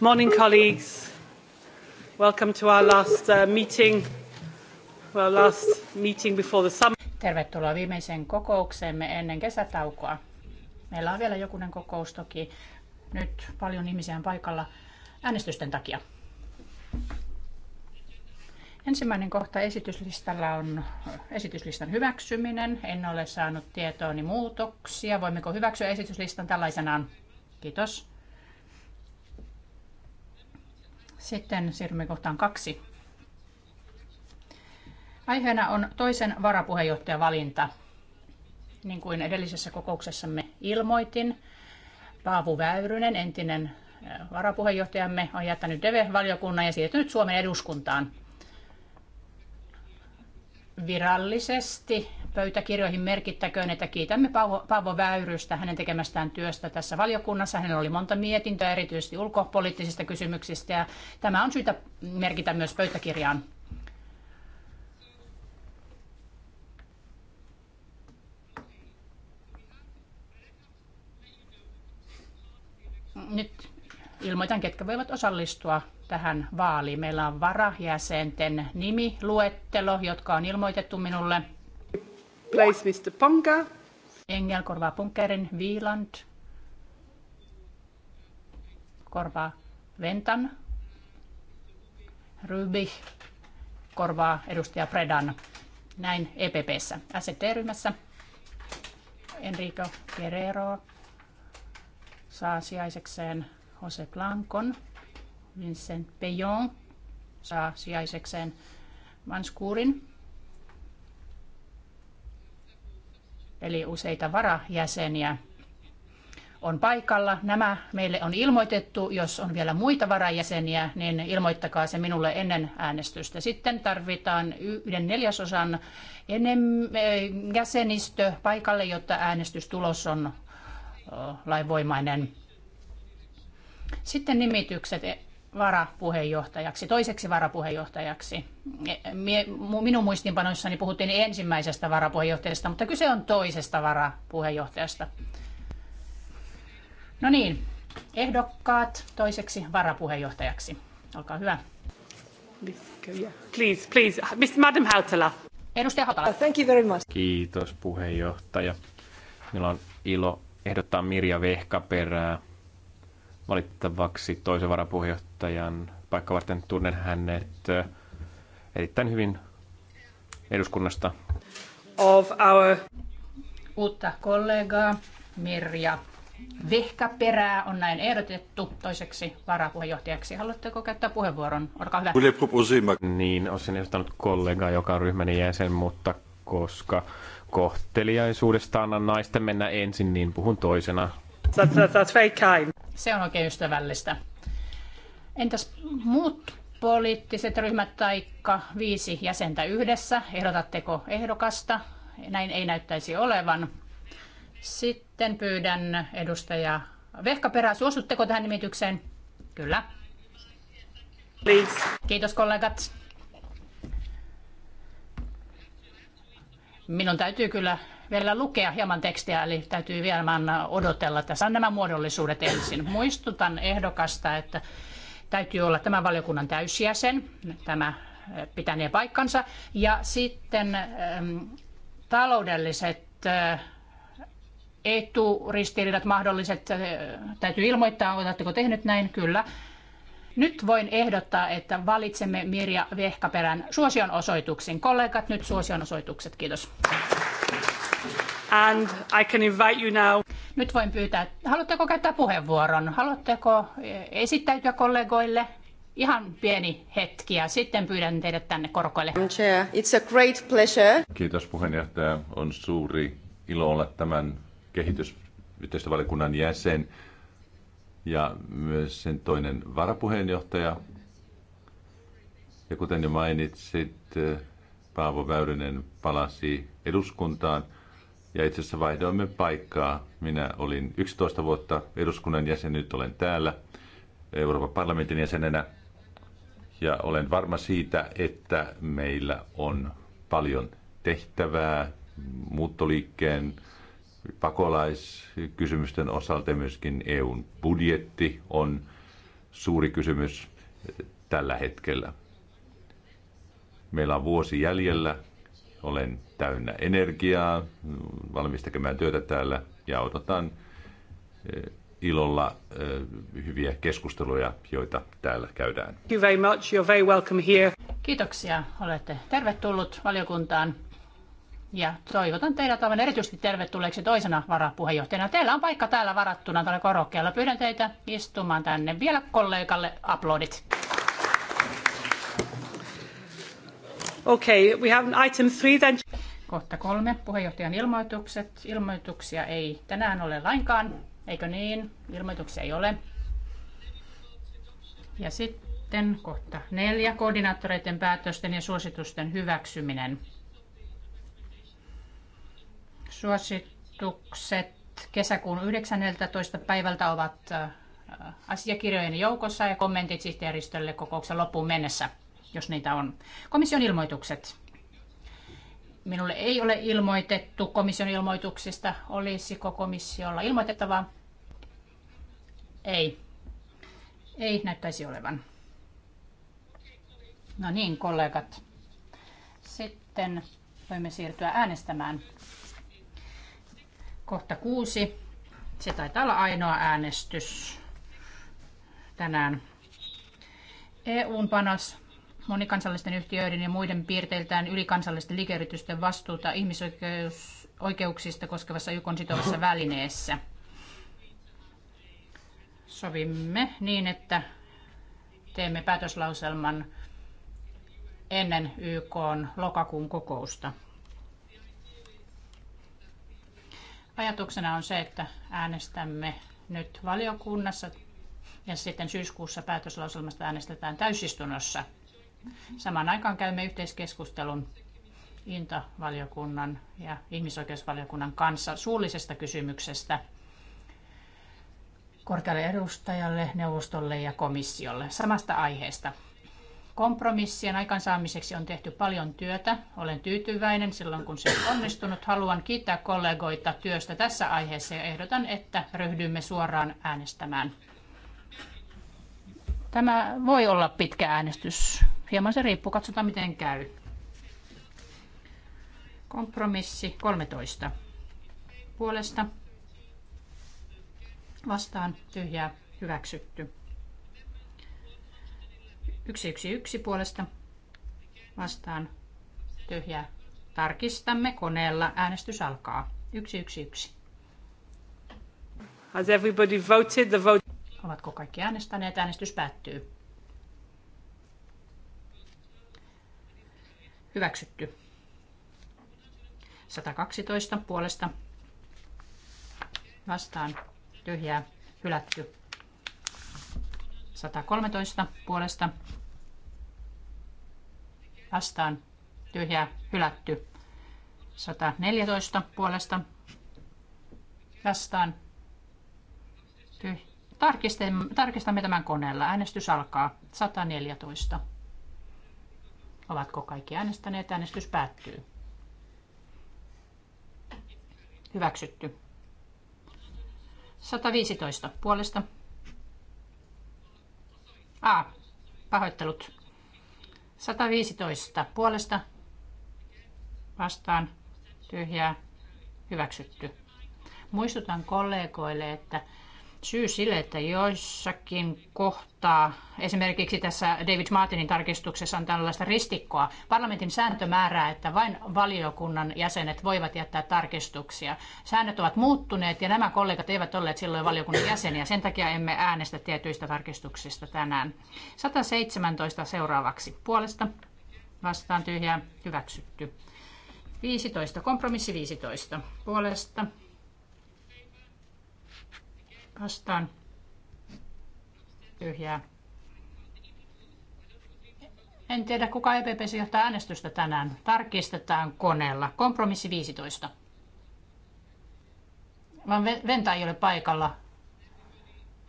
Morning, colleagues. Welcome to our last uh, meeting. Well, last meeting before the summer. Tervetuloa viimeiseen kokouksemme ennen kesätaukoa. Meillä on vielä jokunen kokous toki. Nyt paljon ihmisiä on paikalla äänestysten takia. Ensimmäinen kohta esityslistalla on esityslistan hyväksyminen. En ole saanut tietooni muutoksia. Voimmeko hyväksyä esityslistan tällaisenaan? Kiitos. Sitten siirrymme kohtaan kaksi. Aiheena on toisen varapuheenjohtajan valinta. Niin kuin edellisessä kokouksessamme ilmoitin, Paavu Väyrynen, entinen varapuheenjohtajamme, on jättänyt DEVE-valiokunnan ja siirtynyt Suomen eduskuntaan. Virallisesti pöytäkirjoihin merkittäköön, että kiitämme Paavo, Paavo Väyrystä hänen tekemästään työstä tässä valiokunnassa. Hänellä oli monta mietintöä erityisesti ulkopoliittisista kysymyksistä ja tämä on syytä merkitä myös pöytäkirjaan. Nyt ilmoitan, ketkä voivat osallistua tähän vaaliin. Meillä on varajäsenten nimiluettelo, jotka on ilmoitettu minulle – replace Mr. Panka, Engel korvaa Punkerin, Wieland korvaa Ventan, Ruby, korvaa edustaja Predan. Näin EPPssä. ST-ryhmässä Enrico Guerrero saa sijaisekseen Jose Blancon. Vincent Pejon saa sijaisekseen Manskuurin. eli useita varajäseniä on paikalla. Nämä meille on ilmoitettu. Jos on vielä muita varajäseniä, niin ilmoittakaa se minulle ennen äänestystä. Sitten tarvitaan yhden neljäsosan eh, jäsenistö paikalle, jotta äänestystulos on eh, lainvoimainen. Sitten nimitykset varapuheenjohtajaksi, toiseksi varapuheenjohtajaksi. E, minun muistinpanoissani puhuttiin ensimmäisestä varapuheenjohtajasta, mutta kyse on toisesta varapuheenjohtajasta. No niin, ehdokkaat toiseksi varapuheenjohtajaksi. Olkaa hyvä. Please, please, Miss Madam Hautala. Edustaja Hautala. Thank you very much. Kiitos puheenjohtaja. Minulla on ilo ehdottaa Mirja Vehkaperää valittavaksi toisen varapuheenjohtajan paikka varten. Tunnen hänet eh, erittäin hyvin eduskunnasta. Of our... Uutta kollegaa Mirja Vehkäperää on näin ehdotettu toiseksi varapuheenjohtajaksi. Haluatteko käyttää puheenvuoron? Olkaa hyvä. Niin, olisin ehdottanut kollegaa, joka on ryhmäni jäsen, mutta koska kohteliaisuudesta annan naisten mennä ensin, niin puhun toisena. That's, that's very kind. Se on oikein ystävällistä. Entäs muut poliittiset ryhmät tai viisi jäsentä yhdessä? Ehdotatteko ehdokasta? Näin ei näyttäisi olevan. Sitten pyydän edustaja Vehkaperä, suostutteko tähän nimitykseen? Kyllä. Please. Kiitos kollegat. Minun täytyy kyllä vielä lukea hieman tekstiä, eli täytyy vielä odotella. Tässä on nämä muodollisuudet ensin. Muistutan ehdokasta, että täytyy olla tämän valiokunnan täysjäsen, tämä eh, pitänee paikkansa, ja sitten ehm, taloudelliset äh, eturistiriidat mahdolliset äh, täytyy ilmoittaa, oletteko tehnyt näin, kyllä. Nyt voin ehdottaa, että valitsemme Mirja Vehkaperän suosionosoituksen. Kollegat, nyt suosionosoitukset. Kiitos. And I can invite you now. Nyt voin pyytää, haluatteko käyttää puheenvuoron? Haluatteko e, esittäytyä kollegoille? Ihan pieni hetki ja sitten pyydän teidät tänne korkoille. It's a great pleasure. Kiitos puheenjohtaja. On suuri ilo olla tämän kehitysyhteistyövaliokunnan jäsen ja myös sen toinen varapuheenjohtaja. Ja kuten jo mainitsit, Paavo Väyrynen palasi eduskuntaan – ja itse asiassa vaihdoimme paikkaa. Minä olin 11 vuotta eduskunnan jäsen, nyt olen täällä Euroopan parlamentin jäsenenä ja olen varma siitä, että meillä on paljon tehtävää muuttoliikkeen, pakolaiskysymysten osalta myöskin EUn budjetti on suuri kysymys tällä hetkellä. Meillä on vuosi jäljellä. Olen täynnä energiaa, valmis tekemään työtä täällä ja odotan eh, ilolla eh, hyviä keskusteluja, joita täällä käydään. Thank you very much. You're very welcome here. Kiitoksia. Olette tervetullut valiokuntaan. Ja toivotan teidät aivan erityisesti tervetulleeksi toisena varapuheenjohtajana. Teillä on paikka täällä varattuna tällä korokkeella. Pyydän teitä istumaan tänne. Vielä kollegalle aplodit. Okay, we have item three then. Kohta kolme. Puheenjohtajan ilmoitukset. Ilmoituksia ei tänään ole lainkaan. Eikö niin? Ilmoituksia ei ole. Ja sitten kohta neljä. Koordinaattoreiden päätösten ja suositusten hyväksyminen. Suositukset kesäkuun 19. päivältä ovat äh, asiakirjojen joukossa ja kommentit sihteeristölle kokouksen loppuun mennessä, jos niitä on. Komission ilmoitukset. Minulle ei ole ilmoitettu komission ilmoituksista. Olisiko komissiolla ilmoitettavaa? Ei. Ei näyttäisi olevan. No niin, kollegat. Sitten voimme siirtyä äänestämään. Kohta kuusi. Se taitaa olla ainoa äänestys tänään. EUn panos monikansallisten yhtiöiden ja muiden piirteiltään ylikansallisten liikeyritysten vastuuta ihmisoikeuksista koskevassa YK sitovassa välineessä. Sovimme niin, että teemme päätöslauselman ennen YK lokakuun kokousta. Ajatuksena on se, että äänestämme nyt valiokunnassa ja sitten syyskuussa päätöslauselmasta äänestetään täysistunnossa – Samaan aikaan käymme yhteiskeskustelun Inta-valiokunnan ja ihmisoikeusvaliokunnan kanssa suullisesta kysymyksestä korkealle edustajalle, neuvostolle ja komissiolle samasta aiheesta. Kompromissien aikaansaamiseksi on tehty paljon työtä. Olen tyytyväinen silloin, kun se on onnistunut. Haluan kiittää kollegoita työstä tässä aiheessa ja ehdotan, että ryhdymme suoraan äänestämään. Tämä voi olla pitkä äänestys, Hieman se riippuu, katsotaan miten käy. Kompromissi 13. Puolesta vastaan tyhjää hyväksytty. 111 puolesta vastaan tyhjää. Tarkistamme koneella. Äänestys alkaa. 111. Has everybody voted the vote? Ovatko kaikki äänestäneet? Äänestys päättyy. Hyväksytty. 112 puolesta vastaan tyhjää hylätty. 113 puolesta vastaan tyhjää hylätty. 114 puolesta vastaan tyhjää. Tarkistamme tämän koneella. Äänestys alkaa. 114. Ovatko kaikki äänestäneet? Äänestys päättyy. Hyväksytty. 115 puolesta. A. Pahoittelut. 115 puolesta. Vastaan. Tyhjää. Hyväksytty. Muistutan kollegoille, että syy sille, että joissakin kohtaa, esimerkiksi tässä David Martinin tarkistuksessa on tällaista ristikkoa. Parlamentin sääntö määrää, että vain valiokunnan jäsenet voivat jättää tarkistuksia. Säännöt ovat muuttuneet ja nämä kollegat eivät olleet silloin valiokunnan jäseniä. Sen takia emme äänestä tietyistä tarkistuksista tänään. 117 seuraavaksi puolesta. Vastaan tyhjää. Hyväksytty. 15. Kompromissi 15. Puolesta vastaan tyhjää. En tiedä, kuka EPPC johtaa äänestystä tänään. Tarkistetaan koneella. Kompromissi 15. Vaan Venta ei ole paikalla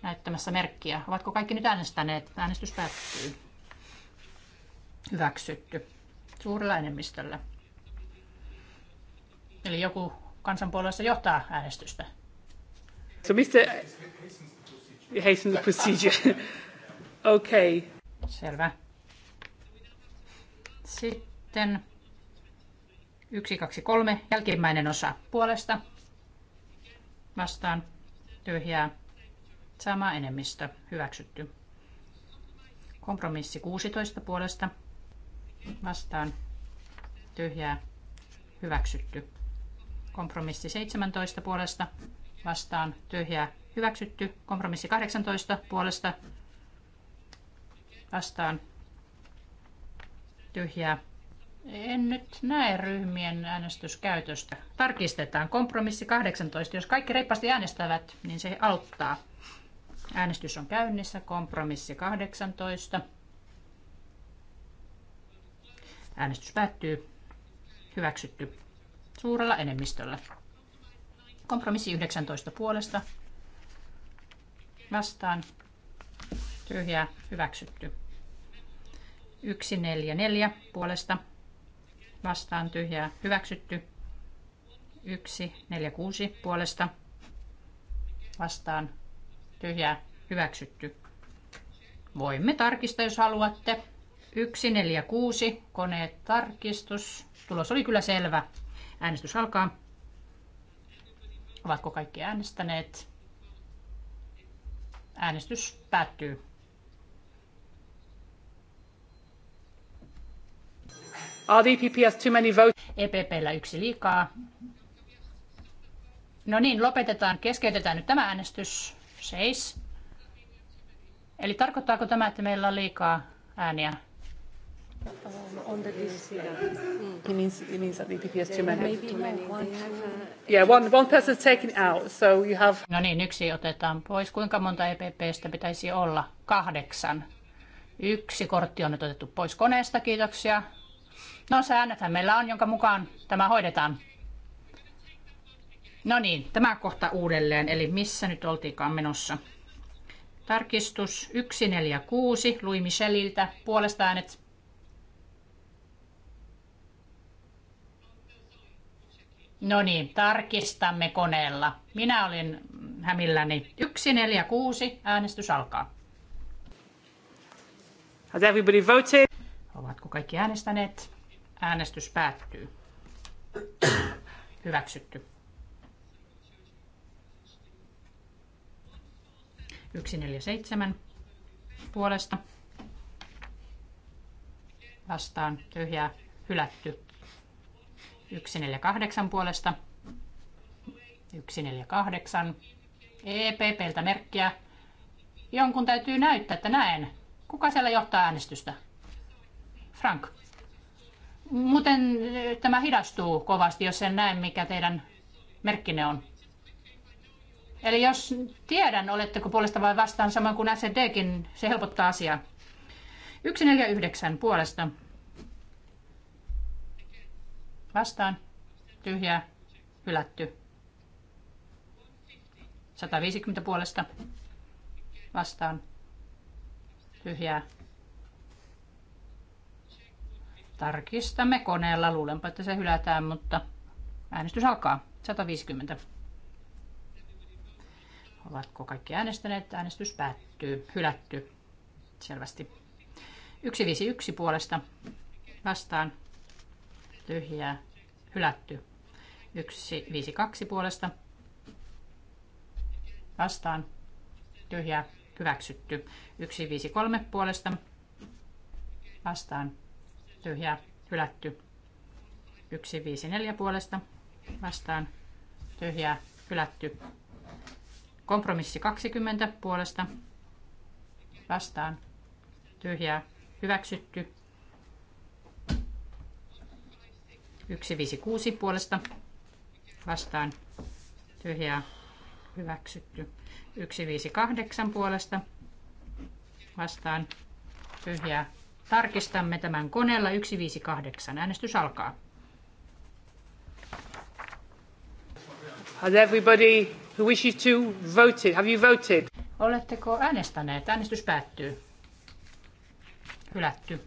näyttämässä merkkiä. Ovatko kaikki nyt äänestäneet? Äänestys päättyy. Hyväksytty. Suurella enemmistöllä. Eli joku kansanpuolueessa johtaa äänestystä. So You Hasten the procedure. okay. Selvä. Sitten yksi, kaksi, kolme. jälkimmäinen osa puolesta. Vastaan tyhjää. Sama enemmistö. Hyväksytty. Kompromissi 16 puolesta. Vastaan tyhjää. Hyväksytty. Kompromissi 17 puolesta vastaan tyhjää hyväksytty. Kompromissi 18 puolesta vastaan tyhjää. En nyt näe ryhmien äänestyskäytöstä. Tarkistetaan kompromissi 18. Jos kaikki reippaasti äänestävät, niin se auttaa. Äänestys on käynnissä. Kompromissi 18. Äänestys päättyy. Hyväksytty suurella enemmistöllä. Kompromissi 19 puolesta. Vastaan. Tyhjää. Hyväksytty. 144 puolesta. Vastaan. Tyhjää. Hyväksytty. 146 puolesta. Vastaan. Tyhjää. Hyväksytty. Voimme tarkistaa, jos haluatte. 146, koneet tarkistus. Tulos oli kyllä selvä. Äänestys alkaa. Ovatko kaikki äänestäneet? Äänestys päättyy. Are the EPP has too many votes? EPPllä yksi liikaa. No niin, lopetetaan, keskeytetään nyt tämä äänestys. Seis. Eli tarkoittaako tämä, että meillä on liikaa ääniä? Um, on the list. Yeah. Mm. It means it means that the EPP has too many. Maybe too many. One, yeah, one one is taken out, so you have. No niin, yksi otetaan pois. Kuinka monta EPPstä pitäisi olla? Kahdeksan. Yksi kortti on nyt otettu pois koneesta, kiitoksia. No säännöthän meillä on, jonka mukaan tämä hoidetaan. No niin, tämä kohta uudelleen, eli missä nyt oltiinkaan menossa. Tarkistus 146 Louis Micheliltä, puolesta äänet No niin, tarkistamme koneella. Minä olin hämilläni. 146, äänestys alkaa. Has everybody voted? Ovatko kaikki äänestäneet? Äänestys päättyy. Hyväksytty. 147 puolesta. Vastaan tyhjää hylätty. 148 puolesta. 148. EPPltä merkkiä. Jonkun täytyy näyttää, että näen. Kuka siellä johtaa äänestystä? Frank. Muuten eh, tämä hidastuu kovasti, jos en näe, mikä teidän merkkinne on. Eli jos tiedän, oletteko puolesta vai vastaan, samoin kuin SDkin, se helpottaa asiaa. 149 puolesta. Vastaan. Tyhjää. Hylätty. 150 puolesta. Vastaan. Tyhjää. Tarkistamme koneella. Luulenpa, että se hylätään, mutta äänestys alkaa. 150. Ovatko kaikki äänestäneet? Äänestys päättyy. Hylätty. Selvästi. 151 puolesta vastaan tyhjää, hylätty. 2 puolesta vastaan, tyhjää, hyväksytty. 3 puolesta vastaan, tyhjää, hylätty. 4 puolesta vastaan, tyhjää, hylätty. Kompromissi 20 puolesta vastaan, tyhjää, hyväksytty. 156 puolesta vastaan tyhjää hyväksytty. 158 puolesta vastaan tyhjää. Tarkistamme tämän koneella 158. Äänestys alkaa. Has everybody who wishes to voted? Have you voted? Oletteko äänestäneet? Äänestys päättyy. Hylätty.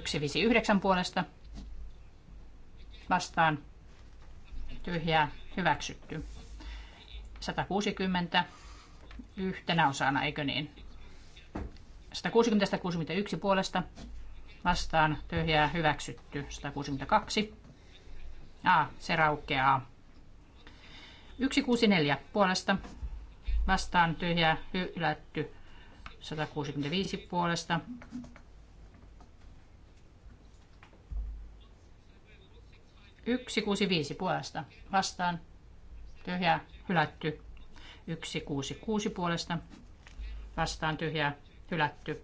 159 puolesta vastaan tyhjää hyväksytty. 160 yhtenä osana, eikö niin? 160-161 puolesta vastaan tyhjää hyväksytty. 162. A, ah, se raukeaa. 164 puolesta vastaan tyhjää hylätty. 165 puolesta 165 puolesta vastaan. Tyhjää hylätty. 166 puolesta vastaan tyhjää hylätty.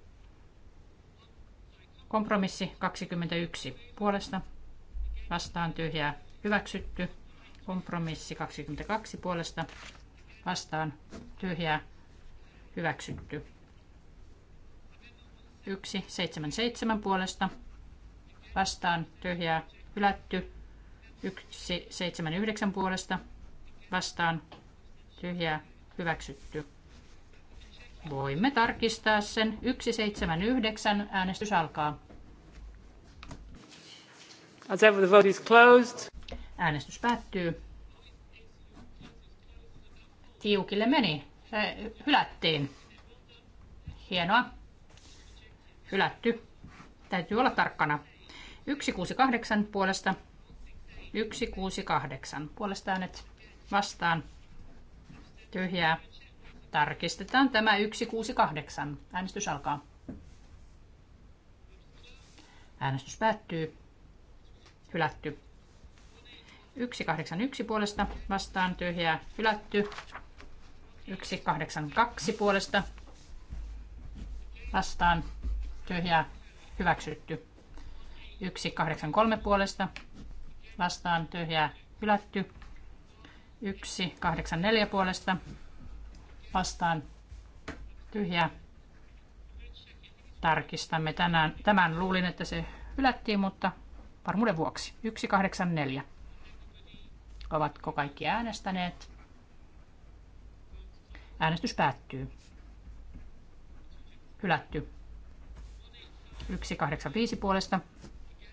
Kompromissi 21 puolesta vastaan tyhjää hyväksytty. Kompromissi 22 puolesta vastaan tyhjää hyväksytty. 177 puolesta vastaan tyhjää hylätty. 179 puolesta vastaan tyhjää hyväksytty. Voimme tarkistaa sen. 179 äänestys alkaa. As ever the vote is closed. Äänestys päättyy. Tiukille meni. Se hylättiin. Hienoa. Hylätty. Täytyy olla tarkkana. 168 puolesta 168. puolestaan nyt vastaan. Tyhjää. Tarkistetaan tämä 168. Äänestys alkaa. Äänestys päättyy. Hylätty. 181 puolesta vastaan tyhjää hylätty. 182 puolesta vastaan tyhjää hyväksytty. 183 puolesta vastaan tyhjää hylätty. 1, 8, 4 puolesta vastaan tyhjää. Tarkistamme tänään. Tämän luulin, että se hylättiin, mutta varmuuden vuoksi. 1, 8, 4. Ovatko kaikki äänestäneet? Äänestys päättyy. Hylätty. 185 puolesta.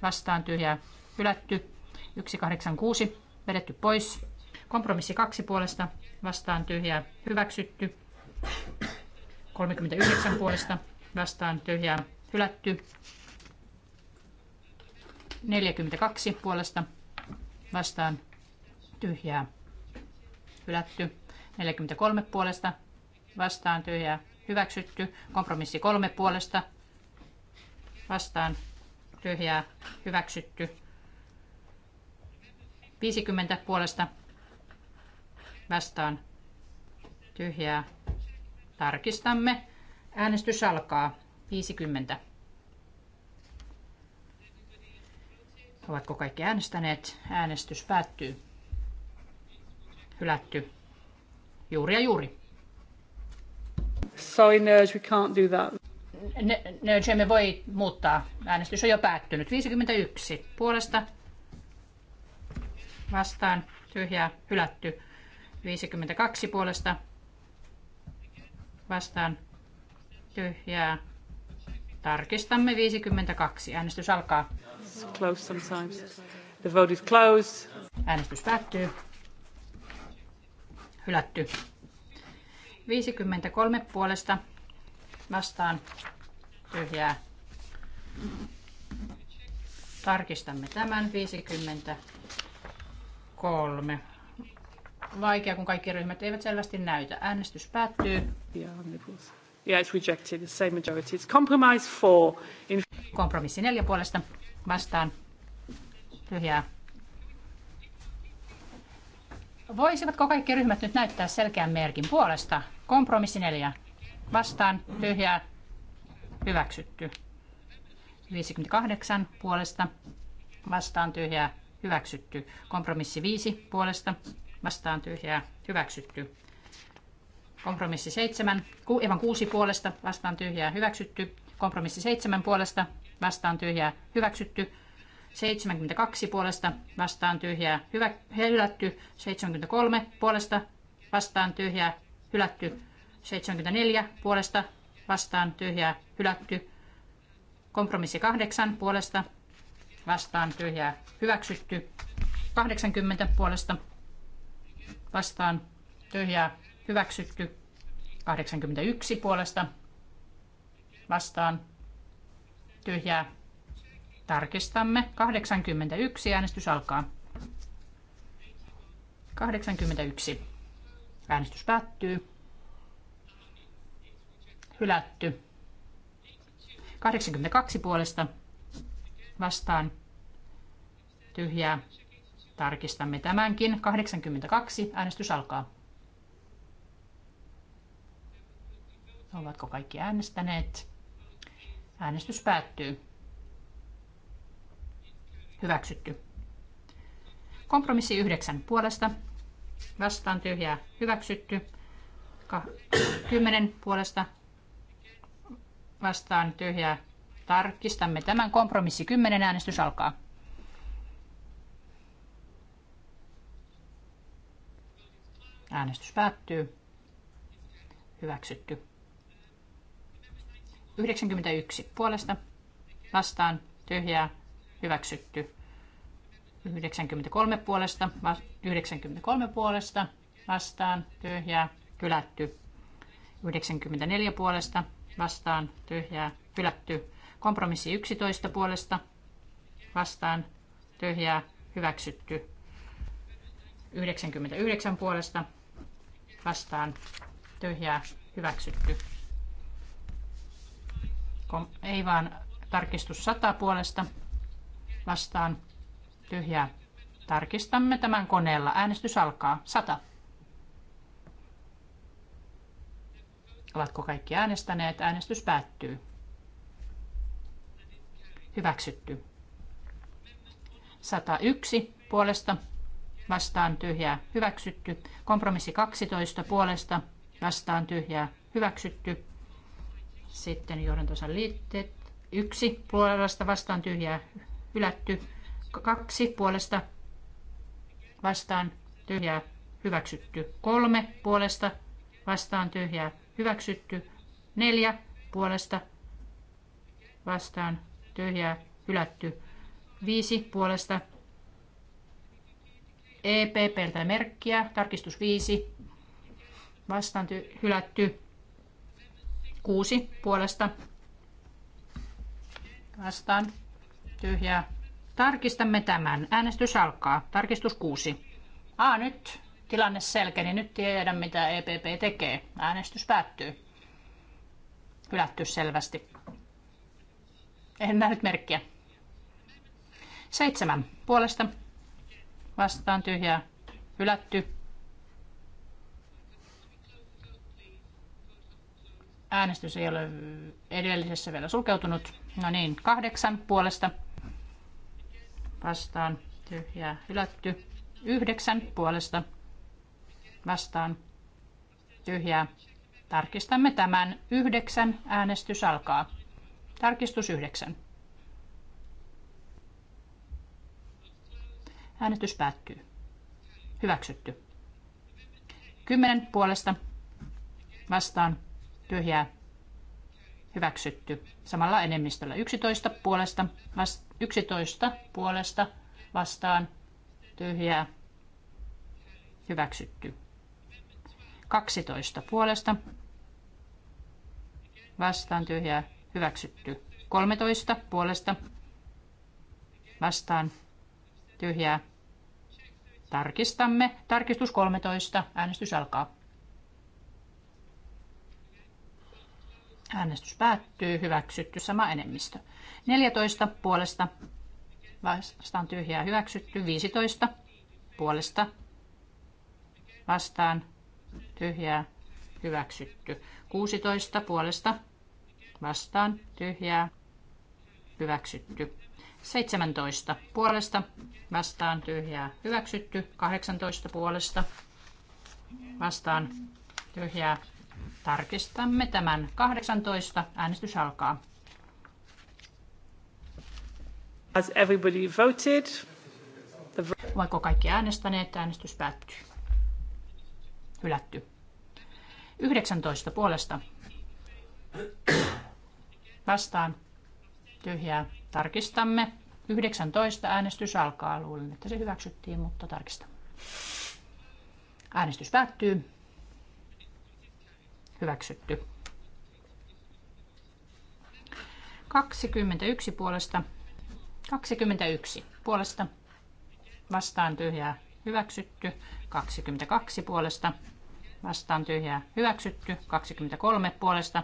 Vastaan tyhjää. Hylätty. 186 vedetty pois. Kompromissi 2 puolesta vastaan tyhjää hyväksytty. 39 puolesta vastaan tyhjää hylätty. 42 puolesta vastaan tyhjää hylätty. 43 puolesta vastaan tyhjää hyväksytty. Kompromissi 3 puolesta vastaan tyhjää hyväksytty. 50 puolesta vastaan tyhjää. Tarkistamme. Äänestys alkaa. 50. Ovatko kaikki äänestäneet? Äänestys päättyy. Hylätty. Juuri ja juuri. Sorry, nerds, we can't do that. Nerds, emme voi muuttaa. Äänestys on jo päättynyt. 51 puolesta vastaan tyhjää hylätty. 52 puolesta vastaan tyhjää. Tarkistamme 52. Äänestys alkaa. close sometimes. The vote is close. Äänestys päättyy. Hylätty. 53 puolesta vastaan tyhjää. Tarkistamme tämän 53 kolme. Vaikea, kun kaikki ryhmät eivät selvästi näytä. Äänestys päättyy. Yeah, it's rejected. The same majority. It's compromise four. In... Kompromissi neljä puolesta vastaan. Tyhjää. Voisivatko kaikki ryhmät nyt näyttää selkeän merkin puolesta? Kompromissi neljä. Vastaan. Tyhjää. Hyväksytty. 58 puolesta. Vastaan tyhjää hyväksytty. Kompromissi 5 puolesta vastaan tyhjää hyväksytty. Kompromissi 7, evan 6 puolesta vastaan tyhjää hyväksytty. Kompromissi 7 puolesta vastaan tyhjää hyväksytty. 72 puolesta vastaan tyhjää hyvä, hylätty. 73 puolesta vastaan tyhjää hylätty. 74 puolesta vastaan tyhjää hylätty. Kompromissi 8 puolesta vastaan tyhjää hyväksytty. 80 puolesta vastaan tyhjää hyväksytty. 81 puolesta vastaan tyhjää tarkistamme. 81 äänestys alkaa. 81. Äänestys päättyy. Hylätty. 82 puolesta vastaan tyhjää. Tarkistamme tämänkin. 82. Äänestys alkaa. Ovatko kaikki äänestäneet? Äänestys päättyy. Hyväksytty. Kompromissi 9 puolesta. Vastaan tyhjää. Hyväksytty. 10 puolesta. Vastaan tyhjää. Tarkistamme tämän. Kompromissi kymmenen Äänestys alkaa. Äänestys päättyy. Hyväksytty. 91 puolesta. Vastaan. Tyhjää. Hyväksytty. 93 puolesta. 93 puolesta. Vastaan. Tyhjää. Hylätty. 94 puolesta. Vastaan. Tyhjää. Hylätty. Kompromissi 11 puolesta vastaan tyhjää hyväksytty. 99 puolesta vastaan tyhjää hyväksytty. Kom- ei vaan tarkistus 100 puolesta vastaan tyhjää. Tarkistamme tämän koneella. Äänestys alkaa. 100. Ovatko kaikki äänestäneet? Äänestys päättyy. Hyväksytty. 101 puolesta vastaan tyhjää hyväksytty. Kompromissi 12 puolesta vastaan tyhjää hyväksytty. Sitten johdantosan liitteet. Yksi puolesta vastaan tyhjää hylätty. Kaksi puolesta vastaan tyhjää hyväksytty. Kolme puolesta vastaan tyhjää hyväksytty. Neljä puolesta vastaan tyhjää hylätty. Viisi puolesta EPPltä merkkiä, tarkistus viisi, vastaan ty- hylätty kuusi puolesta, vastaan tyhjää. Tarkistamme tämän. Äänestys alkaa. Tarkistus kuusi, A, nyt tilanne selkeni. Niin nyt tiedän, mitä EPP tekee. Äänestys päättyy. Hylätty selvästi. En nähnyt merkkiä. Seitsemän puolesta. Vastaan tyhjää. Hylätty. Äänestys ei ole edellisessä vielä sulkeutunut. No niin, kahdeksan puolesta. Vastaan tyhjää. Hylätty. Yhdeksän puolesta. Vastaan tyhjää. Tarkistamme tämän. Yhdeksän äänestys alkaa. Tarkistus 9. Äänestys päättyy. Hyväksytty. 10 puolesta vastaan tyhjää hyväksytty. Samalla enemmistöllä 11 puolesta, vast, 11 puolesta vastaan tyhjää hyväksytty. 12 puolesta vastaan tyhjää Hyväksytty. 13 puolesta. Vastaan. Tyhjää. Tarkistamme. Tarkistus 13. Äänestys alkaa. Äänestys päättyy. Hyväksytty. Sama enemmistö. 14 puolesta. Vastaan tyhjää. Hyväksytty. 15 puolesta. Vastaan tyhjää. Hyväksytty. 16 puolesta vastaan tyhjää hyväksytty. 17 puolesta vastaan tyhjää hyväksytty. 18 puolesta vastaan tyhjää. Tarkistamme tämän 18. Äänestys alkaa. Has everybody voted? The... kaikki äänestäneet? Äänestys päättyy. Hylätty. 19 puolesta vastaan tyhjää. Tarkistamme. 19 äänestys alkaa. Luulen, että se hyväksyttiin, mutta tarkistamme. Äänestys päättyy. Hyväksytty. 21 puolesta. 21 puolesta. Vastaan tyhjää. Hyväksytty. 22 puolesta. Vastaan tyhjää. Hyväksytty. 23 puolesta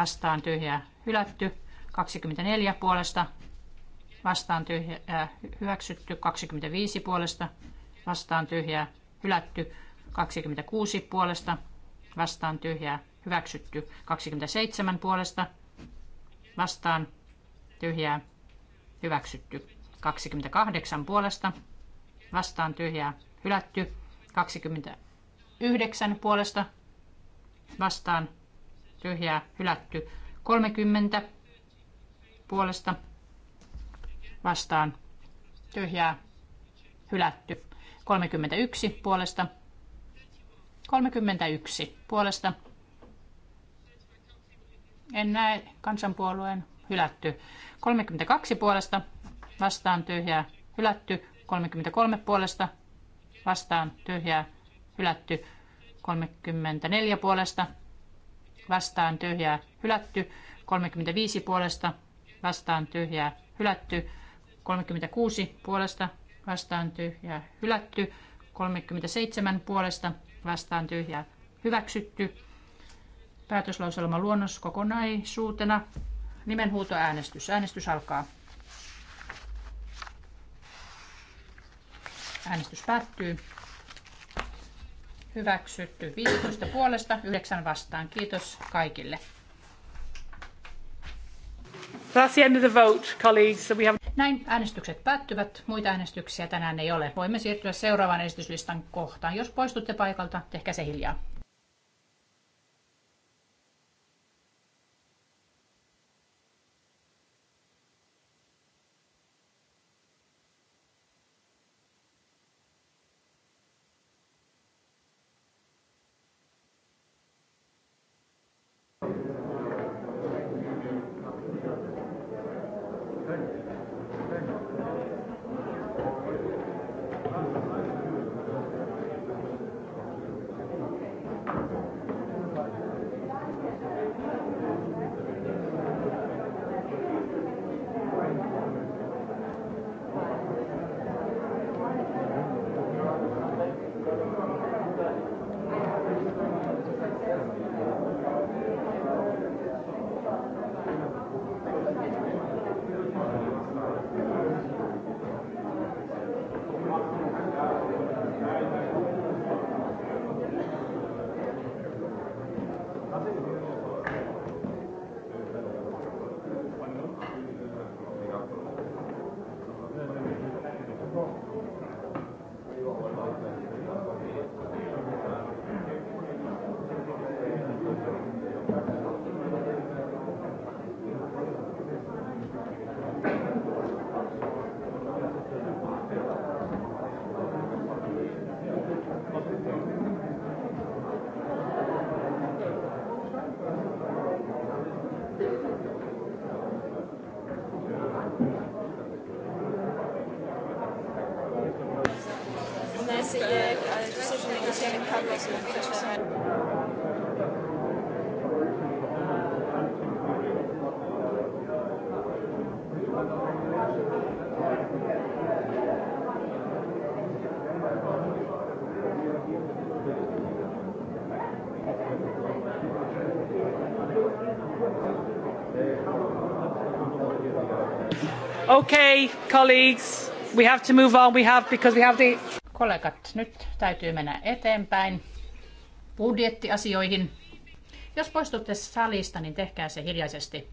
vastaan tyhjää hylätty. 24 äh, puolesta vastaan tyhjää hyväksytty. 25 puolesta vastaan tyhjää hylätty. 26 puolesta vastaan tyhjää hyväksytty. 27 puolesta vastaan tyhjää hyväksytty. 28 puolesta vastaan tyhjää hylätty. 29 puolesta vastaan tyhjää hylätty. 30 puolesta vastaan tyhjää hylätty. 31 puolesta 31 puolesta en näe kansanpuolueen hylätty. 32 puolesta vastaan tyhjää hylätty. 33 puolesta vastaan tyhjää hylätty. 34 puolesta vastaan tyhjää hylätty, 35 puolesta vastaan tyhjää hylätty, 36 puolesta vastaan tyhjää hylätty, 37 puolesta vastaan tyhjää hyväksytty. Päätöslauselma luonnos kokonaisuutena. Nimenhuutoäänestys. Äänestys alkaa. Äänestys päättyy. Hyväksytty 15 puolesta, 9 vastaan. Kiitos kaikille. That's the end of the vote, colleagues. So we have... Näin äänestykset päättyvät. Muita äänestyksiä tänään ei ole. Voimme siirtyä seuraavaan esityslistan kohtaan. Jos poistutte paikalta, tehkää se hiljaa. colleagues, we have to move on. We have because we have the kollegat, nyt täytyy mennä eteenpäin budjettiasioihin. Jos poistutte salista, niin tehkää se hiljaisesti.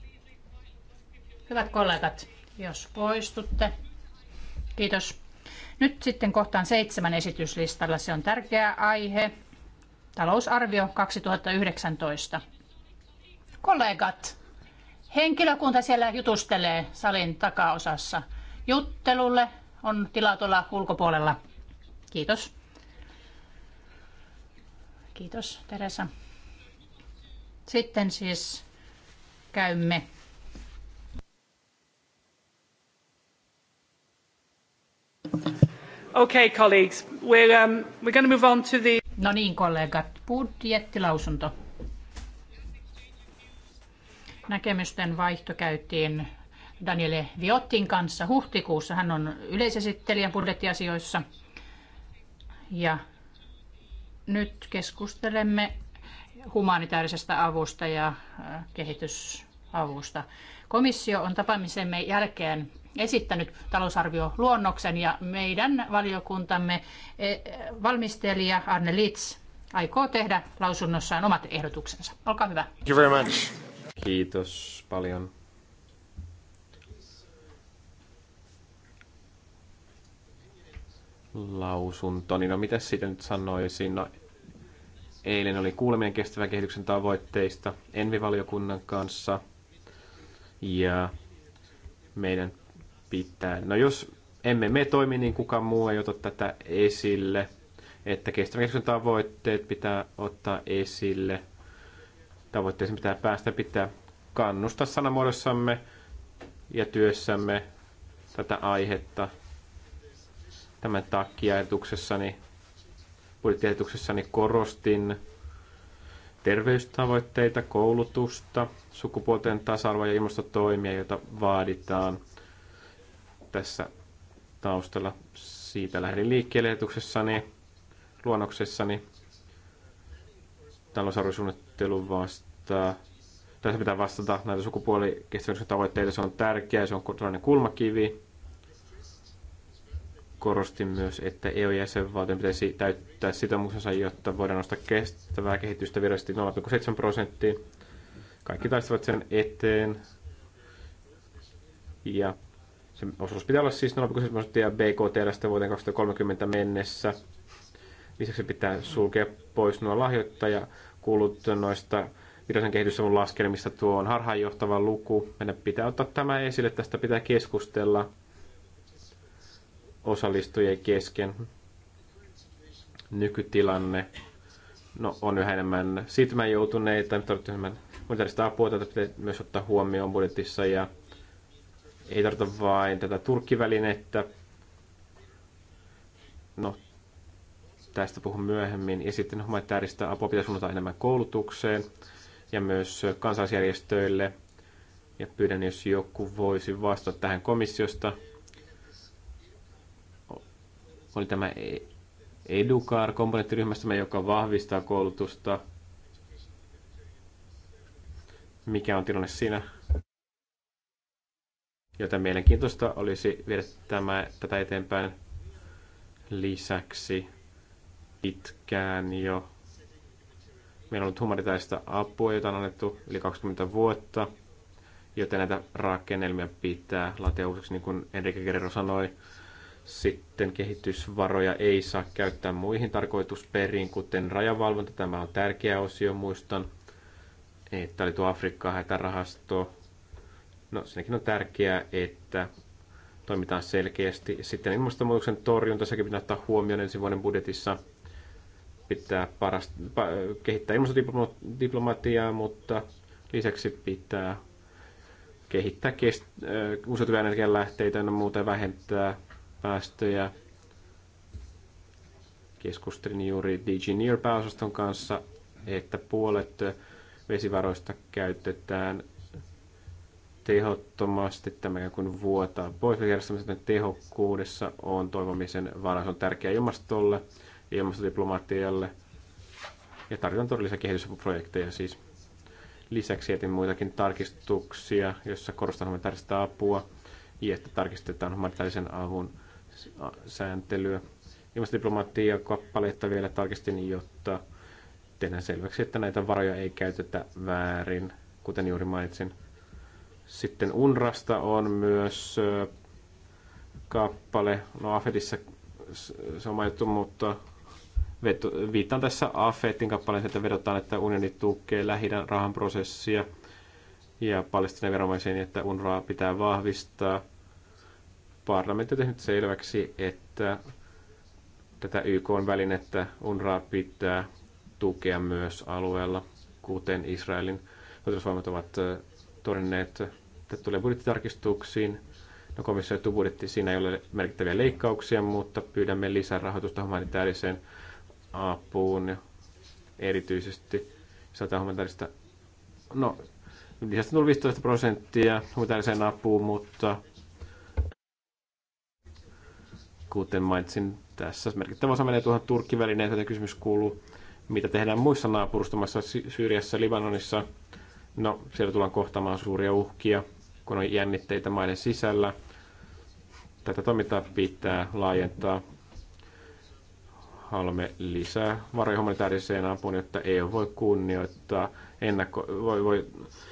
Hyvät kollegat, jos poistutte. Kiitos. Nyt sitten kohtaan seitsemän esityslistalla. Se on tärkeä aihe. Talousarvio 2019. Kollegat, henkilökunta siellä jutustelee salin takaosassa juttelulle on tilaa tuolla ulkopuolella. Kiitos. Kiitos Teresa. Sitten siis käymme Okay, colleagues, we're, um, we're going to move on to the... No niin, kollegat, budjettilausunto. Näkemysten vaihto käytiin Daniele Viottin kanssa huhtikuussa. Hän on yleisesittelijän budjettiasioissa. Ja nyt keskustelemme humanitaarisesta avusta ja äh, kehitysavusta. Komissio on tapaamisemme jälkeen esittänyt talousarvioluonnoksen ja meidän valiokuntamme e, valmistelija Arne Litz aikoo tehdä lausunnossaan omat ehdotuksensa. Olkaa hyvä. Thank you very much. Kiitos paljon. lausunto. Niin no mitä siitä nyt sanoisin? No, eilen oli kuuleminen kestävän kehityksen tavoitteista Envivaliokunnan kanssa. Ja meidän pitää, no jos emme me toimi, niin kukaan muu ei ota tätä esille, että kestävän kehityksen tavoitteet pitää ottaa esille. Tavoitteeseen pitää päästä, pitää kannustaa sanamuodossamme ja työssämme tätä aihetta Tämän takkiajatuksessani, budjettiajatuksessani korostin terveystavoitteita, koulutusta, sukupuolten tasa arvo ja ilmastotoimia, joita vaaditaan tässä taustalla. Siitä lähdin liikkeelle ajatuksessani, luonnoksessani. Talousarvosuunnittelu vastaan. tässä pitää vastata näitä sukupuolikestävyyden tavoitteita, se on tärkeää, se on kulmakivi korosti myös, että EU-jäsenvaltion pitäisi täyttää sitoumuksensa, jotta voidaan nostaa kestävää kehitystä virallisesti 0,7 prosenttia. Kaikki taistelevat sen eteen. Ja se osuus pitää olla siis 0,7 prosenttia BKT vuoteen 2030 mennessä. Lisäksi pitää sulkea pois nuo lahjoittajakulut noista virallisen kehitysavun laskelmista. Tuo on harhaanjohtava luku. Meidän pitää ottaa tämä esille, tästä pitää keskustella osallistujien kesken. Nykytilanne no, on yhä enemmän siirtymään joutuneita, tarvitaan enemmän humanitaarista apua, tätä pitää myös ottaa huomioon budjetissa ja ei tarvita vain tätä turkkivälinettä. No, tästä puhun myöhemmin. Ja sitten humanitaarista apua pitäisi suunnata enemmän koulutukseen ja myös kansalaisjärjestöille. Ja pyydän, jos joku voisi vastata tähän komissiosta oli tämä Educar-komponenttiryhmästämme, joka vahvistaa koulutusta. Mikä on tilanne siinä? Joten mielenkiintoista olisi viedä tämä, tätä eteenpäin lisäksi pitkään jo. Meillä on ollut humanitaista apua, jota on annettu yli 20 vuotta, joten näitä rakennelmia pitää latea uusiksi, niin kuin Enrique Guerrero sanoi. Sitten kehitysvaroja ei saa käyttää muihin tarkoitusperiin, kuten rajavalvonta. Tämä on tärkeä osio, muistan. Että oli tuo Afrikkaan hätärahasto. No, sinnekin on tärkeää, että toimitaan selkeästi. Sitten ilmastonmuutoksen torjunta, sekin pitää ottaa huomioon ensi vuoden budjetissa. Pitää parast, pa, kehittää ilmastodiplomatiaa, mutta lisäksi pitää kehittää kest, äh, uusiutuvia energianlähteitä ja muuten vähentää päästöjä. Keskustelin juuri DG pääosaston kanssa, että puolet vesivaroista käytetään tehottomasti, tämä kun vuotaa pois järjestelmästä tehokkuudessa on toivomisen varaa. Se on tärkeää ilmastolle, ilmastodiplomatialle ja tarvitaan todellisia kehitysprojekteja siis. Lisäksi etin muitakin tarkistuksia, joissa korostan humanitaarista apua ja että tarkistetaan humanitaarisen avun sääntelyä. Ilmastodiplomaattia kappaletta vielä tarkistin, jotta tehdään selväksi, että näitä varoja ei käytetä väärin, kuten juuri mainitsin. Sitten Unrasta on myös kappale, no Afetissa se on mainittu, mutta viittaan tässä Afetin kappaleen, että vedotaan, että unioni tukee lähi rahan prosessia ja Palestinan viranomaisiin, että Unraa pitää vahvistaa – parlamentti on tehnyt selväksi, että tätä YK-välinettä UNRA pitää tukea myös alueella, kuten Israelin sotilasvoimat ovat todenneet, että tulee budjettitarkistuksiin. No komissio budjetti, siinä ei ole merkittäviä leikkauksia, mutta pyydämme lisää rahoitusta humanitaariseen apuun ja erityisesti sata humanitaarista, no lisästä tuli 15 prosenttia humanitaariseen apuun, mutta Kuten mainitsin, tässä merkittävä osa menee tuohon Turkkivälineen, joten kysymys kuuluu, mitä tehdään muissa naapurustamassa Syyriassa, Libanonissa. No, siellä tullaan kohtaamaan suuria uhkia, kun on jännitteitä maiden sisällä. Tätä toimintaa pitää laajentaa. Haluamme lisää varoja humanitaariseen apuun, jotta EU voi kunnioittaa ennakko, voi, voi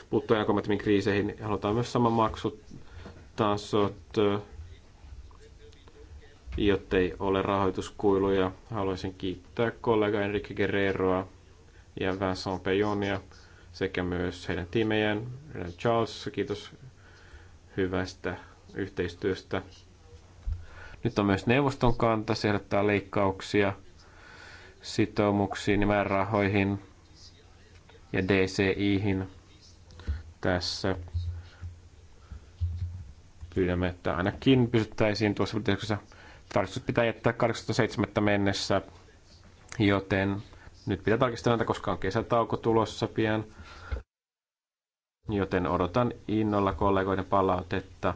puuttua ennakoimattomiin kriiseihin. Halutaan myös sama maksutasot jottei ole rahoituskuiluja. Haluaisin kiittää kollega Enrique Guerreroa ja Vincent Pejonia sekä myös heidän tiimejään. Charles, kiitos hyvästä yhteistyöstä. Nyt on myös neuvoston kanta, se leikkauksia sitoumuksiin määrärahoihin ja DCIhin tässä. Pyydämme, että ainakin pysyttäisiin tuossa Tarkistus pitää jättää 87. mennessä, joten nyt pitää tarkistaa näitä, koska on kesätauko tulossa pian. Joten odotan innolla kollegoiden palautetta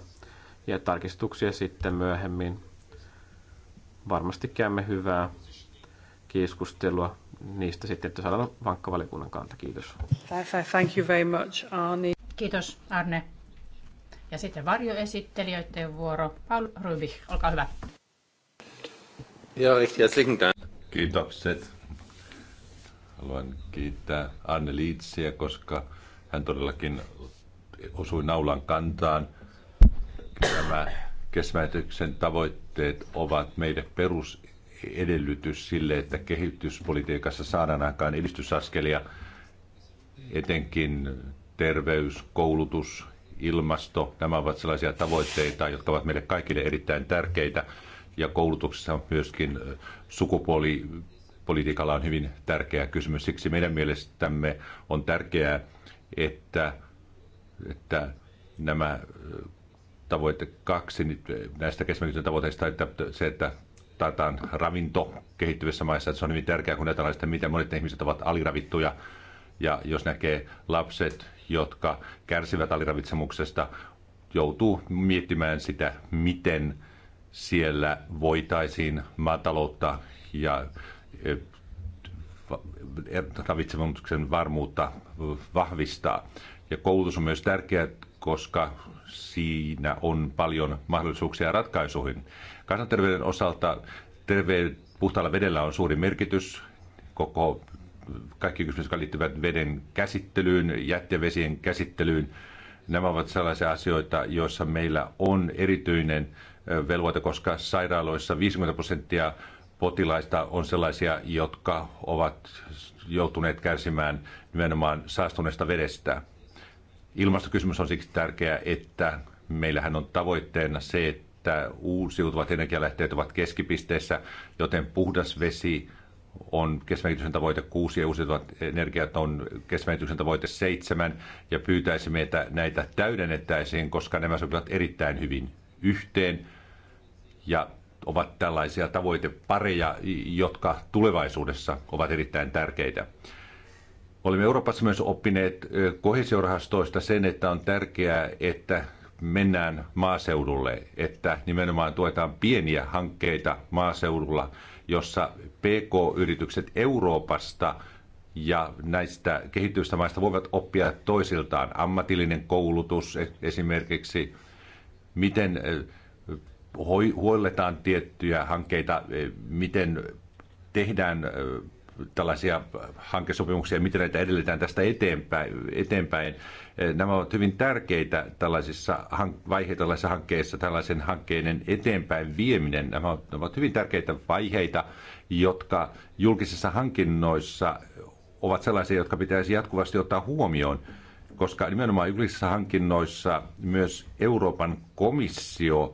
ja tarkistuksia sitten myöhemmin. Varmasti käymme hyvää keskustelua niistä sitten, että saadaan vankkavalikunnan kanta. Kiitos. Thank you very much, Arne. Kiitos, Arne. Ja sitten varjoesittelijöiden vuoro. Paul Rubik, olkaa hyvä. Ja, Kiitokset. Haluan kiittää Anne Liitsiä, koska hän todellakin osui naulan kantaan. Nämä kestämätyksen tavoitteet ovat meidän perusedellytys sille, että kehityspolitiikassa saadaan aikaan edistysaskelia, etenkin terveys, koulutus, ilmasto. Nämä ovat sellaisia tavoitteita, jotka ovat meille kaikille erittäin tärkeitä ja koulutuksessa myöskin sukupuolipolitiikalla on hyvin tärkeä kysymys. Siksi meidän mielestämme on tärkeää, että, että nämä tavoite kaksi näistä kestämättömyyden tavoitteista, että se, että taataan ravinto kehittyvissä maissa, että se on hyvin tärkeää, kun näitä sitä, miten monet ihmiset ovat aliravittuja. Ja jos näkee lapset, jotka kärsivät aliravitsemuksesta, joutuu miettimään sitä, miten siellä voitaisiin maataloutta ja e, e, ravitsemuksen varmuutta vahvistaa. Ja koulutus on myös tärkeää, koska siinä on paljon mahdollisuuksia ratkaisuihin. Kansanterveyden osalta terveen, puhtaalla vedellä on suuri merkitys. Koko, kaikki kysymykset, jotka liittyvät veden käsittelyyn, jätevesien käsittelyyn, nämä ovat sellaisia asioita, joissa meillä on erityinen velvoite, koska sairaaloissa 50 prosenttia potilaista on sellaisia, jotka ovat joutuneet kärsimään nimenomaan saastuneesta vedestä. Ilmastokysymys on siksi tärkeä, että meillähän on tavoitteena se, että uusiutuvat energialähteet ovat keskipisteessä, joten puhdas vesi on kestävän tavoite 6 ja uusiutuvat energiat on kestävän tavoite 7 ja pyytäisimme, että näitä täydennettäisiin, koska nämä sopivat erittäin hyvin yhteen ja ovat tällaisia tavoitepareja, jotka tulevaisuudessa ovat erittäin tärkeitä. Olemme Euroopassa myös oppineet kohesiorahastoista sen, että on tärkeää, että mennään maaseudulle, että nimenomaan tuetaan pieniä hankkeita maaseudulla, jossa PK-yritykset Euroopasta ja näistä kehittyvistä maista voivat oppia toisiltaan. Ammatillinen koulutus e-, esimerkiksi miten huolletaan tiettyjä hankkeita, miten tehdään tällaisia hankesopimuksia, miten näitä edellytetään tästä eteenpäin. eteenpäin. Nämä ovat hyvin tärkeitä tällaisissa vaiheita tällaisissa hankkeissa, tällaisen hankkeiden eteenpäin vieminen. Nämä ovat hyvin tärkeitä vaiheita, jotka julkisissa hankinnoissa ovat sellaisia, jotka pitäisi jatkuvasti ottaa huomioon koska nimenomaan julkisissa hankinnoissa myös Euroopan komissio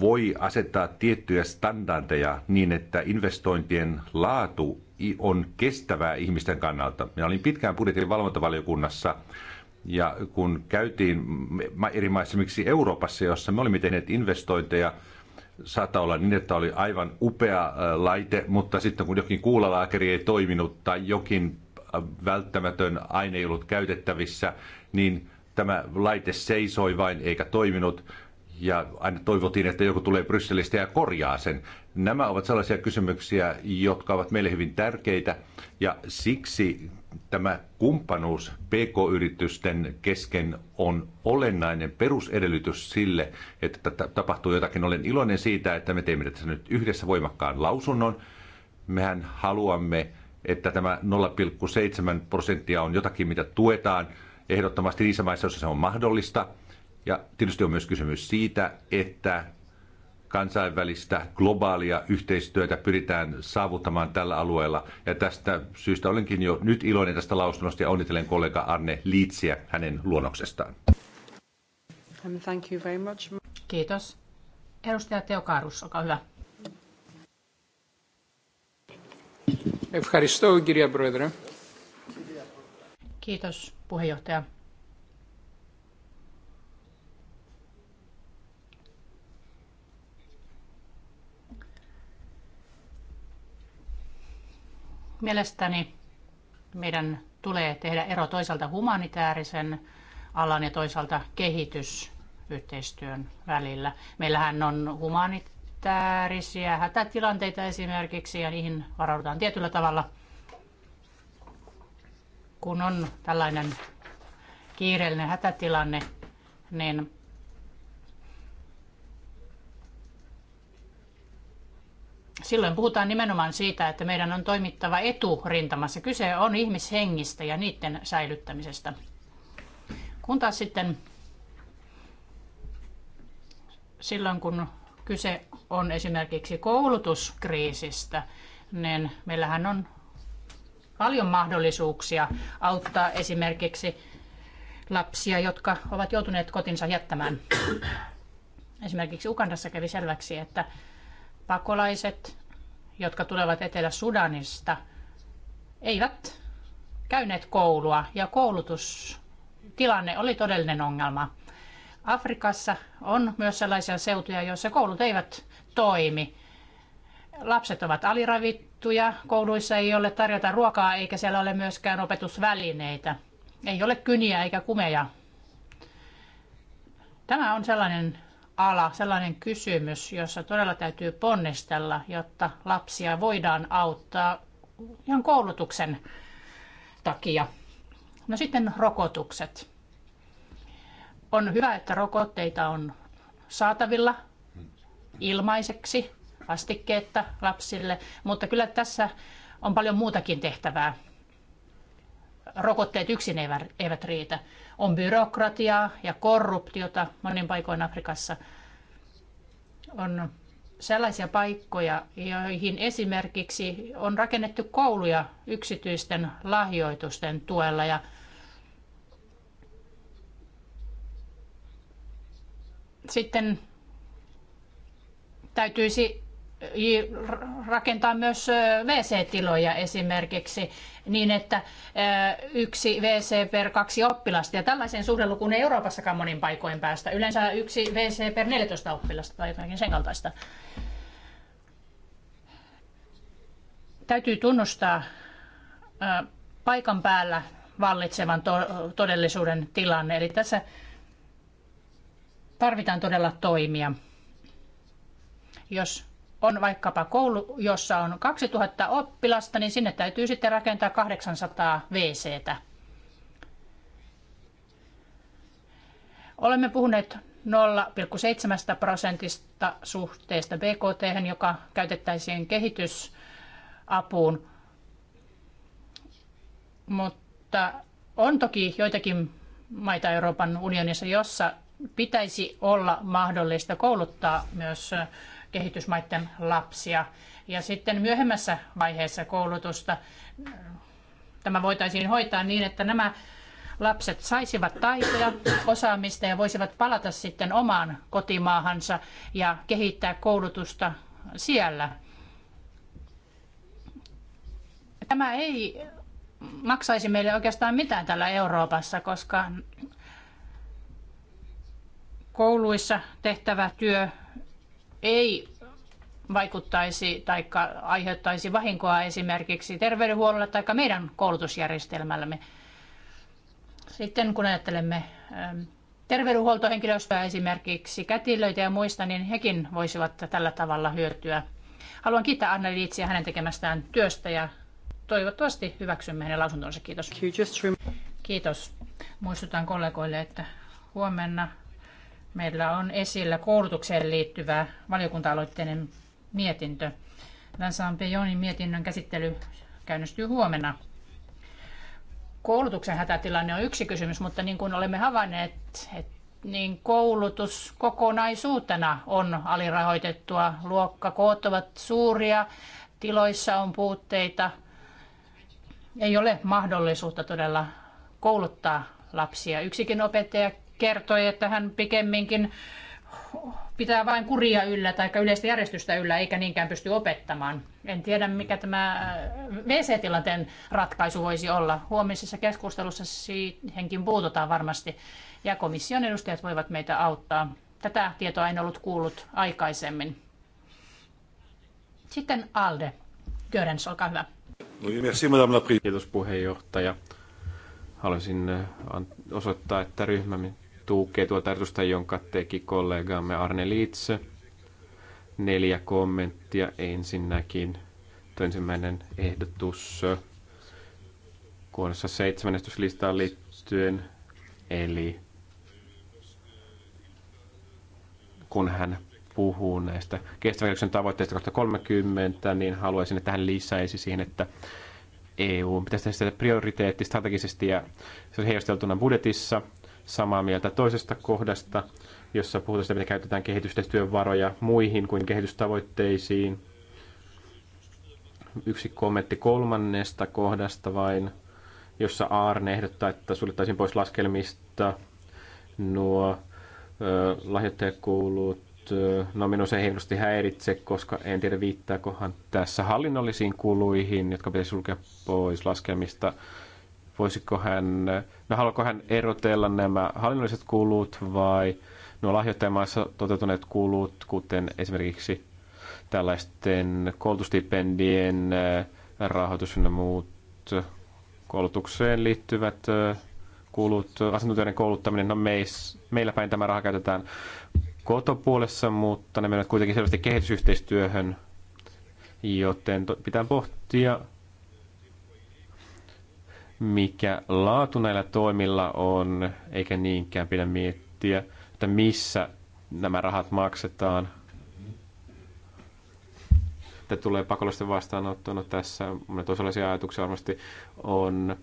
voi asettaa tiettyjä standardeja niin, että investointien laatu on kestävää ihmisten kannalta. Minä olin pitkään budjetin valvontavaliokunnassa ja kun käytiin eri maissa, miksi Euroopassa, jossa me olimme tehneet investointeja, saattaa olla niin, että oli aivan upea laite, mutta sitten kun jokin kuulalaakeri ei toiminut tai jokin välttämätön aine ei ollut käytettävissä, niin tämä laite seisoi vain eikä toiminut. Ja aina toivottiin, että joku tulee Brysselistä ja korjaa sen. Nämä ovat sellaisia kysymyksiä, jotka ovat meille hyvin tärkeitä. Ja siksi tämä kumppanuus PK-yritysten kesken on olennainen perusedellytys sille, että tapahtuu jotakin. Olen iloinen siitä, että me teemme tässä nyt yhdessä voimakkaan lausunnon. Mehän haluamme että tämä 0,7 prosenttia on jotakin, mitä tuetaan ehdottomasti niissä maissa, joissa se on mahdollista. Ja tietysti on myös kysymys siitä, että kansainvälistä globaalia yhteistyötä pyritään saavuttamaan tällä alueella. Ja tästä syystä olenkin jo nyt iloinen tästä lausunnosta ja onnittelen kollega Arne Liitsiä hänen luonnoksestaan. Thank you very much. Kiitos. Edustaja Teo Kaarus, olkaa hyvä. Ευχαριστώ, κυρία Πρόεδρε. Kiitos, puheenjohtaja. Mielestäni meidän tulee tehdä ero toisaalta humanitaarisen alan ja toisaalta kehitysyhteistyön välillä. Meillähän on humanit humanitaarisia hätätilanteita esimerkiksi ja niihin varaudutaan tietyllä tavalla, kun on tällainen kiireellinen hätätilanne, niin silloin puhutaan nimenomaan siitä, että meidän on toimittava eturintamassa. Kyse on ihmishengistä ja niiden säilyttämisestä. Kun taas sitten silloin, kun kyse on esimerkiksi koulutuskriisistä, niin meillähän on paljon mahdollisuuksia auttaa esimerkiksi lapsia, jotka ovat joutuneet kotinsa jättämään. Esimerkiksi Ukandassa kävi selväksi, että pakolaiset, jotka tulevat Etelä-Sudanista, eivät käyneet koulua ja koulutustilanne oli todellinen ongelma. Afrikassa on myös sellaisia seutuja, joissa koulut eivät toimi. Lapset ovat aliravittuja, kouluissa ei ole tarjota ruokaa eikä siellä ole myöskään opetusvälineitä. Ei ole kyniä eikä kumeja. Tämä on sellainen ala, sellainen kysymys, jossa todella täytyy ponnistella, jotta lapsia voidaan auttaa ihan koulutuksen takia. No sitten rokotukset. On hyvä, että rokotteita on saatavilla ilmaiseksi vastikkeetta lapsille, mutta kyllä tässä on paljon muutakin tehtävää. Rokotteet yksin eivät riitä. On byrokratiaa ja korruptiota monin paikoin Afrikassa. On sellaisia paikkoja, joihin esimerkiksi on rakennettu kouluja yksityisten lahjoitusten tuella ja sitten täytyisi rakentaa myös WC-tiloja esimerkiksi niin, että yksi WC per kaksi oppilasta. Ja tällaiseen suhdelukuun ei Euroopassakaan monin paikoin päästä. Yleensä yksi WC per 14 oppilasta tai jotakin sen kaltaista. Täytyy tunnustaa paikan päällä vallitsevan todellisuuden tilanne. Eli tässä tarvitaan todella toimia. Jos on vaikkapa koulu, jossa on 2000 oppilasta, niin sinne täytyy sitten rakentaa 800 WCtä. Olemme puhuneet 0,7 prosentista suhteesta BKT, joka käytettäisiin kehitysapuun. Mutta on toki joitakin maita Euroopan unionissa, jossa pitäisi olla mahdollista kouluttaa myös kehitysmaiden lapsia. Ja sitten myöhemmässä vaiheessa koulutusta tämä voitaisiin hoitaa niin, että nämä lapset saisivat taitoja, osaamista ja voisivat palata sitten omaan kotimaahansa ja kehittää koulutusta siellä. Tämä ei maksaisi meille oikeastaan mitään täällä Euroopassa, koska kouluissa tehtävä työ ei vaikuttaisi tai aiheuttaisi vahinkoa esimerkiksi terveydenhuollolle tai meidän koulutusjärjestelmällämme. Sitten kun ajattelemme ähm, terveydenhuoltohenkilöstöä esimerkiksi kätilöitä ja muista, niin hekin voisivat tällä tavalla hyötyä. Haluan kiittää Anna Liitsiä hänen tekemästään työstä ja toivottavasti hyväksymme hänen lausuntonsa. Kiitos. Kiitos. Muistutan kollegoille, että huomenna Meillä on esillä koulutukseen liittyvä valiokunta-aloitteinen mietintö. Vincent Pejonin mietinnön käsittely käynnistyy huomenna. Koulutuksen hätätilanne on yksi kysymys, mutta niin kuin olemme havainneet, niin koulutus kokonaisuutena on alirahoitettua. Luokkakoot ovat suuria, tiloissa on puutteita. Ei ole mahdollisuutta todella kouluttaa lapsia. Yksikin opettaja kertoi, että hän pikemminkin pitää vain kuria yllä tai yleistä järjestystä yllä, eikä niinkään pysty opettamaan. En tiedä, mikä tämä äh, WC-tilanteen ratkaisu voisi olla. Huomisessa keskustelussa siihenkin puututaan varmasti, ja komission edustajat voivat meitä auttaa. Tätä tietoa en ollut kuullut aikaisemmin. Sitten Alde. Görens, olkaa hyvä. Kiitos puheenjohtaja. Haluaisin äh, osoittaa, että ryhmämme tukee tuota tartusta, jonka teki kollegaamme Arne Liitse Neljä kommenttia ensinnäkin. Tuo ensimmäinen ehdotus kuonossa seitsemänestyslistaan liittyen, eli kun hän puhuu näistä kestävän tavoitteista 2030, niin haluaisin, että hän lisäisi siihen, että EU pitäisi tehdä prioriteetti strategisesti ja se on heijasteltuna budjetissa – samaa mieltä toisesta kohdasta, jossa puhutaan siitä, miten käytetään kehitystyön varoja muihin kuin kehitystavoitteisiin. Yksi kommentti kolmannesta kohdasta vain, jossa Aarne ehdottaa, että suljettaisiin pois laskelmista nuo ö, lahjoittajakulut. No minun se ei häiritse, koska en tiedä viittaakohan tässä hallinnollisiin kuluihin, jotka pitäisi sulkea pois laskelmista voisiko hän, no haluaako hän erotella nämä hallinnolliset kulut vai nuo lahjoittajamaissa toteutuneet kulut, kuten esimerkiksi tällaisten koulutustipendien äh, rahoitus ja muut koulutukseen liittyvät äh, kulut, asiantuntijoiden kouluttaminen, no meis, meillä päin tämä raha käytetään kotopuolessa, mutta ne menevät kuitenkin selvästi kehitysyhteistyöhön, joten pitää pohtia, mikä laatu näillä toimilla on, eikä niinkään pidä miettiä, että missä nämä rahat maksetaan. Tämä tulee pakollisten vastaanottoon. No tässä monet toisenlaisia ajatuksia varmasti on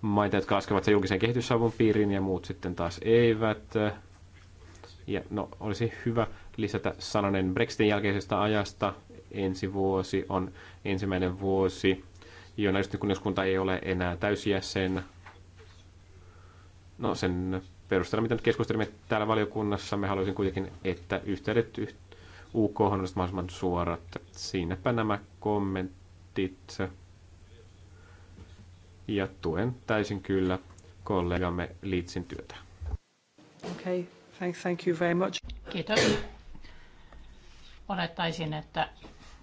maita, jotka laskevat sen julkisen kehitysavun piiriin ja muut sitten taas eivät. Ja no, olisi hyvä lisätä sananen Brexitin jälkeisestä ajasta. Ensi vuosi on ensimmäinen vuosi, jona kunnioskunta ei ole enää täysjäsen. No sen perusteella, mitä nyt keskustelimme täällä valiokunnassa, me haluaisin kuitenkin, että yhteydet UK on mahdollisimman suorat. Siinäpä nämä kommentit. Ja tuen täysin kyllä kollegamme Liitsin työtä. Okay, thank, thank you very much. Kiitos. Olettaisin, että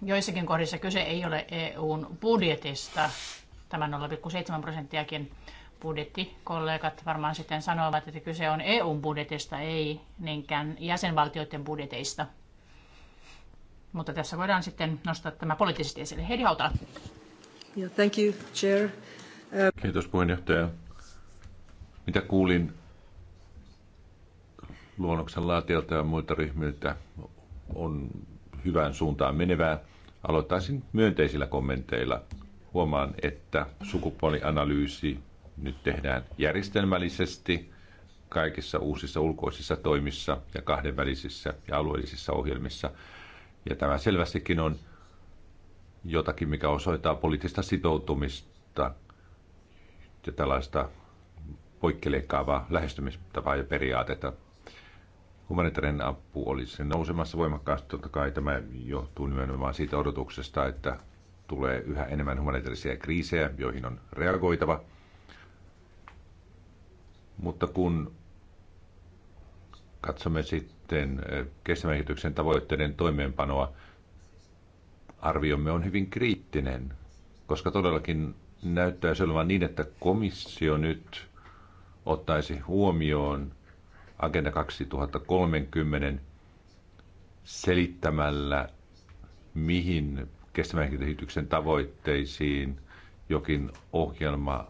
joissakin kohdissa kyse ei ole EUn budjetista, tämä 0,7 prosenttiakin budjettikollegat varmaan sitten sanovat, että kyse on EUn budjetista, ei niinkään jäsenvaltioiden budjeteista. Mutta tässä voidaan sitten nostaa tämä poliittisesti esille. Heidi Hautala. Yeah, thank you, chair. Uh... Kiitos puheenjohtaja. Mitä kuulin luonnoksen laatijalta ja muilta ryhmiltä, on hyvään suuntaan menevää. Aloittaisin myönteisillä kommenteilla. Huomaan, että sukupuolianalyysi nyt tehdään järjestelmällisesti kaikissa uusissa ulkoisissa toimissa ja kahdenvälisissä ja alueellisissa ohjelmissa. Ja tämä selvästikin on jotakin, mikä osoittaa poliittista sitoutumista ja tällaista poikkeleikkaavaa lähestymistapaa ja periaatetta humanitaarinen apu olisi nousemassa voimakkaasti. Totta kai tämä johtuu nimenomaan siitä odotuksesta, että tulee yhä enemmän humanitaarisia kriisejä, joihin on reagoitava. Mutta kun katsomme sitten eh, kestävän tavoitteiden toimeenpanoa, arviomme on hyvin kriittinen, koska todellakin näyttää olevan niin, että komissio nyt ottaisi huomioon Agenda 2030 selittämällä, mihin kestävän kehityksen tavoitteisiin jokin ohjelma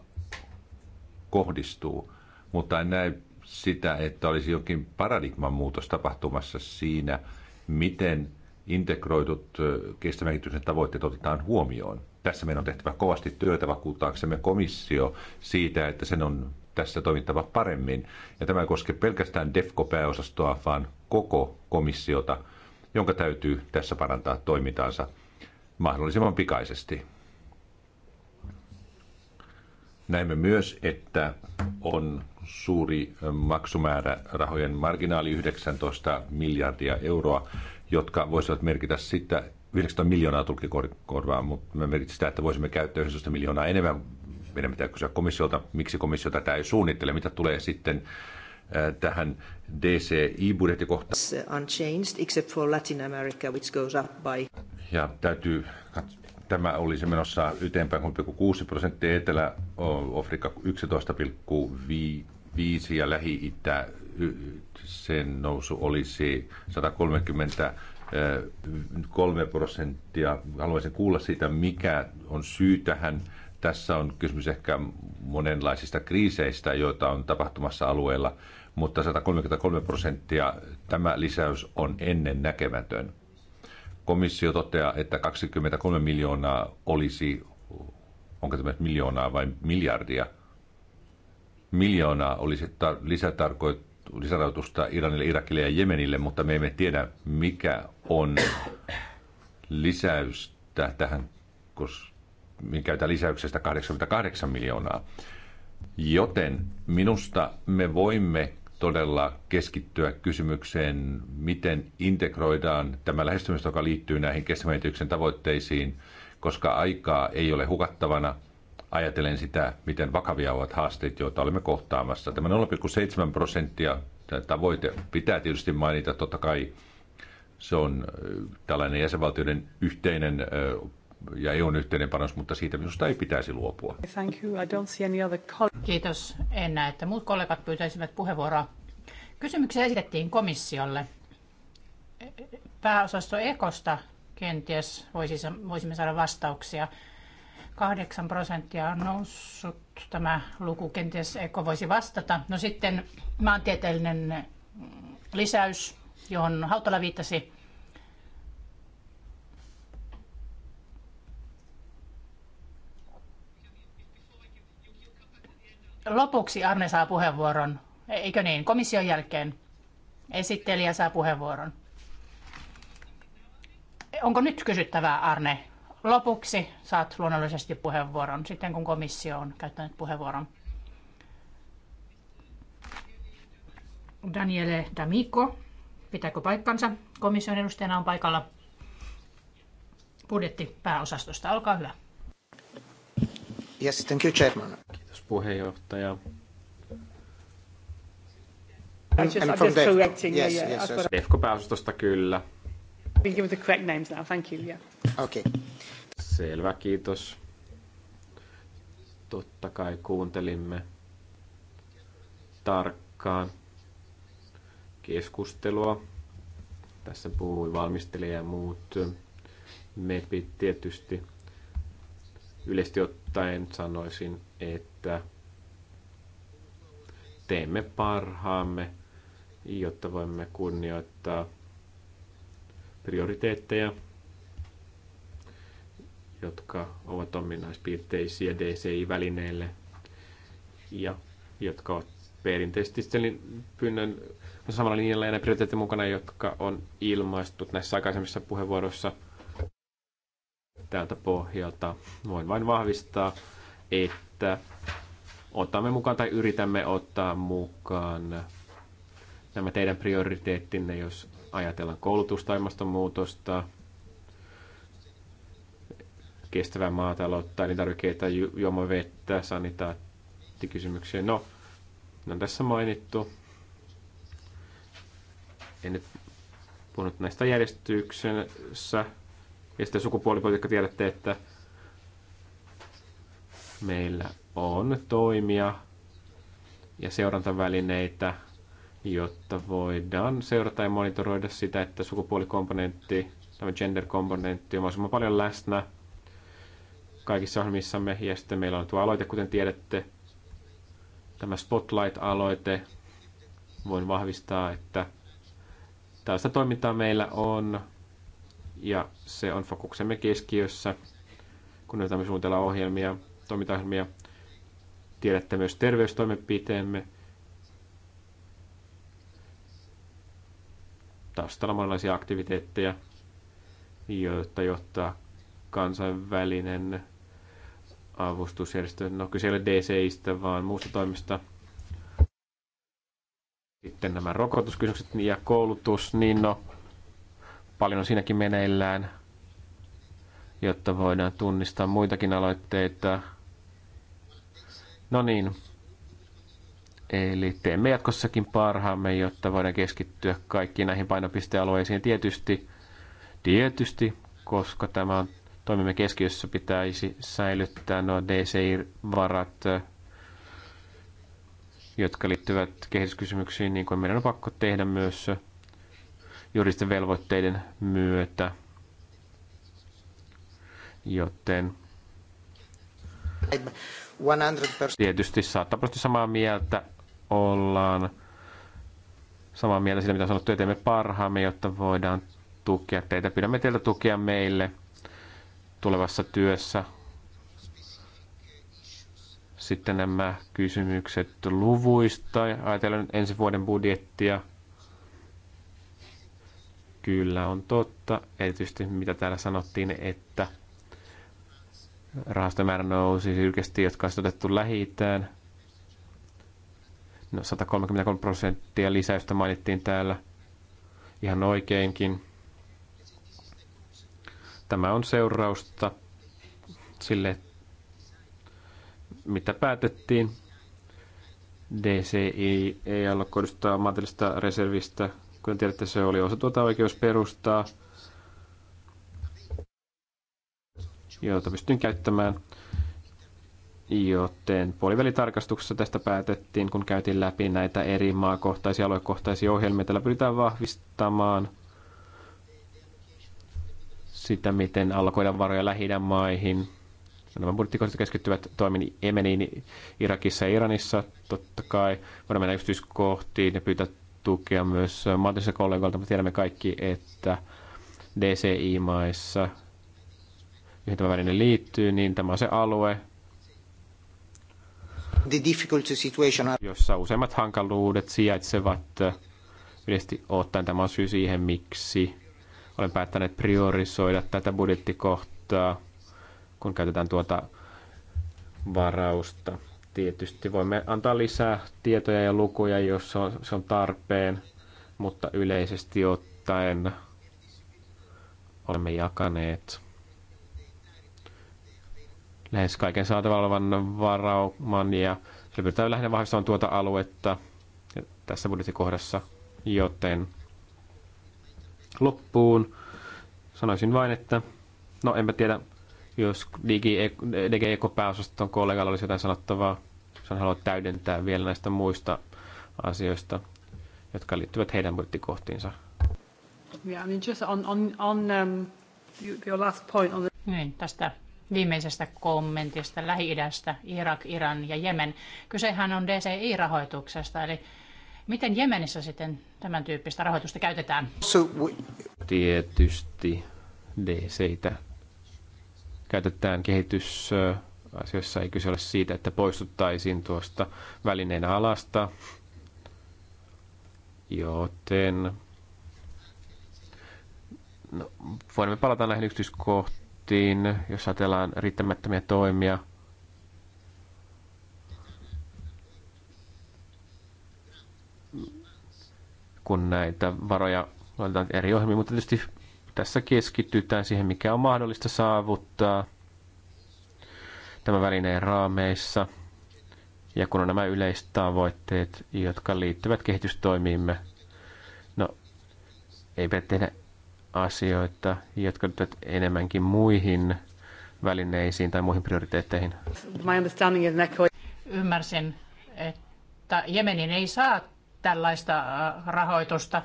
kohdistuu. Mutta en näe sitä, että olisi jokin paradigman muutos tapahtumassa siinä, miten integroidut kestävän kehityksen tavoitteet otetaan huomioon. Tässä meidän on tehtävä kovasti työtä vakuuttaaksemme komissio siitä, että sen on tässä toimittava paremmin. Ja tämä ei koske pelkästään DEFCO-pääosastoa, vaan koko komissiota, jonka täytyy tässä parantaa toimintaansa mahdollisimman pikaisesti. Näemme myös, että on suuri maksumäärä rahojen marginaali 19 miljardia euroa, jotka voisivat merkitä sitä, 19 miljoonaa tulkikorvaa, mutta me merkitsemme, sitä, että voisimme käyttää 19 miljoonaa enemmän meidän pitää kysyä komissiolta, miksi komissio tätä ei suunnittele, mitä tulee sitten tähän DCI-budjettikohtaan. Uh, ja täytyy tämä olisi menossa yteenpäin 3,6 prosenttia, Etelä-Afrikka 11,5 ja Lähi-Itä sen nousu olisi 133 prosenttia. Haluaisin kuulla siitä, mikä on syy tähän tässä on kysymys ehkä monenlaisista kriiseistä, joita on tapahtumassa alueella, mutta 133 prosenttia tämä lisäys on ennen näkemätön. Komissio toteaa, että 23 miljoonaa olisi, onko tämä miljoonaa vai miljardia, miljoonaa olisi tar- lisätarkoitus Iranille, Irakille ja Jemenille, mutta me emme tiedä, mikä on lisäystä tähän, koska käytä lisäyksestä 88 miljoonaa. Joten minusta me voimme todella keskittyä kysymykseen, miten integroidaan tämä lähestymistapa, joka liittyy näihin kestävän tavoitteisiin, koska aikaa ei ole hukattavana. Ajatellen sitä, miten vakavia ovat haasteet, joita olemme kohtaamassa. Tämä 0,7 prosenttia tavoite pitää tietysti mainita, totta kai se on äh, tällainen jäsenvaltioiden yhteinen ja EUn yhteinen panos, mutta siitä minusta ei pitäisi luopua. Thank you. I don't see any other Kiitos. En näe, että muut kollegat pyytäisivät puheenvuoroa. Kysymyksiä esitettiin komissiolle. Pääosasto Ekosta kenties voisimme saada vastauksia. 8 prosenttia on noussut tämä luku, kenties Eko voisi vastata. No sitten maantieteellinen lisäys, johon Hautala viittasi. Lopuksi Arne saa puheenvuoron, eikö niin, komission jälkeen esittelijä saa puheenvuoron. Onko nyt kysyttävää, Arne? Lopuksi saat luonnollisesti puheenvuoron, sitten kun komissio on käyttänyt puheenvuoron. Daniele D'Amico, pitääkö paikkansa? Komission edustajana on paikalla budjettipääosastosta. Olkaa hyvä. Yes, thank you, Chairman puheenjohtaja. I'm just, I'm just correcting. Yes, yeah, yes, yes. Defco-pääosastosta kyllä. Been given the correct names now, thank you, yeah. Okay. Selvä, kiitos. Totta kai kuuntelimme tarkkaan keskustelua. Tässä puhui valmistelija ja muut mepit tietysti. Yleisesti ottaen sanoisin, että sitä. teemme parhaamme, jotta voimme kunnioittaa prioriteetteja, jotka ovat ominaispiirteisiä DCI-välineille ja jotka ovat perinteisesti pyynnön no samalla linjalla ja prioriteetti mukana, jotka on ilmaistu näissä aikaisemmissa puheenvuoroissa tältä pohjalta. Voin vain vahvistaa, että otamme mukaan tai yritämme ottaa mukaan nämä teidän prioriteettinne, jos ajatellaan koulutusta, ilmastonmuutosta, kestävää maataloutta, elintarvikkeita, ju- juomavettä, sanitaattikysymyksiä. No, ne on tässä mainittu. En nyt puhunut näistä järjestyksessä. Ja sitten sukupuolipolitiikka tiedätte, että meillä on toimia ja seurantavälineitä, jotta voidaan seurata ja monitoroida sitä, että sukupuolikomponentti, tämä gender-komponentti on mahdollisimman paljon läsnä kaikissa ohjelmissamme. Ja sitten meillä on tuo aloite, kuten tiedätte, tämä Spotlight-aloite. Voin vahvistaa, että tällaista toimintaa meillä on ja se on fokuksemme keskiössä, kun me suunnitellaan ohjelmia, toimintaohjelmia – Tiedätte myös terveystoimenpiteemme. Taustalla monenlaisia aktiviteetteja, joita johtaa kansainvälinen avustusjärjestö. No kyse ei ole DCistä, vaan muusta toimista. Sitten nämä rokotuskysymykset ja koulutus, niin no, paljon on siinäkin meneillään, jotta voidaan tunnistaa muitakin aloitteita – No niin. Eli teemme jatkossakin parhaamme, jotta voidaan keskittyä kaikkiin näihin painopistealueisiin. Tietysti, tietysti, koska tämä on toimimme keskiössä, pitäisi säilyttää nuo DCI-varat, jotka liittyvät kehityskysymyksiin, niin kuin meidän on pakko tehdä myös juristen velvoitteiden myötä. Joten 100%. Tietysti saattaa samaa mieltä ollaan samaa mieltä siitä, mitä on sanottu, että teemme parhaamme, jotta voidaan tukea teitä. Pidämme teiltä tukea meille tulevassa työssä. Sitten nämä kysymykset luvuista. Ajatellaan ensi vuoden budjettia. Kyllä on totta. Erityisesti mitä täällä sanottiin, että – rahastomäärä nousi yrkesti, jotka on otettu lähi No 133 prosenttia lisäystä mainittiin täällä ihan oikeinkin. Tämä on seurausta sille, mitä päätettiin. DCI ei allokoidusta maantieteellisestä reservistä. Kuten tiedätte, se oli osa tuota oikeusperustaa – joita pystyin käyttämään. Joten puolivälitarkastuksessa tästä päätettiin, kun käytiin läpi näitä eri maakohtaisia, aluekohtaisia ohjelmia. Tällä pyritään vahvistamaan sitä, miten allokoidaan varoja lähi maihin. Nämä budjettikohdat keskittyvät toimin Emeniin Irakissa ja Iranissa, totta kai. Voidaan mennä yksityiskohtiin ja pyytää tukea myös maantieteellisiltä kollegoilta. Me tiedämme kaikki, että DCI-maissa mihin tämä väline liittyy, niin tämä on se alue, the difficult situation. jossa useimmat hankaluudet sijaitsevat. Yleisesti ottaen tämä on syy siihen, miksi olen päättänyt priorisoida tätä budjettikohtaa, kun käytetään tuota varausta. Tietysti voimme antaa lisää tietoja ja lukuja, jos se on, se on tarpeen, mutta yleisesti ottaen olemme jakaneet lähes kaiken saatavalla olevan varauman ja sillä pyritään lähinnä vahvistamaan tuota aluetta tässä budjettikohdassa, joten loppuun sanoisin vain, että no enpä tiedä, jos dgek pääosaston kollegalla olisi jotain sanottavaa, jos hän haluaa täydentää vielä näistä muista asioista, jotka liittyvät heidän budjettikohtiinsa. Yeah, I mean just on, on, on um, your last point on the... Niin, tästä viimeisestä kommentista Lähi-idästä, Irak, Iran ja Jemen. Kysehän on DCI-rahoituksesta, eli miten Jemenissä sitten tämän tyyppistä rahoitusta käytetään? Tietysti DCitä käytetään kehitysasioissa. Ei kyse ole siitä, että poistuttaisiin tuosta välineen alasta, joten no, voimme palata näihin yksityiskohtiin puhuttiin, jos ajatellaan riittämättömiä toimia. kun näitä varoja laitetaan eri ohjelmiin, mutta tietysti tässä keskitytään siihen, mikä on mahdollista saavuttaa tämän välineen raameissa. Ja kun on nämä yleistavoitteet, jotka liittyvät kehitystoimiimme, no ei pidä tehdä asioita, jotka liittyvät enemmänkin muihin välineisiin tai muihin prioriteetteihin? My understanding is that... Ymmärsin, että Jemenin ei saa tällaista äh, rahoitusta,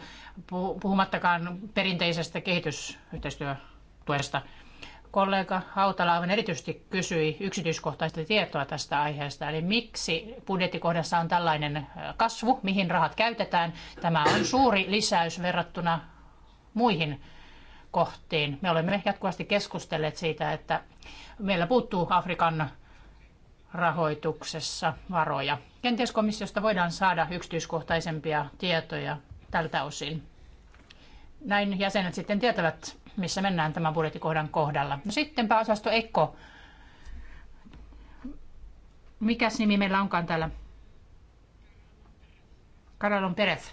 puhumattakaan perinteisestä kehitysyhteistyötuesta. Kollega Hautala aivan erityisesti kysyi yksityiskohtaista tietoa tästä aiheesta, eli miksi budjettikohdassa on tällainen äh, kasvu, mihin rahat käytetään. Tämä on suuri lisäys verrattuna muihin kohtiin. Me olemme jatkuvasti keskustelleet siitä, että meillä puuttuu Afrikan rahoituksessa varoja. Kenties komissiosta voidaan saada yksityiskohtaisempia tietoja tältä osin. Näin jäsenet sitten tietävät, missä mennään tämän budjettikohdan kohdalla. No sitten pääosasto Eko. Mikäs nimi meillä onkaan täällä? Karalon Perez.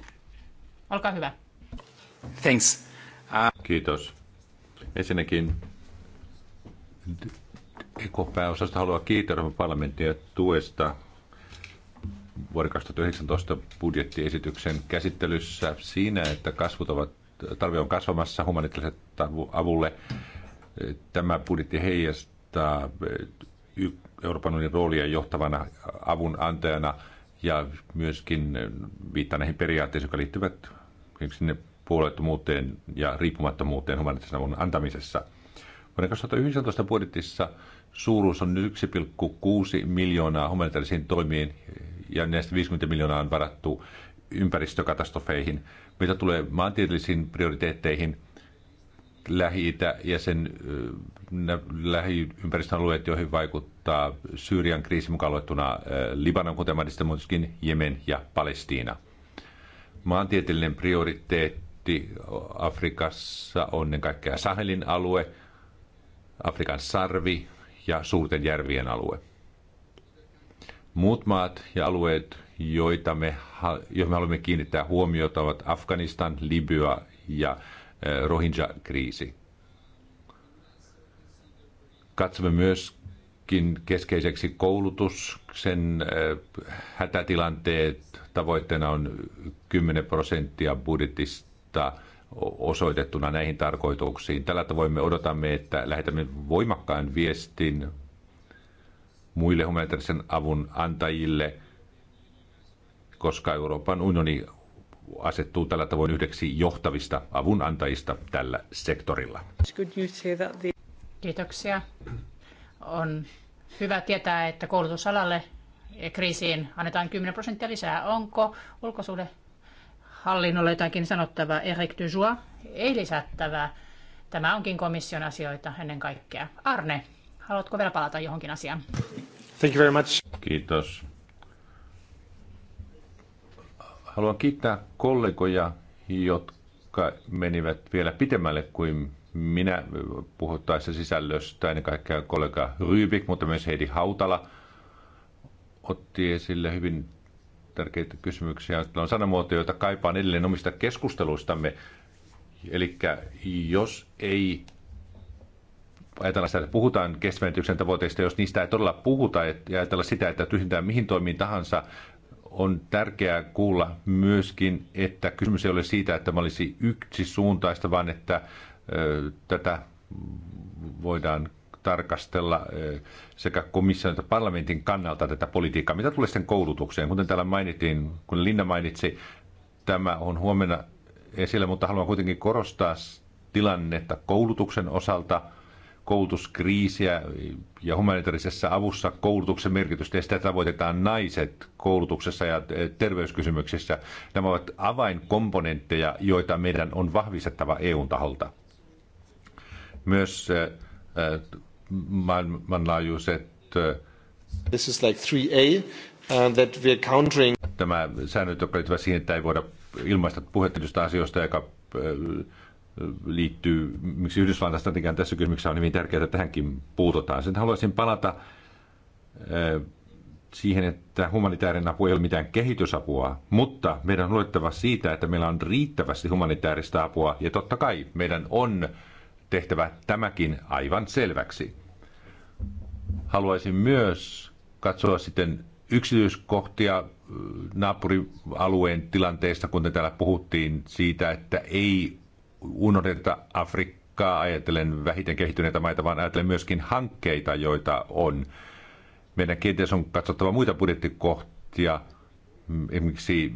Olkaa hyvä. Thanks. Kiitos. Ensinnäkin ekopääosasta haluaa kiittää Euroopan parlamenttia tuesta vuoden 2019 budjettiesityksen käsittelyssä siinä, että kasvut ovat, tarve on kasvamassa humanitaariselle avulle. Tämä budjetti heijastaa Euroopan unionin roolia johtavana avun antajana ja myöskin viittaa näihin periaatteisiin, jotka liittyvät puolueettomuuteen ja riippumattomuuteen humanitaarisen avun antamisessa. Vuoden 2019 budjetissa suuruus on 1,6 miljoonaa humanitaarisiin toimiin ja näistä 50 miljoonaa on varattu ympäristökatastrofeihin. Mitä tulee maantieteellisiin prioriteetteihin, lähi ja sen lähiympäristön alueet, joihin vaikuttaa Syyrian kriisi mukaan luettuna Libanon, kuten mainitsin, myöskin Jemen ja Palestiina. Maantieteellinen prioriteetti Afrikassa on ennen kaikkea Sahelin alue, Afrikan sarvi ja suurten järvien alue. Muut maat ja alueet, joita me, joihin me haluamme kiinnittää huomiota, ovat Afganistan, Libya ja eh, Rohingya-kriisi. Katsomme myöskin keskeiseksi koulutuksen eh, hätätilanteet. Tavoitteena on 10 prosenttia budjetista kautta osoitettuna näihin tarkoituksiin. Tällä tavoin me odotamme, että lähetämme voimakkaan viestin muille humanitaarisen avun antajille, koska Euroopan unioni asettuu tällä tavoin yhdeksi johtavista avunantajista tällä sektorilla. Kiitoksia. On hyvä tietää, että koulutusalalle kriisiin annetaan 10 prosenttia lisää. Onko ulkosuhde hallinnolle jotakin sanottavaa, Erik Dujua, ei lisättävää. Tämä onkin komission asioita ennen kaikkea. Arne, haluatko vielä palata johonkin asiaan? Thank you very much. Kiitos. Haluan kiittää kollegoja, jotka menivät vielä pitemmälle kuin minä puhuttaessa sisällöstä, ennen kaikkea kollega Rybik, mutta myös Heidi Hautala otti esille hyvin tärkeitä kysymyksiä, jotka on sanamuoto, joita kaipaan edelleen omista keskusteluistamme. Eli jos ei ajatella sitä, että puhutaan kestävän tavoitteista, jos niistä ei todella puhuta ja ajatella sitä, että tyhjentää mihin toimiin tahansa, on tärkeää kuulla myöskin, että kysymys ei ole siitä, että tämä olisi yksisuuntaista, vaan että ö, tätä voidaan tarkastella eh, sekä komission että parlamentin kannalta tätä politiikkaa. Mitä tulee sitten koulutukseen? Kuten täällä mainittiin, kun Linna mainitsi, tämä on huomenna esillä, mutta haluan kuitenkin korostaa tilannetta koulutuksen osalta, koulutuskriisiä ja humanitaarisessa avussa koulutuksen merkitystä ja sitä tavoitetaan naiset koulutuksessa ja eh, terveyskysymyksissä. Nämä ovat avainkomponentteja, joita meidän on vahvistettava EUn taholta. Myös eh, maailmanlaajuiset This is like 3A, uh, that we are countering. Tämä säännöt, jotka liittyvät siihen, että ei voida ilmaista puhetta asioista, joka liittyy, miksi Yhdysvaltain strategian tässä kysymyksessä on hyvin tärkeää, että tähänkin puututaan. Sitten haluaisin palata siihen, että humanitaarinen apu ei ole mitään kehitysapua, mutta meidän on luettava siitä, että meillä on riittävästi humanitaarista apua ja totta kai meidän on tehtävä tämäkin aivan selväksi. Haluaisin myös katsoa sitten yksityiskohtia naapurialueen tilanteesta, kun täällä puhuttiin siitä, että ei unohdeta Afrikkaa ajatellen vähiten kehittyneitä maita, vaan ajatellen myöskin hankkeita, joita on. Meidän kenties on katsottava muita budjettikohtia, esimerkiksi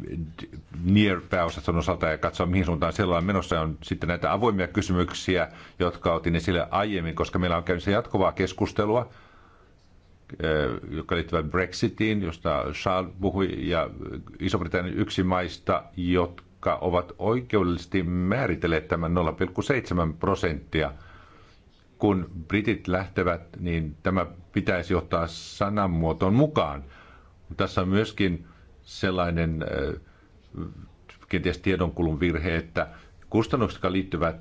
NIR-pääosaston osalta ja katsoa, mihin suuntaan siellä on menossa. On sitten näitä avoimia kysymyksiä, jotka otin esille aiemmin, koska meillä on käynnissä jatkuvaa keskustelua, eh, joka liittyy Brexitiin, josta Charles puhui, ja Iso-Britannian yksi maista, jotka ovat oikeudellisesti määritelleet tämän 0,7 prosenttia. Kun britit lähtevät, niin tämä pitäisi ottaa sananmuotoon mukaan. Tässä on myöskin sellainen kenties tiedonkulun virhe, että kustannukset, jotka liittyvät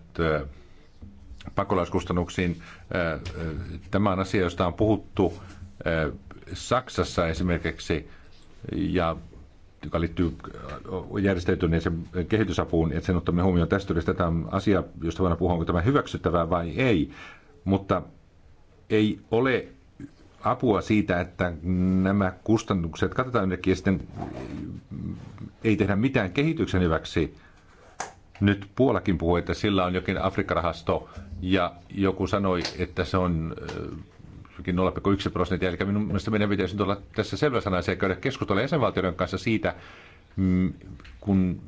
pakolaiskustannuksiin, tämä on asia, josta on puhuttu Saksassa esimerkiksi, ja joka liittyy järjestäytyneeseen kehitysapuun, että sen ottaminen huomioon tästä yhdessä. Tämä on asia, josta voidaan puhua, onko tämä hyväksyttävää vai ei. Mutta ei ole apua siitä, että nämä kustannukset katsotaan jonnekin ja sitten ei tehdä mitään kehityksen hyväksi. Nyt Puolakin puhui, että sillä on jokin Afrikarahasto ja joku sanoi, että se on äh, jokin 0,1 prosenttia. Eli minun mielestä meidän pitäisi olla tässä selväsanaisia ja käydä keskustella jäsenvaltioiden kanssa siitä, mm, kun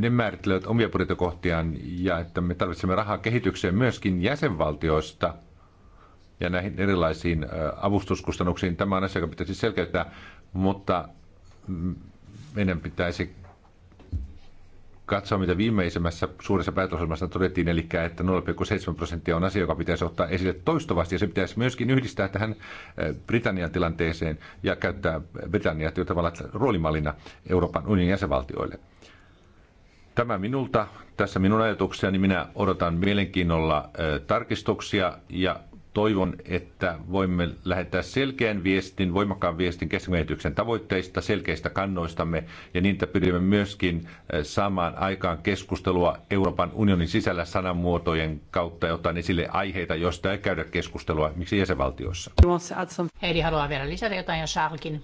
ne määrittelevät omia budjettikohtiaan ja että me tarvitsemme rahaa kehitykseen myöskin jäsenvaltioista – ja näihin erilaisiin avustuskustannuksiin. Tämä on asia, joka pitäisi selkeyttää, mutta mm, meidän pitäisi katsoa, mitä viimeisemmässä suuressa päätösohjelmassa todettiin, eli että 0,7 prosenttia on asia, joka pitäisi ottaa esille toistuvasti, ja se pitäisi myöskin yhdistää tähän Britannian tilanteeseen ja käyttää Britanniaa tavallaan roolimallina Euroopan unionin jäsenvaltioille. Tämä minulta, tässä minun ajatuksiani, minä odotan mielenkiinnolla tarkistuksia ja toivon, että voimme lähettää selkeän viestin, voimakkaan viestin keskimehityksen tavoitteista, selkeistä kannoistamme ja niin, pyrimme myöskin eh, saamaan aikaan keskustelua Euroopan unionin sisällä sanamuotojen kautta ja ottaen esille aiheita, joista ei käydä keskustelua, miksi jäsenvaltioissa. Heidi haluaa vielä lisätä jotain ja Charleskin.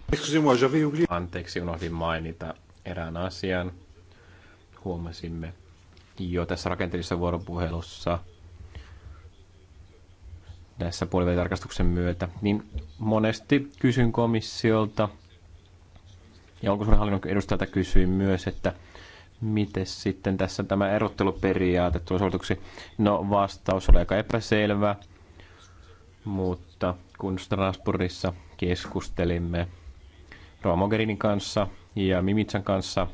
Anteeksi, unohdin mainita erään asian. Huomasimme jo tässä rakenteellisessa vuoropuhelussa – tässä puolivälitarkastuksen myötä, niin monesti kysyn komissiolta, ja onko suuren hallinnon edustajalta kysyin myös, että miten sitten tässä tämä erotteluperiaate tulee sovelluksi? No vastaus oli aika epäselvä, mutta kun Strasbourgissa keskustelimme Roa Mogherinin kanssa ja Mimitsan kanssa,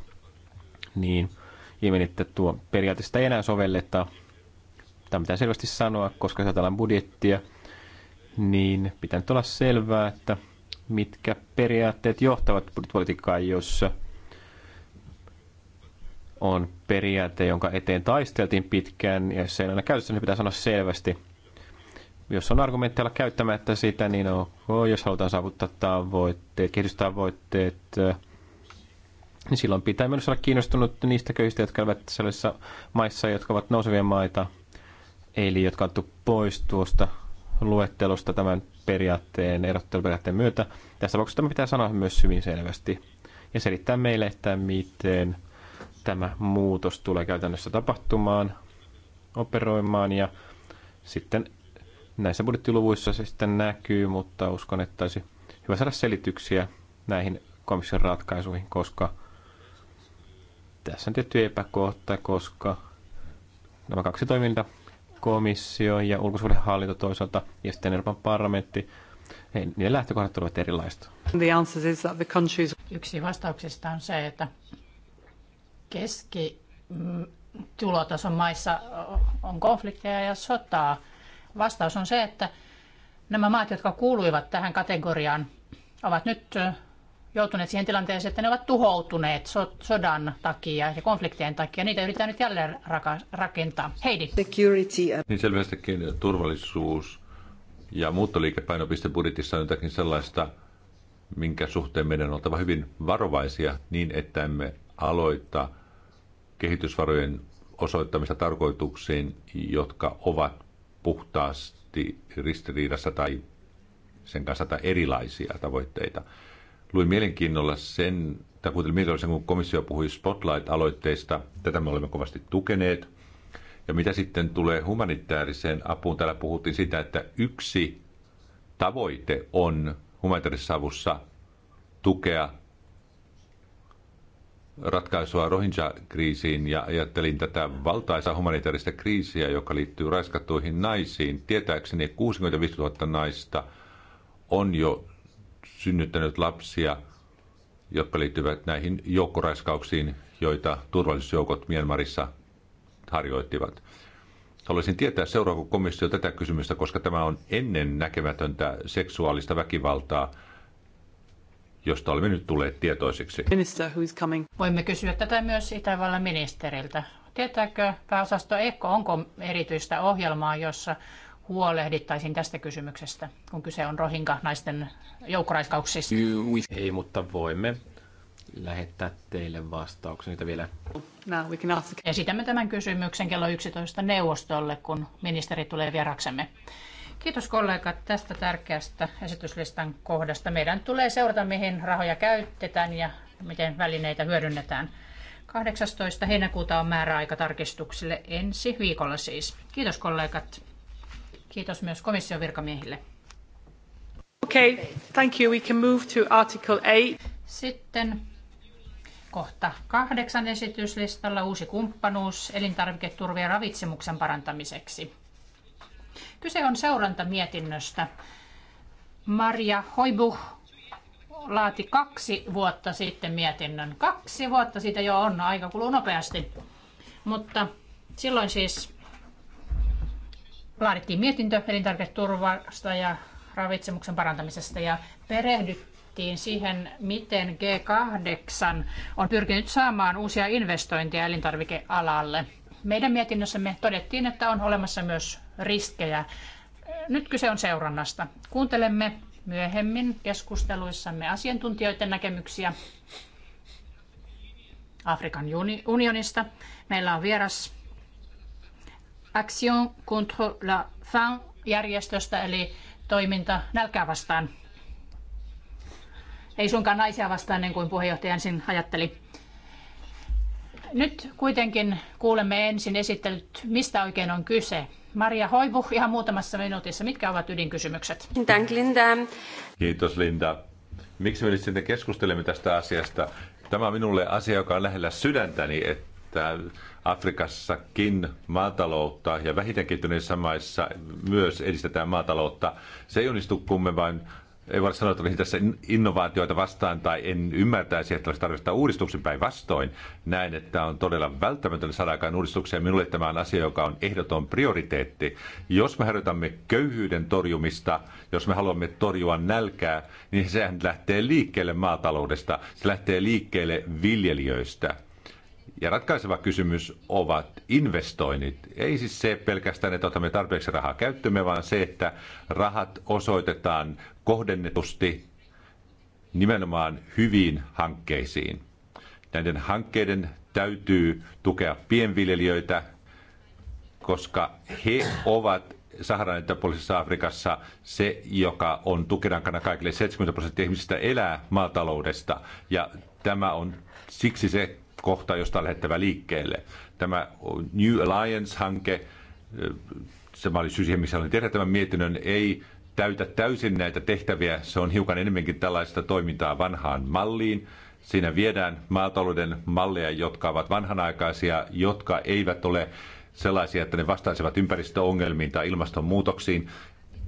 niin ilmeni, että tuo periaate sitä ei enää sovelleta tämä pitää selvästi sanoa, koska jos ajatellaan budjettia, niin pitää nyt olla selvää, että mitkä periaatteet johtavat budjettipolitiikkaan, jossa on periaate, jonka eteen taisteltiin pitkään, ja jos se ei aina käytössä, niin pitää sanoa selvästi. Jos on argumentteilla käyttämättä sitä, niin ok, jos halutaan saavuttaa tavoitteet, kehitystavoitteet, niin silloin pitää myös olla kiinnostunut niistä köyhistä, jotka ovat sellaisissa maissa, jotka ovat nousevia maita – eli jotka on pois tuosta luettelosta tämän periaatteen, erotteluperiaatteen myötä. Tässä tapauksessa tämä pitää sanoa myös hyvin selvästi ja selittää meille, että miten tämä muutos tulee käytännössä tapahtumaan, operoimaan ja sitten näissä budjettiluvuissa se sitten näkyy, mutta uskon, että olisi hyvä saada selityksiä näihin komission ratkaisuihin, koska tässä on tietty epäkohta, koska nämä kaksi toimintaa komissio ja ulkosuhdehallinto toisaalta ja sitten Euroopan parlamentti. Ei, niiden lähtökohdat tulevat erilaista. Yksi vastauksista on se, että keskitulotason maissa on konflikteja ja sotaa. Vastaus on se, että nämä maat, jotka kuuluivat tähän kategoriaan, ovat nyt joutuneet siihen tilanteeseen, että ne ovat tuhoutuneet sodan takia ja konfliktien takia. Niitä yritetään nyt jälleen rakentaa. Heidi. Security. Niin selvästikin turvallisuus ja muuttoliikepainopiste budjetissa on jotakin sellaista, minkä suhteen meidän on oltava hyvin varovaisia niin, että emme aloita kehitysvarojen osoittamista tarkoituksiin, jotka ovat puhtaasti ristiriidassa tai sen kanssa tai erilaisia tavoitteita. Luin mielenkiinnolla sen, tai kuuntelin mielenkiinnolla sen, kun komissio puhui Spotlight-aloitteista. Tätä me olemme kovasti tukeneet. Ja mitä sitten tulee humanitaariseen apuun, täällä puhuttiin sitä, että yksi tavoite on humanitaarisessa avussa tukea ratkaisua Rohingya-kriisiin ja ajattelin tätä valtaisaa humanitaarista kriisiä, joka liittyy raiskattuihin naisiin. Tietääkseni 65 000 naista on jo synnyttänyt lapsia, jotka liittyvät näihin joukkoraiskauksiin, joita turvallisuusjoukot Myanmarissa harjoittivat. Haluaisin tietää, seuraako komissio tätä kysymystä, koska tämä on ennen näkemätöntä seksuaalista väkivaltaa, josta olemme nyt tulleet tietoisiksi. Minister, who is coming? Voimme kysyä tätä myös Itävallan ministeriltä. Tietääkö pääosasto EKKO, onko erityistä ohjelmaa, jossa huolehdittaisiin tästä kysymyksestä, kun kyse on rohinka naisten joukkoraiskauksista? Ei, mutta voimme lähettää teille vastauksen niitä vielä. Now we can ask. Esitämme tämän kysymyksen kello 11 neuvostolle, kun ministeri tulee vieraksemme. Kiitos kollegat tästä tärkeästä esityslistan kohdasta. Meidän tulee seurata, mihin rahoja käytetään ja miten välineitä hyödynnetään. 18. heinäkuuta on määräaika tarkistuksille ensi viikolla siis. Kiitos kollegat. Kiitos myös komission virkamiehille. Okay, thank you. We can move to article 8. Sitten kohta kahdeksan esityslistalla uusi kumppanuus elintarviketurvien ravitsemuksen parantamiseksi. Kyse on seurantamietinnöstä. Maria Hoibu laati kaksi vuotta sitten mietinnön. Kaksi vuotta siitä jo on, aika kuluu nopeasti. Mutta silloin siis laadittiin mietintö elintarviketurvasta ja ravitsemuksen parantamisesta ja perehdyttiin siihen, miten G8 on pyrkinyt saamaan uusia investointeja elintarvikealalle. Meidän mietinnössämme todettiin, että on olemassa myös riskejä. Nyt kyse on seurannasta. Kuuntelemme myöhemmin keskusteluissamme asiantuntijoiden näkemyksiä Afrikan unionista. Meillä on vieras Action contre la faim järjestöstä, eli toiminta nälkää vastaan. Ei suinkaan naisia vastaan, niin kuin puheenjohtaja ensin ajatteli. Nyt kuitenkin kuulemme ensin esittelyt, mistä oikein on kyse. Maria Hoivu, ihan muutamassa minuutissa. Mitkä ovat ydinkysymykset? Kiitos Linda. Kiitos Linda. Miksi me nyt sitten keskustelemme tästä asiasta? Tämä on minulle asia, joka on lähellä sydäntäni, että Afrikassakin maataloutta ja vähiten kehittyneissä maissa myös edistetään maataloutta. Se ei onnistu, kun me vain ei voi sanoa, että olisin tässä innovaatioita vastaan tai en ymmärtäisi, että olisi tarvetta uudistuksen päinvastoin. Näen, että on todella välttämätöntä saada aikaan uudistuksia. Minulle tämä on asia, joka on ehdoton prioriteetti. Jos me harjoitamme köyhyyden torjumista, jos me haluamme torjua nälkää, niin sehän lähtee liikkeelle maataloudesta. Se lähtee liikkeelle viljelijöistä ja ratkaiseva kysymys ovat investoinnit. Ei siis se pelkästään, että otamme tarpeeksi rahaa käyttöömme, vaan se, että rahat osoitetaan kohdennetusti nimenomaan hyviin hankkeisiin. Näiden hankkeiden täytyy tukea pienviljelijöitä, koska he ovat Saharan eteläpuolisessa Afrikassa se, joka on tukirankana kaikille. 70 prosenttia ihmisistä elää maataloudesta ja tämä on siksi se kohta, josta on lähettävä liikkeelle. Tämä New Alliance-hanke, se oli syy siihen, missä olin tehdä tämän mietinnön, ei täytä täysin näitä tehtäviä. Se on hiukan enemmänkin tällaista toimintaa vanhaan malliin. Siinä viedään maatalouden malleja, jotka ovat vanhanaikaisia, jotka eivät ole sellaisia, että ne vastaisivat ympäristöongelmiin tai ilmastonmuutoksiin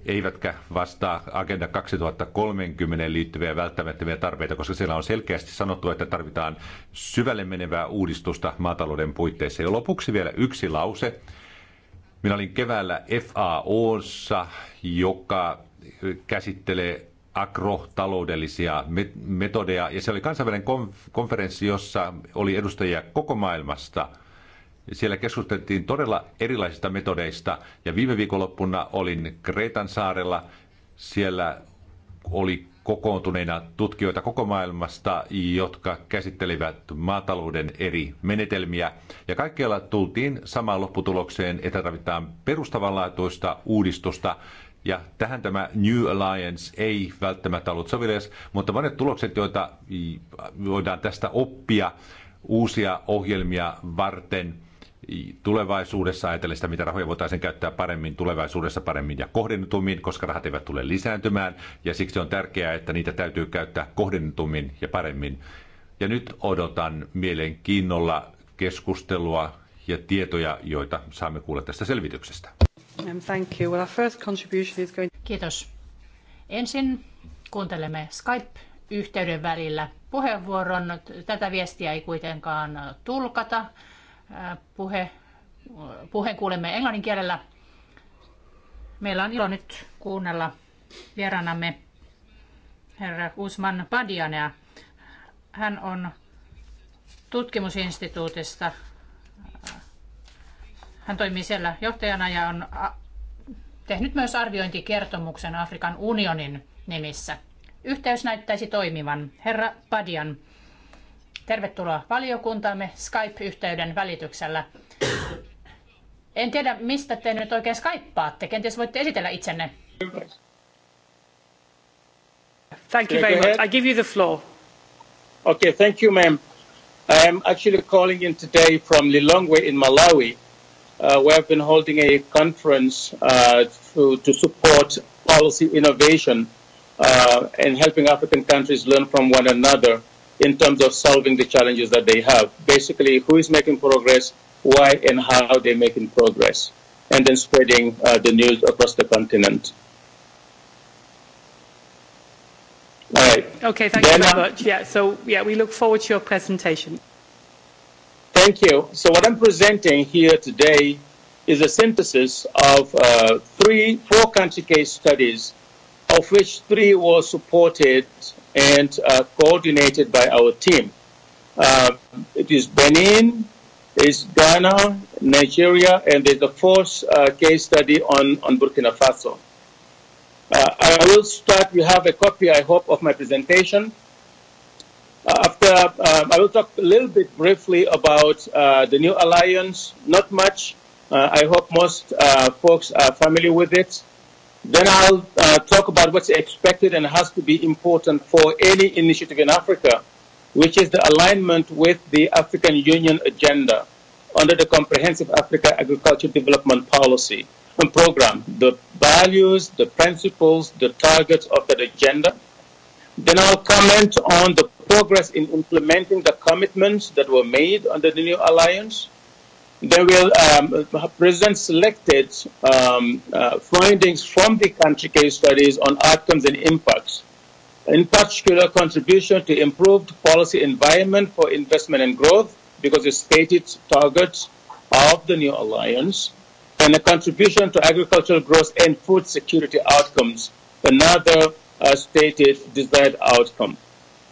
eivätkä vastaa Agenda 2030 liittyviä välttämättömiä tarpeita, koska siellä on selkeästi sanottu, että tarvitaan syvälle menevää uudistusta maatalouden puitteissa. Ja lopuksi vielä yksi lause. Minä olin keväällä FAOssa, joka käsittelee agrotaloudellisia metodeja, ja se oli kansainvälinen konferenssi, jossa oli edustajia koko maailmasta – siellä keskusteltiin todella erilaisista metodeista ja viime viikonloppuna olin Kreetan saarella. Siellä oli kokoontuneina tutkijoita koko maailmasta, jotka käsittelivät maatalouden eri menetelmiä. Ja kaikkialla tultiin samaan lopputulokseen, että tarvitaan perustavanlaatuista uudistusta. Ja tähän tämä New Alliance ei välttämättä ollut sovelias, mutta monet tulokset, joita voidaan tästä oppia uusia ohjelmia varten – tulevaisuudessa ajatellen sitä, mitä rahoja voitaisiin käyttää paremmin, tulevaisuudessa paremmin ja kohdennetummin, koska rahat eivät tule lisääntymään. Ja siksi on tärkeää, että niitä täytyy käyttää kohdennetummin ja paremmin. Ja nyt odotan mielenkiinnolla keskustelua ja tietoja, joita saamme kuulla tästä selvityksestä. Thank you. Well, our first contribution is going... Kiitos. Ensin kuuntelemme Skype-yhteyden välillä puheenvuoron. Tätä viestiä ei kuitenkaan tulkata puhe, puheen kuulemme englannin kielellä. Meillä on ilo nyt kuunnella vieraanamme herra Usman Padianea. Hän on tutkimusinstituutista. Hän toimii siellä johtajana ja on tehnyt myös arviointikertomuksen Afrikan unionin nimissä. Yhteys näyttäisi toimivan. Herra Padian, Tervetuloa valiokuntaamme Skype-yhteyden välityksellä. En tiedä, mistä te nyt oikein skyppaatte. Kenties voitte esitellä itsenne. Thank you very much. I give you the floor. Okay, thank you, ma'am. I am actually calling in today from Lilongwe in Malawi. Uh, we have been holding a conference uh, to, to support policy innovation uh, and helping African countries learn from one another in terms of solving the challenges that they have. Basically, who is making progress, why and how they're making progress, and then spreading uh, the news across the continent. All right. Okay, thank then, you very uh, much. Yeah, so yeah, we look forward to your presentation. Thank you. So what I'm presenting here today is a synthesis of uh, three, four country case studies, of which three were supported and uh, coordinated by our team. Uh, it is Benin, is Ghana, Nigeria, and there's the fourth uh, case study on, on Burkina Faso. Uh, I will start. We have a copy, I hope, of my presentation. Uh, after, uh, I will talk a little bit briefly about uh, the new alliance. Not much. Uh, I hope most uh, folks are familiar with it. Then I'll uh, talk about what's expected and has to be important for any initiative in Africa, which is the alignment with the African Union agenda under the Comprehensive Africa Agriculture Development Policy and Program, the values, the principles, the targets of that agenda. Then I'll comment on the progress in implementing the commitments that were made under the new alliance they will um, present selected um, uh, findings from the country case studies on outcomes and impacts. In particular, contribution to improved policy environment for investment and growth, because it's stated targets of the new alliance, and a contribution to agricultural growth and food security outcomes, another uh, stated desired outcome.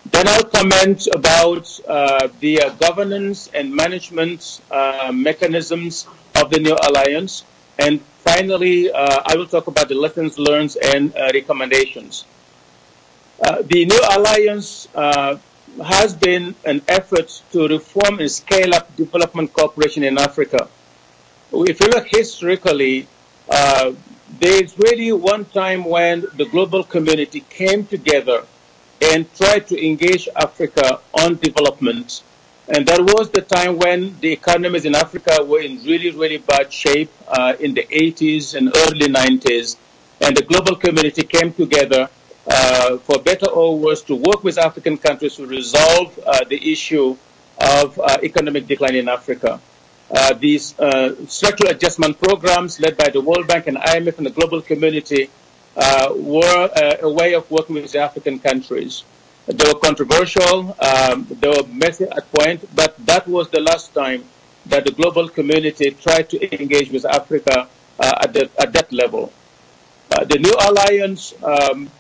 Then I'll comment about uh, the uh, governance and management uh, mechanisms of the new alliance. And finally, uh, I will talk about the lessons learned and uh, recommendations. Uh, the new alliance uh, has been an effort to reform and scale up development cooperation in Africa. If you look historically, uh, there's really one time when the global community came together – and try to engage Africa on development. And that was the time when the economies in Africa were in really, really bad shape uh, in the 80s and early 90s. And the global community came together uh, for better or worse to work with African countries to resolve uh, the issue of uh, economic decline in Africa. Uh, these uh, structural adjustment programs led by the World Bank and IMF and the global community uh, were a, uh, a way of working with African countries. They were controversial, um, they were messy at point, but that was the last time that the global community tried to engage with Africa uh, at, the, at that level. Uh, the new alliance um,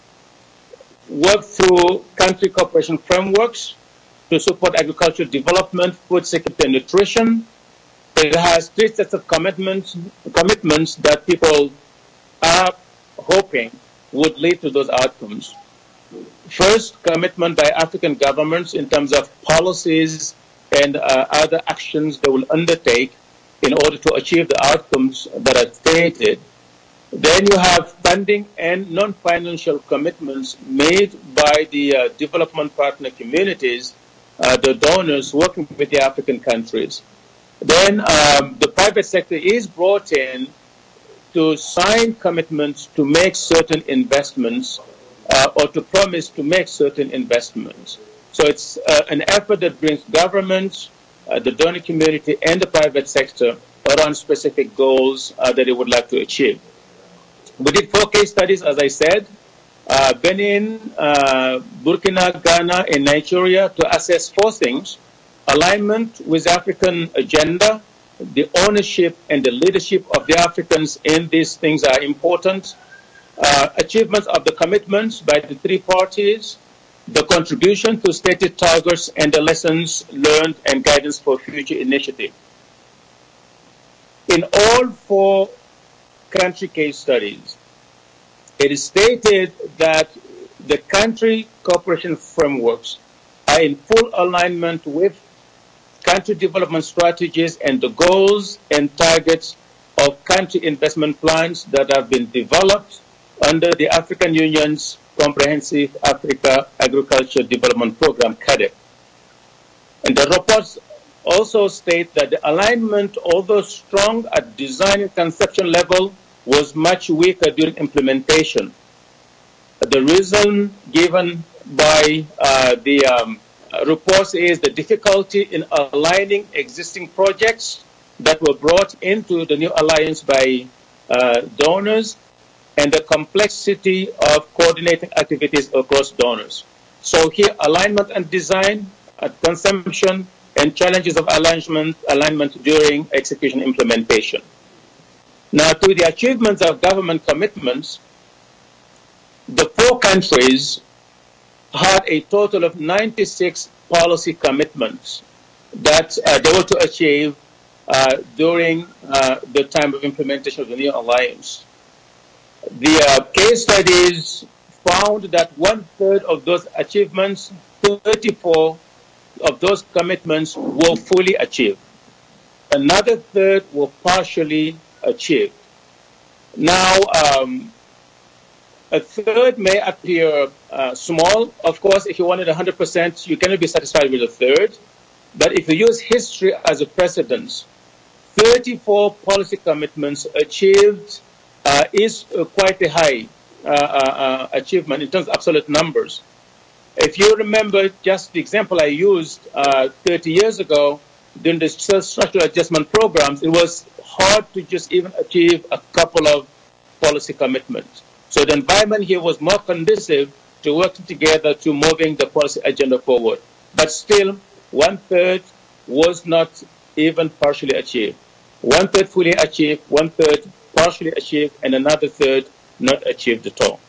worked through country cooperation frameworks to support agricultural development, food security and nutrition. It has three sets of commitments, commitments that people are hoping would lead to those outcomes. First, commitment by African governments in terms of policies and uh, other actions they will undertake in order to achieve the outcomes that are stated. Then you have funding and non-financial commitments made by the uh, development partner communities, uh, the donors working with the African countries. Then um, the private sector is brought in to sign commitments to make certain investments uh, or to promise to make certain investments. So it's uh, an effort that brings governments, uh, the donor community, and the private sector around specific goals uh, that they would like to achieve. We did four case studies, as I said, uh, Benin, uh, Burkina, Ghana, and Nigeria to assess four things alignment with African agenda, the ownership and the leadership of the Africans in these things are important. Uh, achievements of the commitments by the three parties, the contribution to stated targets, and the lessons learned and guidance for future initiative. In all four country case studies, it is stated that the country cooperation frameworks are in full alignment with country development strategies and the goals and targets of country investment plans that have been developed under the African Union's Comprehensive Africa Agriculture Development Program, CADEP. And the reports also state that the alignment, although strong at design and conception level, was much weaker during implementation. The reason given by uh, the um, report says the difficulty in aligning existing projects that were brought into the new alliance by uh, donors and the complexity of coordinating activities across donors. So here, alignment and design, uh, consumption, and challenges of alignment, alignment during execution implementation. Now, to the achievements of government commitments, the four countries had a total of 96 policy commitments that uh, they were to achieve uh, during uh, the time of implementation of the new alliance. The uh, case studies found that one third of those achievements, 34 of those commitments were fully achieved. Another third were partially achieved. Now, um, A third may appear uh, small. Of course, if you wanted 100%, you cannot be satisfied with a third. But if you use history as a precedent, 34 policy commitments achieved uh, is uh, quite a high uh, uh, uh, achievement in terms of absolute numbers. If you remember just the example I used uh, 30 years ago during the structural adjustment programs, it was hard to just even achieve a couple of policy commitments. So the environment here was more conducive to working together to moving the policy agenda forward. But still, one third was not even partially achieved. One third fully achieved, one third partially achieved, and another third not achieved at all.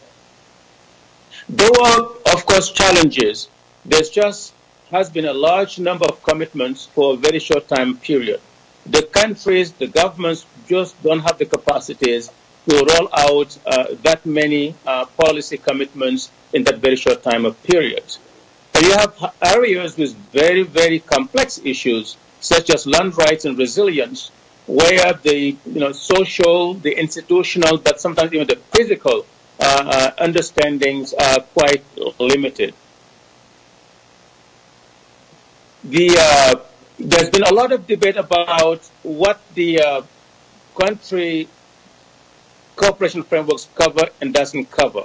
There were, of course, challenges. There's just has been a large number of commitments for a very short time period. The countries, the governments just don't have the capacities to roll out uh, that many uh, policy commitments in that very short time of period. And you have areas with very, very complex issues, such as land rights and resilience, where the you know, social, the institutional, but sometimes even the physical uh, uh, understandings are quite limited. The, uh, there's been a lot of debate about what the uh, country cooperation frameworks cover and doesn't cover.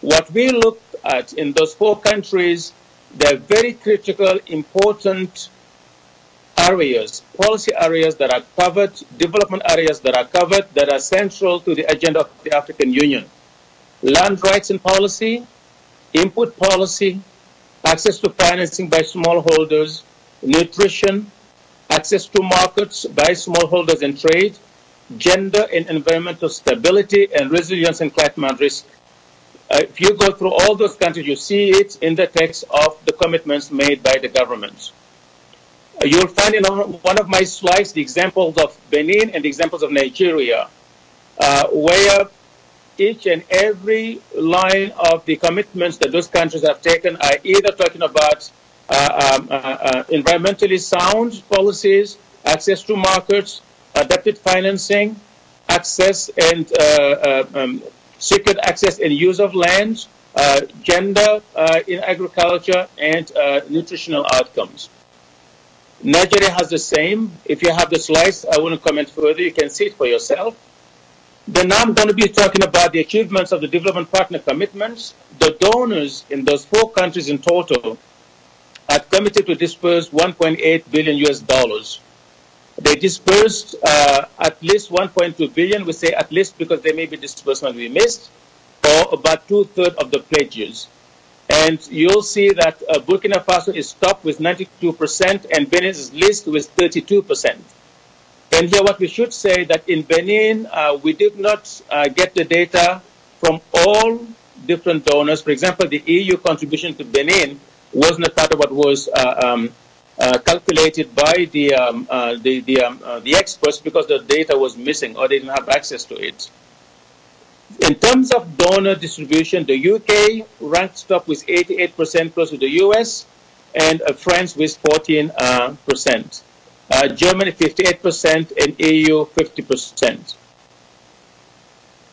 What we looked at in those four countries, they're very critical, important areas, policy areas that are covered, development areas that are covered, that are central to the agenda of the African Union. Land rights and policy, input policy, access to financing by smallholders, nutrition, access to markets by smallholders and trade, gender and environmental stability, and resilience and climate risk. Uh, if you go through all those countries, you see it in the text of the commitments made by the government. Uh, you'll find in one of my slides the examples of Benin and the examples of Nigeria, uh, where each and every line of the commitments that those countries have taken are either talking about uh, um, uh, uh, environmentally sound policies, access to markets, adapted financing, access and uh, uh, um, secured access and use of land, uh, gender in agriculture, and nutritional outcomes. Nigeria has the same. If you have the slides, I won't comment further. You can see it for yourself. Then now I'm going to be talking about the achievements of the development partner commitments. The donors in those four countries in total have committed to disperse 1.8 billion US dollars They dispersed uh, at least 1.2 billion. We say at least because there may be disbursement we missed, or about two thirds of the pledges. And you'll see that uh, Burkina Faso is top with 92%, and Benin is least with 32%. And here, what we should say that in Benin, uh, we did not uh, get the data from all different donors. For example, the EU contribution to Benin was not part of what was uh, um, Uh, calculated by the, um, uh, the, um, uh, the, experts because the data was missing or they didn't have access to it. In terms of donor distribution, the UK ranked top with 88% close to the US and uh, France with 14%. Uh, percent. Uh, Germany 58% and EU 50%.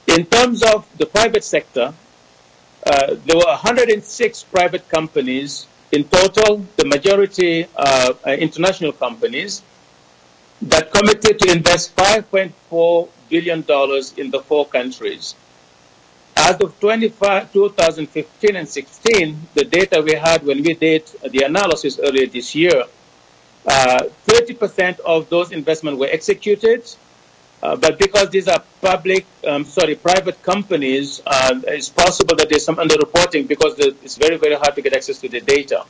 In terms of the private sector, uh, there were 106 private companies In total, the majority are international companies that committed to invest $5.4 billion in the four countries. As of 2015 and 16, the data we had when we did the analysis earlier this year, 30% uh, of those investments were executed, Uh, but because these are public, um, sorry, private companies, uh, it's possible that there's some underreporting because the, it's very, very hard to get access to the data.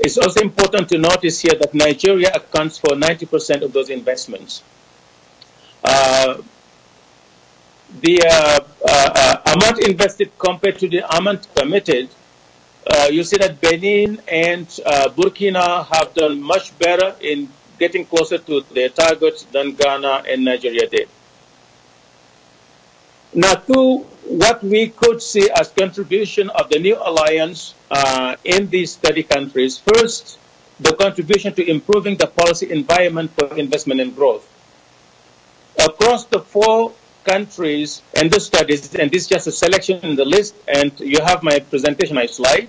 It's also important to notice here that Nigeria accounts for 90% of those investments. Uh, the uh, uh, uh, amount invested compared to the amount committed, uh, you see that Benin and uh, Burkina have done much better in getting closer to their targets than Ghana and Nigeria did. Now, to what we could see as contribution of the new alliance uh, in these 30 countries, first, the contribution to improving the policy environment for investment and growth. Across the four countries and the studies, and this is just a selection in the list, and you have my presentation, my slide.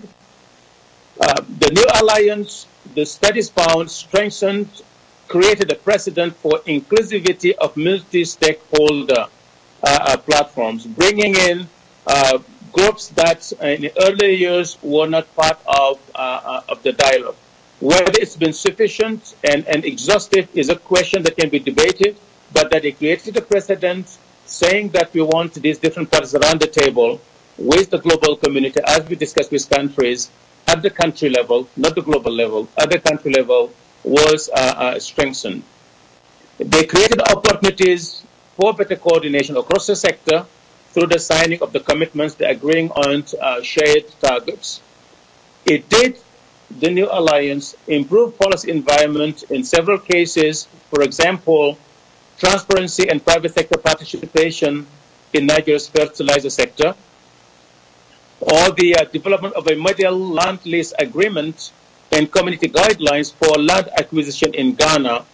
Uh, the new alliance, the studies found, strengthened created a precedent for inclusivity of multi-stakeholder uh, uh, platforms, bringing in uh, groups that in the earlier years were not part of, uh, uh, of the dialogue. Whether it's been sufficient and, and exhaustive is a question that can be debated, but that it created a precedent saying that we want these different parties around the table with the global community as we discuss with countries at the country level, not the global level, at the country level, was strengthened. They created opportunities for better coordination across the sector through the signing of the commitments they agreeing on uh, shared targets. It did the new alliance improve policy environment in several cases, for example, transparency and private sector participation in Nigeria's fertilizer sector, or the uh, development of a model land lease agreement and Community Guidelines for Land Acquisition in Ghana,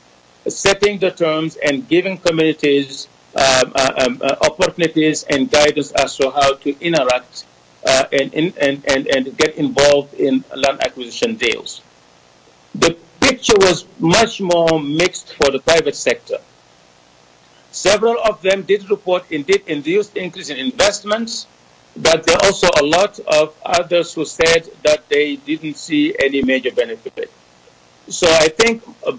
setting the terms and giving communities um, uh, um, uh, opportunities and guidance as to how to interact uh, and, and, and, and get involved in land acquisition deals. The picture was much more mixed for the private sector. Several of them did report indeed induced increase in investments, But there are also a lot of others who said that they didn't see any major benefit. So I think a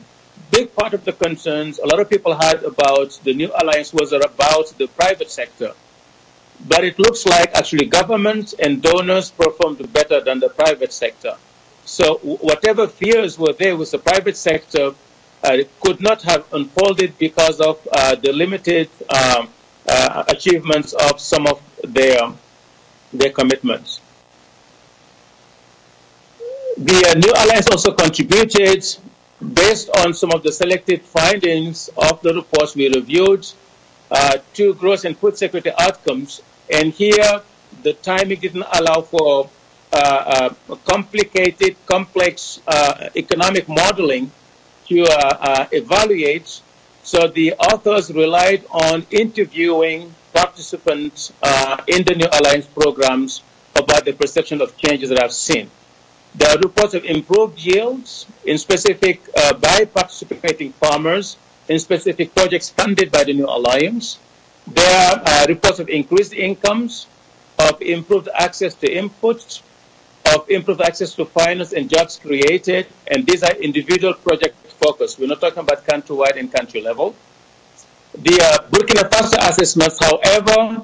big part of the concerns a lot of people had about the new alliance was about the private sector. But it looks like actually governments and donors performed better than the private sector. So whatever fears were there with the private sector uh, could not have unfolded because of uh, the limited um, uh, achievements of some of their their commitments. The New Alliance also contributed, based on some of the selected findings of the reports we reviewed, uh, to gross and food security outcomes. And here, the timing didn't allow for uh, uh, complicated, complex uh, economic modeling to uh, uh, evaluate. So the authors relied on interviewing participants uh, in the new alliance programs about the perception of changes that I've seen. There are reports of improved yields in specific uh, by participating farmers in specific projects funded by the new alliance. There are uh, reports of increased incomes, of improved access to inputs, of improved access to finance and jobs created, and these are individual project focused. We're not talking about countrywide and country level. The uh, Burkina Faso assessments, however,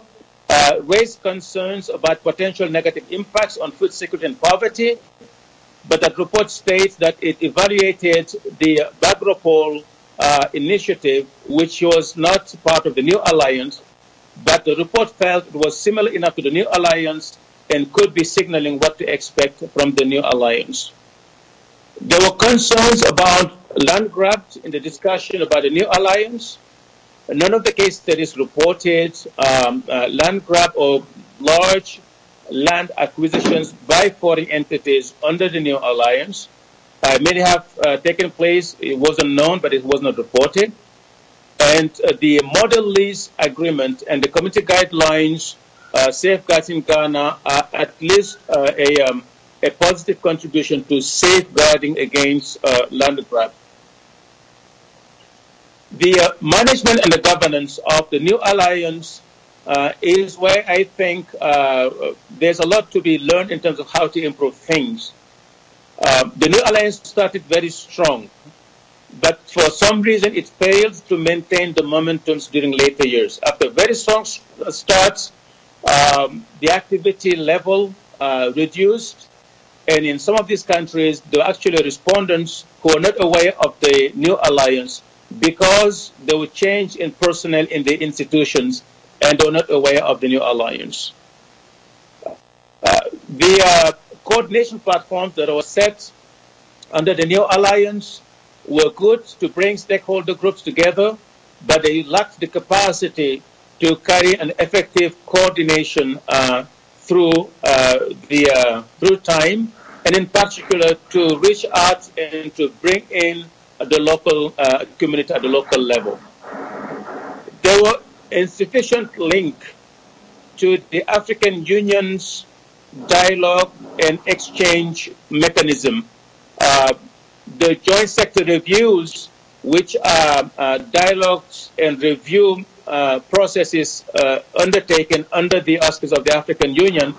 uh, raised concerns about potential negative impacts on food security and poverty, but that report states that it evaluated the Bagropol uh, initiative, which was not part of the new alliance, but the report felt it was similar enough to the new alliance and could be signaling what to expect from the new alliance. There were concerns about land grabs in the discussion about the new alliance, none of the cases that is reported um, uh, land grab or large land acquisitions by foreign entities under the new alliance. Uh, many have uh, taken place. It wasn't known, but it was not reported. And uh, the model lease agreement and the community guidelines uh, safeguarding Ghana are at least uh, a, um, a positive contribution to safeguarding against uh, land grab the uh, management and the governance of the new alliance uh, is where I think uh, there's a lot to be learned in terms of how to improve things. Uh, the new alliance started very strong, but for some reason it failed to maintain the momentum during later years. After very strong uh, starts, um, the activity level uh, reduced, and in some of these countries, the actual respondents who are not aware of the new alliance because there were change in personnel in the institutions and are not aware of the new alliance. Uh, the uh, coordination platforms that were set under the new alliance were good to bring stakeholder groups together, but they lacked the capacity to carry an effective coordination uh, through uh, the uh, through time, and in particular to reach out and to bring in at the local uh, community, at the local level. There were insufficient link to the African Union's dialogue and exchange mechanism. Uh, the joint sector reviews, which are uh, dialogues and review uh, processes uh, undertaken under the auspices of the African Union,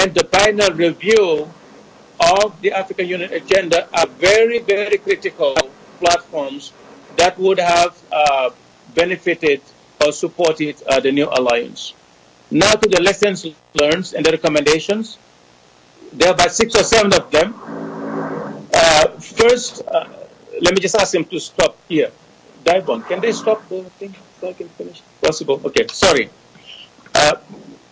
and the final review of the African Union agenda are very, very critical platforms that would have uh, benefited or supported uh, the new alliance. Now to the lessons learned and the recommendations. There are about six or seven of them. Uh, first, uh, let me just ask him to stop here. Divon, can they stop the thing so I can finish? Possible. Okay, sorry. Uh,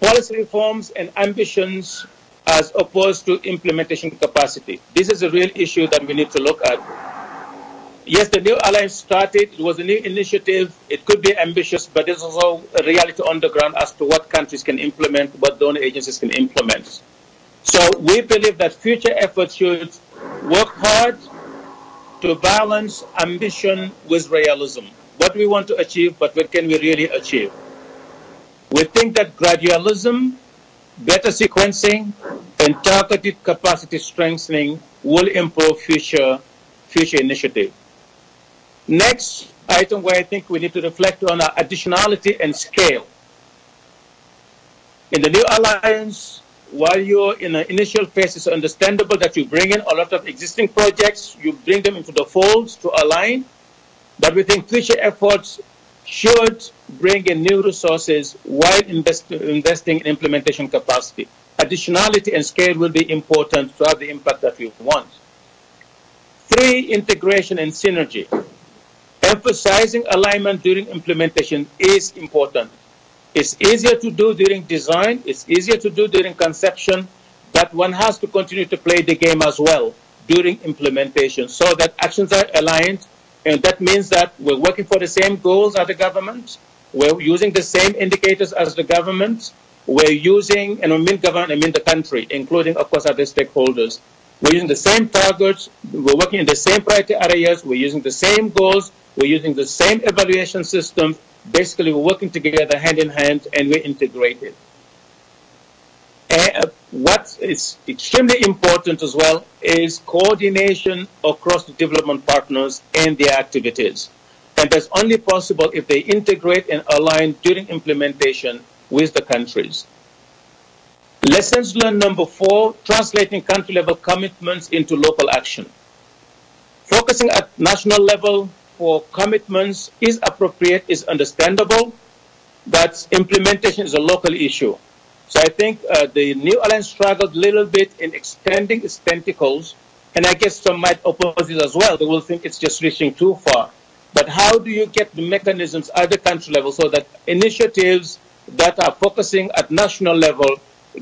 policy reforms and ambitions as opposed to implementation capacity. This is a real issue that we need to look at. Yes, the new alliance started. It was a new initiative. It could be ambitious, but there's also a reality on the ground as to what countries can implement, what donor agencies can implement. So we believe that future efforts should work hard to balance ambition with realism. What we want to achieve, but what can we really achieve? We think that gradualism Better sequencing and targeted capacity strengthening will improve future initiative. Next item where I think we need to reflect on our additionality and scale. In the new alliance, while you're in the initial phase, it's understandable that you bring in a lot of existing projects, you bring them into the fold to align, but we think future efforts should bring in new resources while invest, investing in implementation capacity. Additionality and scale will be important to have the impact that we want. Three, integration and synergy. Emphasizing alignment during implementation is important. It's easier to do during design, it's easier to do during conception, but one has to continue to play the game as well during implementation so that actions are aligned And that means that we're working for the same goals as the government. We're using the same indicators as the government. We're using, and I mean government, I mean the country, including, of course, other stakeholders. We're using the same targets. We're working in the same priority areas. We're using the same goals. We're using the same evaluation system. Basically, we're working together hand in hand and we're integrated. Uh, what is extremely important as well is coordination across the development partners and their activities. And that's only possible if they integrate and align during implementation with the countries. Lessons learned number four, translating country level commitments into local action. Focusing at national level for commitments is appropriate, is understandable, but implementation is a local issue So I think uh, the New Alliance struggled a little bit in extending its tentacles, and I guess some might oppose it as well. They will think it's just reaching too far. But how do you get the mechanisms at the country level so that initiatives that are focusing at national level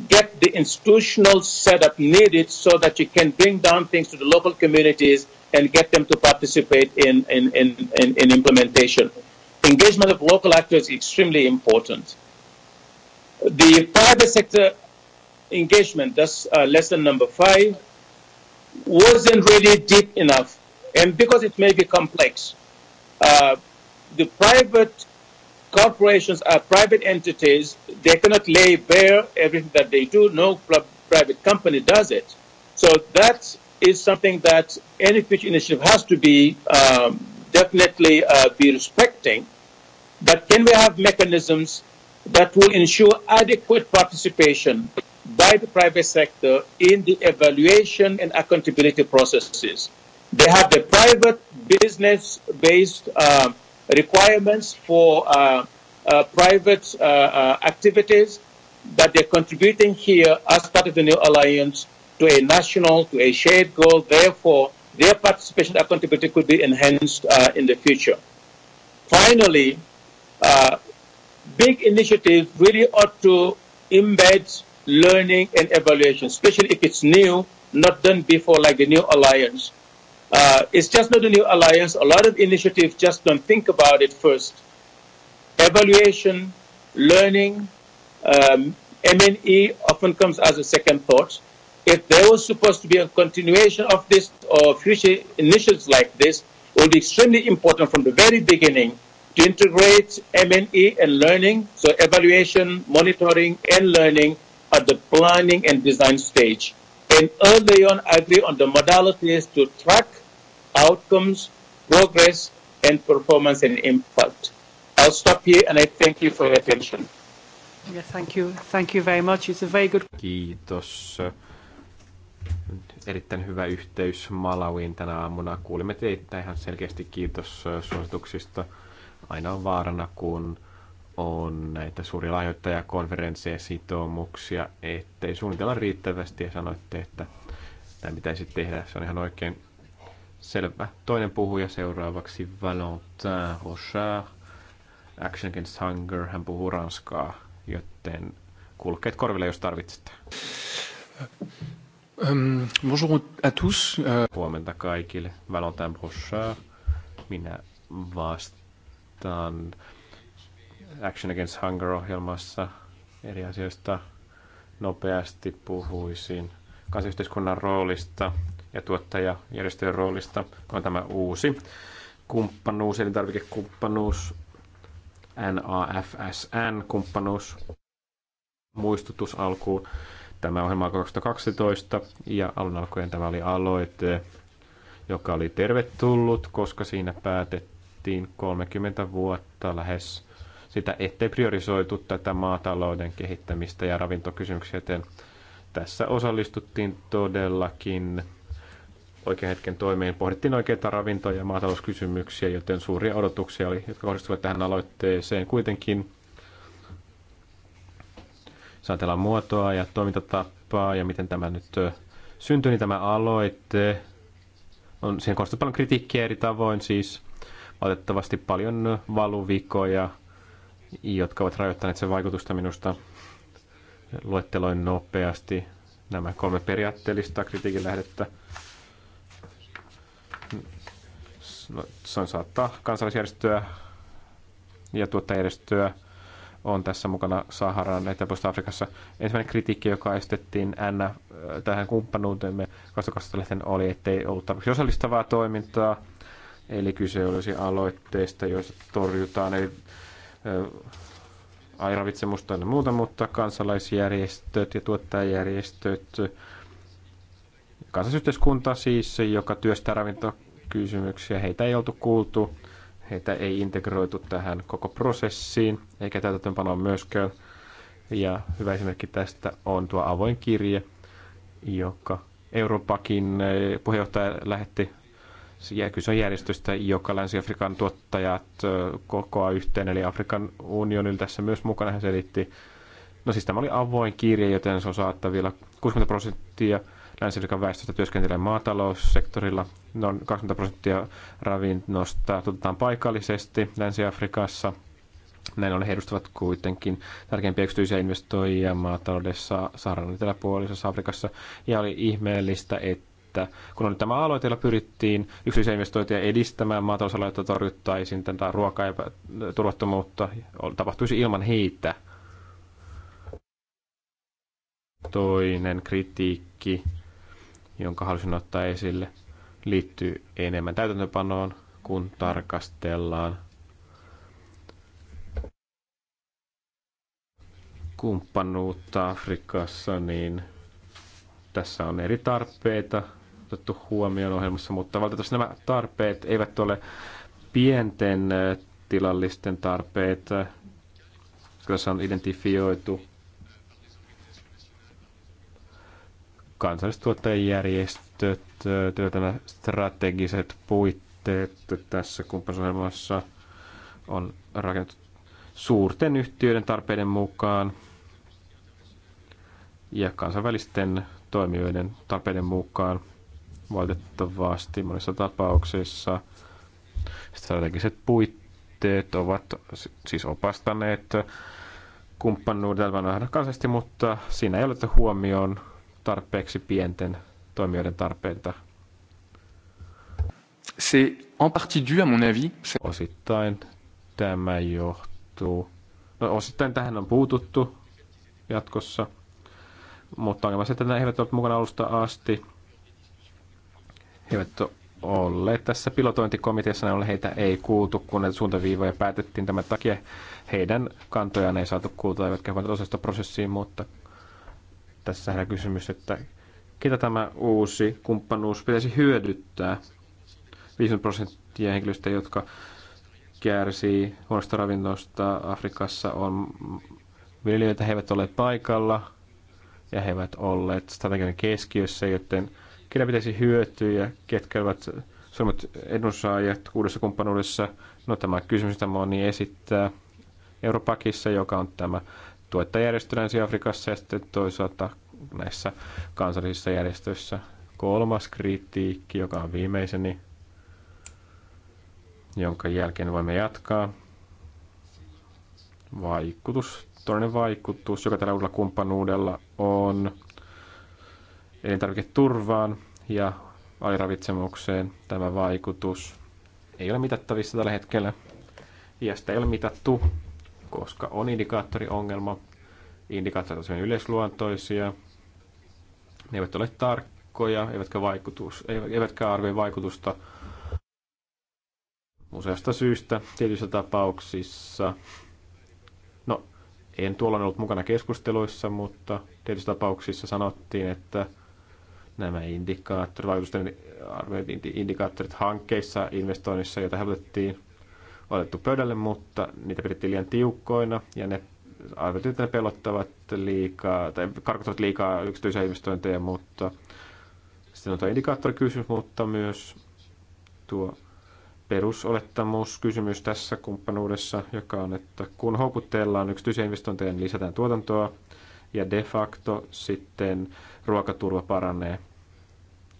get the institutional setup needed so that you can bring down things to the local communities and get them to participate in, in, in, in, in implementation? Engagement of local actors is extremely important. The private sector engagement, that's uh, lesson number five, wasn't really deep enough. And because it may be complex, uh, the private corporations are private entities. They cannot lay bare everything that they do. No private company does it. So that is something that any future initiative has to be um, definitely uh, be respecting. But can we have mechanisms that will ensure adequate participation by the private sector in the evaluation and accountability processes. They have the private business-based uh, requirements for uh, uh, private uh, uh, activities that they're contributing here as part of the new alliance to a national, to a shared goal. Therefore, their participation and accountability could be enhanced uh, in the future. Finally, uh, big initiative really ought to embed learning and evaluation, especially if it's new, not done before like the new alliance. Uh, it's just not a new alliance. A lot of initiatives just don't think about it first. Evaluation, learning, um, MNE often comes as a second thought. If there was supposed to be a continuation of this or future initiatives like this, it would be extremely important from the very beginning to integrate MNE and learning, so evaluation, monitoring, and learning at the planning and design stage. And early on, agree on the modalities to track outcomes, progress, and performance and impact. I'll stop here and I thank you for your attention. Yeah, thank you. Thank you very much. It's a very good... Kiitos. Erittäin hyvä yhteys Malawiin tänä aamuna. Kuulimme teitä ihan selkeästi. Kiitos äh, suosituksista aina on vaarana, kun on näitä suuri lahjoittajakonferenssien sitoumuksia, ettei suunnitella riittävästi ja sanoitte, että tämä pitäisi tehdä. Se on ihan oikein selvä. Toinen puhuja seuraavaksi Valentin Rochard, Action Against Hunger. Hän puhuu ranskaa, joten kulkeet korville, jos tarvitsette. Um, bonjour à tous. Huomenta kaikille. Valentin Rochard, Minä vastaan puhutaan Action Against Hunger-ohjelmassa eri asioista nopeasti puhuisin kansayhteiskunnan roolista ja tuottajajärjestöjen roolista on tämä uusi kumppanuus, elintarvikekumppanuus, NAFSN-kumppanuus. Muistutus alkuun. Tämä ohjelma alkoi 2012 ja alun alkojen tämä oli aloite, joka oli tervetullut, koska siinä päätettiin, tehtiin 30 vuotta lähes sitä, ettei priorisoitu tätä maatalouden kehittämistä ja ravintokysymyksiä, joten tässä osallistuttiin todellakin oikean hetken toimeen. Pohdittiin oikeita ravinto- ja maatalouskysymyksiä, joten suuria odotuksia oli, jotka kohdistuivat tähän aloitteeseen. Kuitenkin saatellaan muotoa ja toimintatapaa ja miten tämä nyt syntyi, niin tämä aloite on, siihen kohdistunut paljon kritiikkiä eri tavoin siis valitettavasti paljon valuvikoja, jotka ovat rajoittaneet sen vaikutusta minusta. Luetteloin nopeasti nämä kolme periaatteellista kritiikin lähdettä. se on saattaa kansalaisjärjestöä ja tuottajärjestöä on tässä mukana Saharan Etelä-Afrikassa. Ensimmäinen kritiikki, joka estettiin N äh, tähän kumppanuuteen 2020 oli, ettei ollut tarpeeksi osallistavaa toimintaa, Eli kyse olisi aloitteista, joissa torjutaan eli, airavitsemusta ja muuta, mutta kansalaisjärjestöt ja tuottajajärjestöt, kansallisyhteiskunta siis, joka työstää ravintokysymyksiä, heitä ei oltu kuultu, heitä ei integroitu tähän koko prosessiin, eikä täytäntöönpanoa myöskään. Ja hyvä esimerkki tästä on tuo avoin kirje, joka Euroopakin eh, puheenjohtaja lähetti Kyse on järjestöstä, joka Länsi-Afrikan tuottajat kokoaa yhteen, eli Afrikan unionilla tässä myös mukana hän selitti. No siis tämä oli avoin kirje, joten se on saattavilla 60 prosenttia Länsi-Afrikan väestöstä työskentelee maataloussektorilla, noin 20 prosenttia ravinnosta tuotetaan paikallisesti Länsi-Afrikassa. Näin on he edustavat kuitenkin tärkeimpiä yksityisiä investoijia maataloudessa, saarnan eteläpuolisessa Afrikassa. Ja oli ihmeellistä, että että kun on nyt tämä aloite, jolla pyrittiin yksityisiä investointeja edistämään maatalousalalla, jotta torjuttaisiin tätä ruokaa ja turvattomuutta, tapahtuisi ilman heitä. Toinen kritiikki, jonka halusin ottaa esille, liittyy enemmän täytäntöpanoon, kun tarkastellaan kumppanuutta Afrikassa, niin tässä on eri tarpeita otettu huomioon ohjelmassa, mutta valitettavasti nämä tarpeet eivät ole pienten tilallisten tarpeet, se on identifioitu kansallistuottajien järjestöt, strategiset puitteet tässä kumppanisohjelmassa on rakennettu suurten yhtiöiden tarpeiden mukaan ja kansainvälisten toimijoiden tarpeiden mukaan valitettavasti monissa tapauksissa. Strategiset puitteet ovat siis opastaneet kumppanuuden vähän kansallisesti, mutta siinä ei ole huomioon tarpeeksi pienten toimijoiden tarpeita. Se en partie dû, à mon avis. Osittain tämä johtuu. No, osittain tähän on puututtu jatkossa, mutta ongelma se, että nämä eivät ole mukana alusta asti. He eivät olleet tässä pilotointikomiteassa, näin heitä ei kuultu, kun näitä suuntaviivoja päätettiin tämän takia. Heidän kantojaan ei saatu kuulta, eivätkä voineet osallistua prosessiin, mutta tässä on kysymys, että ketä tämä uusi kumppanuus pitäisi hyödyttää? 50 prosenttia henkilöistä, jotka kärsii huonosta ravinnosta Afrikassa, on viljelijöitä, he eivät ole paikalla ja he eivät olleet strategian keskiössä, joten – Ketä pitäisi hyötyä, ketkä ovat suurimmat edunsaajat kuudessa kumppanuudessa? No tämä kysymys, jota moni esittää Europakissa, joka on tämä tuottajärjestö Länsi-Afrikassa ja sitten toisaalta näissä kansallisissa järjestöissä. Kolmas kritiikki, joka on viimeiseni, jonka jälkeen voimme jatkaa. Vaikutus, toinen vaikutus, joka tällä uudella kumppanuudella on elintarviketurvaan ja aliravitsemukseen tämä vaikutus ei ole mitattavissa tällä hetkellä. Iästä ei ole mitattu, koska on indikaattoriongelma. Indikaattorit ovat yleisluontoisia, ne eivät ole tarkkoja, eivätkä, vaikutus, eivätkä arvioi vaikutusta useasta syystä tietyissä tapauksissa. No, en tuolla ollut mukana keskusteluissa, mutta tietyissä tapauksissa sanottiin, että nämä indikaattorit, vaikutusten indikaattorit hankkeissa, investoinnissa, joita helpotettiin, otettu pöydälle, mutta niitä pidettiin liian tiukkoina ja ne arvioitiin, ne pelottavat liikaa tai karkottavat liikaa yksityisiä investointeja, mutta sitten on tuo indikaattorikysymys, mutta myös tuo perusolettamuskysymys tässä kumppanuudessa, joka on, että kun houkutellaan yksityisiä investointeja, niin lisätään tuotantoa ja de facto sitten ruokaturva paranee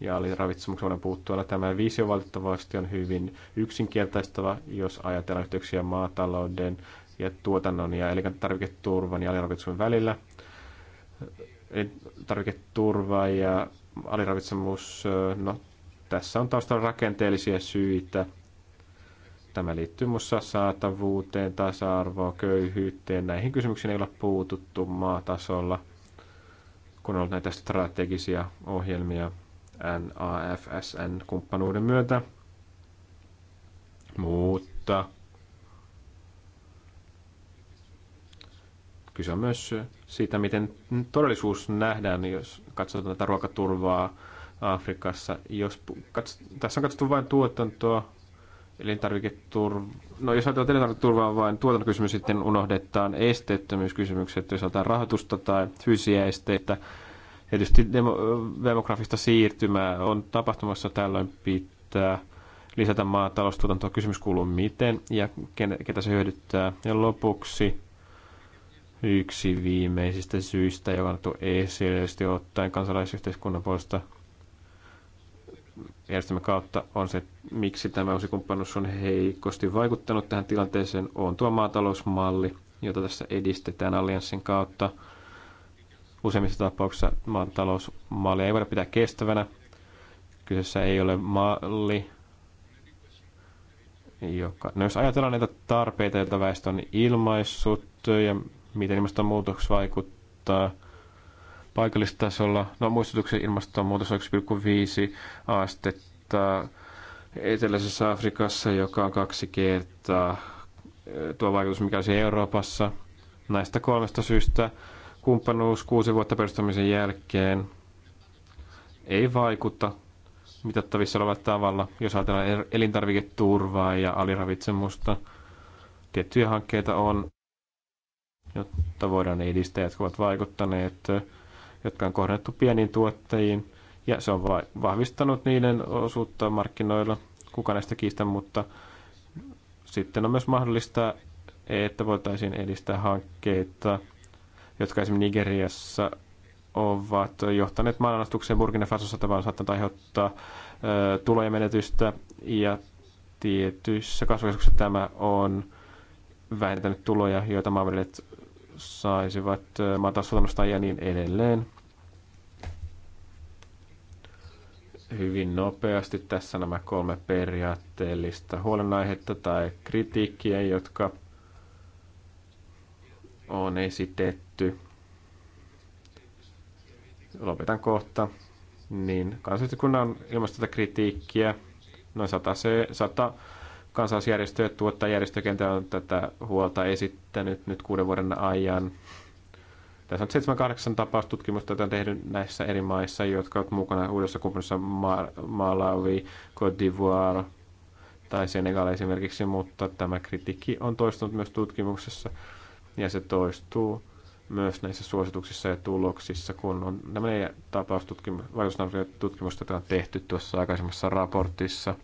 ja aliravitsemuksella puuttua. Tämä visio valitettavasti on hyvin yksinkertaistava, jos ajatellaan yhteyksiä maatalouden ja tuotannon ja elintarviketurvan ja aliravitsemuksen välillä. Elintarviketurva ja aliravitsemus, no tässä on taustalla rakenteellisia syitä. Tämä liittyy muussa saatavuuteen, tasa-arvoon, köyhyyteen. Näihin kysymyksiin ei ole puututtu maatasolla – kun on ollut näitä strategisia ohjelmia NAFSN-kumppanuuden myötä. Mutta kyse on myös siitä, miten todellisuus nähdään, jos katsotaan tätä ruokaturvaa Afrikassa. Jos katso, tässä on katsottu vain tuotantoa, elintarviketurva, no jos ajatellaan elintarviketurvaa vain tuotantokysymys, sitten unohdetaan esteettömyyskysymykset, jos ajatellaan rahoitusta tai fyysiä esteitä. Tietysti demo, demografista siirtymää on tapahtumassa tällöin pitää lisätä maataloustuotantoa. Kysymys kuuluu miten ja ketä se hyödyttää. Ja lopuksi yksi viimeisistä syistä, joka on tuo esille, ottaen kansalaisyhteiskunnan puolesta – järjestelmän kautta on se, miksi tämä uusi kumppanuus on heikosti vaikuttanut tähän tilanteeseen, on tuo maatalousmalli, jota tässä edistetään allianssin kautta. Useimmissa tapauksissa maatalousmalli ei voida pitää kestävänä. Kyseessä ei ole malli, joka, no jos ajatellaan näitä tarpeita, joita väestö on ilmaissut ja miten ilmastonmuutos vaikuttaa – paikallistasolla. No muistutuksen ilmastonmuutos on 1,5 astetta eteläisessä Afrikassa, joka on kaksi kertaa tuo vaikutus, mikä olisi Euroopassa. Näistä kolmesta syystä kumppanuus kuusi vuotta perustamisen jälkeen ei vaikuta mitattavissa olevalla tavalla, jos ajatellaan er-, elintarviketurvaa ja aliravitsemusta. Tiettyjä hankkeita on, jotta voidaan edistää, jotka ovat vaikuttaneet jotka on kohdennettu pieniin tuottajiin, ja se on vahvistanut niiden osuutta markkinoilla, kuka näistä kiistä, mutta sitten on myös mahdollista, että voitaisiin edistää hankkeita, jotka esimerkiksi Nigeriassa ovat johtaneet maanastukseen Burkina Fasossa tavallaan saattanut aiheuttaa tulojen menetystä ja tietyissä kasvukeskuksissa tämä on vähentänyt tuloja, joita maanviljelijät saisivat maataloustuotannosta ja niin edelleen. hyvin nopeasti tässä nämä kolme periaatteellista huolenaihetta tai kritiikkiä, jotka on esitetty. Lopetan kohta. Niin, kansalliskunnan ilmastota kritiikkiä, noin 100, se, 100 kansalaisjärjestöä, tuottajajärjestökenttä on tätä huolta esittänyt nyt kuuden vuoden ajan. Tässä on 78 tapaustutkimusta, joita on tehty näissä eri maissa, jotka ovat mukana uudessa kumppanissa Malawi, Côte d'Ivoire tai Senegal esimerkiksi, mutta tämä kritiikki on toistunut myös tutkimuksessa ja se toistuu myös näissä suosituksissa ja tuloksissa, kun on nämä tapaustutkimusta, jota on tehty tuossa aikaisemmassa raportissa.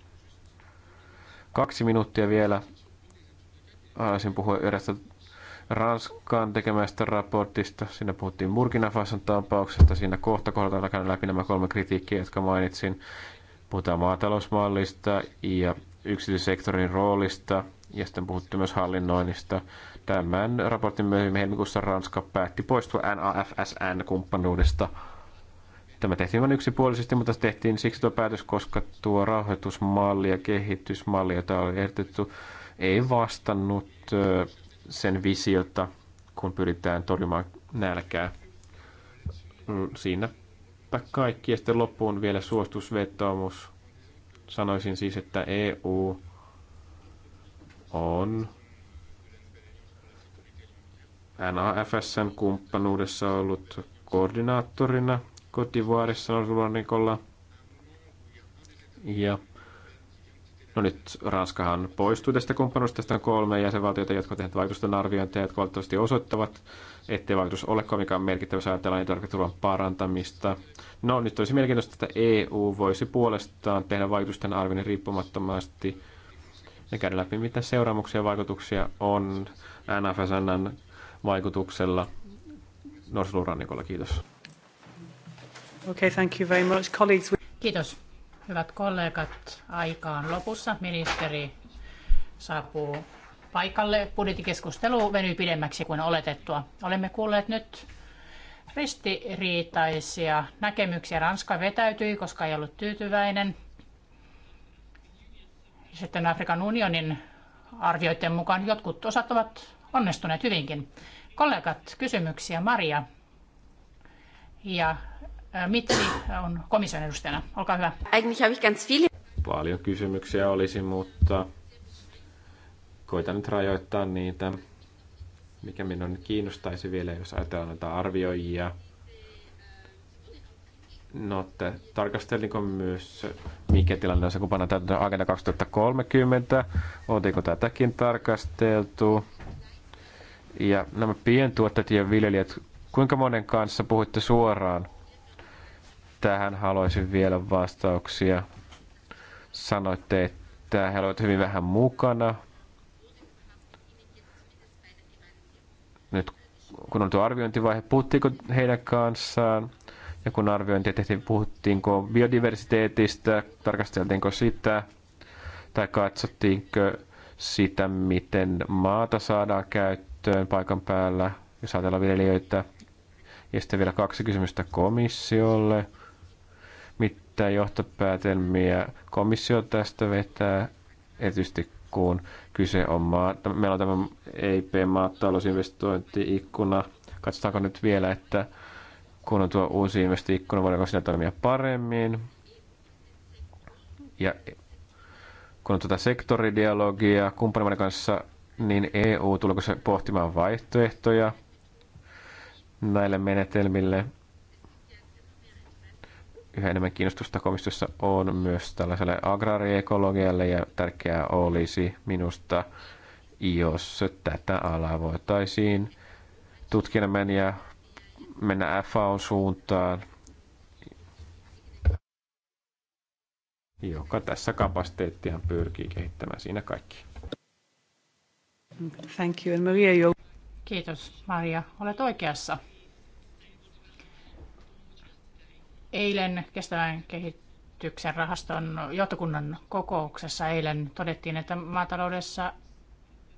Kaksi minuuttia vielä haluaisin puhua yhdestä Ranskan tekemästä raportista. Siinä puhuttiin Burkina Fason tapauksesta. Siinä kohta kohdataan käyn läpi nämä kolme kritiikkiä, jotka mainitsin. Puhutaan maatalousmallista ja yksityissektorin roolista ja sitten puhuttiin myös hallinnoinnista. Tämän raportin myöhemmin helmikuussa Ranska päätti poistua NAFSN-kumppanuudesta. Tämä tehtiin vain yksipuolisesti, mutta se tehtiin siksi tuo päätös, koska tuo rahoitusmalli ja kehitysmalli, jota oli ehdotettu, ei vastannut sen visiota, kun pyritään torjumaan nälkää. Siinäpä kaikki. Ja sitten loppuun vielä suostusvetoomus. Sanoisin siis, että EU on NAFSn kumppanuudessa ollut koordinaattorina Kotivuorissa Norsulonikolla. Ja No nyt Ranskahan poistui tästä kumppanuudesta. Tästä on kolme jäsenvaltiota, jotka ovat tehneet vaikutusten arviointeja, jotka valitettavasti osoittavat, ettei vaikutus ole kovinkaan merkittävä, jos ajatellaan elintarviketurvan parantamista. No nyt olisi mielenkiintoista, että EU voisi puolestaan tehdä vaikutusten arvioinnin riippumattomasti ja käydä läpi, mitä seuraamuksia ja vaikutuksia on NFSNn vaikutuksella Norsulurannikolla. Kiitos. Okay, thank you very much. Colleagues... Kiitos. Hyvät kollegat, aika on lopussa. Ministeri saapuu paikalle. Budjettikeskustelu venyy pidemmäksi kuin oletettua. Olemme kuulleet nyt ristiriitaisia näkemyksiä. Ranska vetäytyi, koska ei ollut tyytyväinen. Sitten Afrikan unionin arvioiden mukaan jotkut osat ovat onnistuneet hyvinkin. Kollegat, kysymyksiä. Maria ja Äh, Mitteli äh, on komission edustajana. Olkaa hyvä. Paljon kysymyksiä olisi, mutta koitan nyt rajoittaa niitä. Mikä minun nyt kiinnostaisi vielä, jos ajatellaan näitä arvioijia. No, te, tarkastelinko myös, mikä tilanne on se, kun pannaan Agenda 2030? Oltiinko tätäkin tarkasteltu? Ja nämä pientuottajat ja viljelijät, kuinka monen kanssa puhuitte suoraan Tähän haluaisin vielä vastauksia. Sanoitte, että he olivat hyvin vähän mukana. Nyt kun on tuo arviointivaihe, puhuttiinko heidän kanssaan? Ja kun arviointia tehtiin, puhuttiinko biodiversiteetistä, tarkasteltiinko sitä? Tai katsottiinko sitä, miten maata saadaan käyttöön paikan päällä, jos ajatellaan viljelijöitä? Ja sitten vielä kaksi kysymystä komissiolle mitä johtopäätelmiä komissio tästä vetää, erityisesti kun kyse on maa, meillä on tämä EIP-maatalousinvestointiikkuna. Katsotaanko nyt vielä, että kun on tuo uusi investiikkuna, voidaanko siinä toimia paremmin. Ja kun on tuota sektoridialogia kumppanimainen kanssa, niin EU, tuleeko se pohtimaan vaihtoehtoja näille menetelmille – yhä enemmän kiinnostusta komistossa on myös tällaiselle agrariekologialle ja tärkeää olisi minusta, jos tätä alaa voitaisiin tutkimaan ja mennä FAOn suuntaan, joka tässä kapasiteettia pyrkii kehittämään siinä kaikki. Thank you. And Maria, Kiitos Maria, olet oikeassa. Eilen kestävän kehityksen rahaston johtokunnan kokouksessa eilen todettiin, että maataloudessa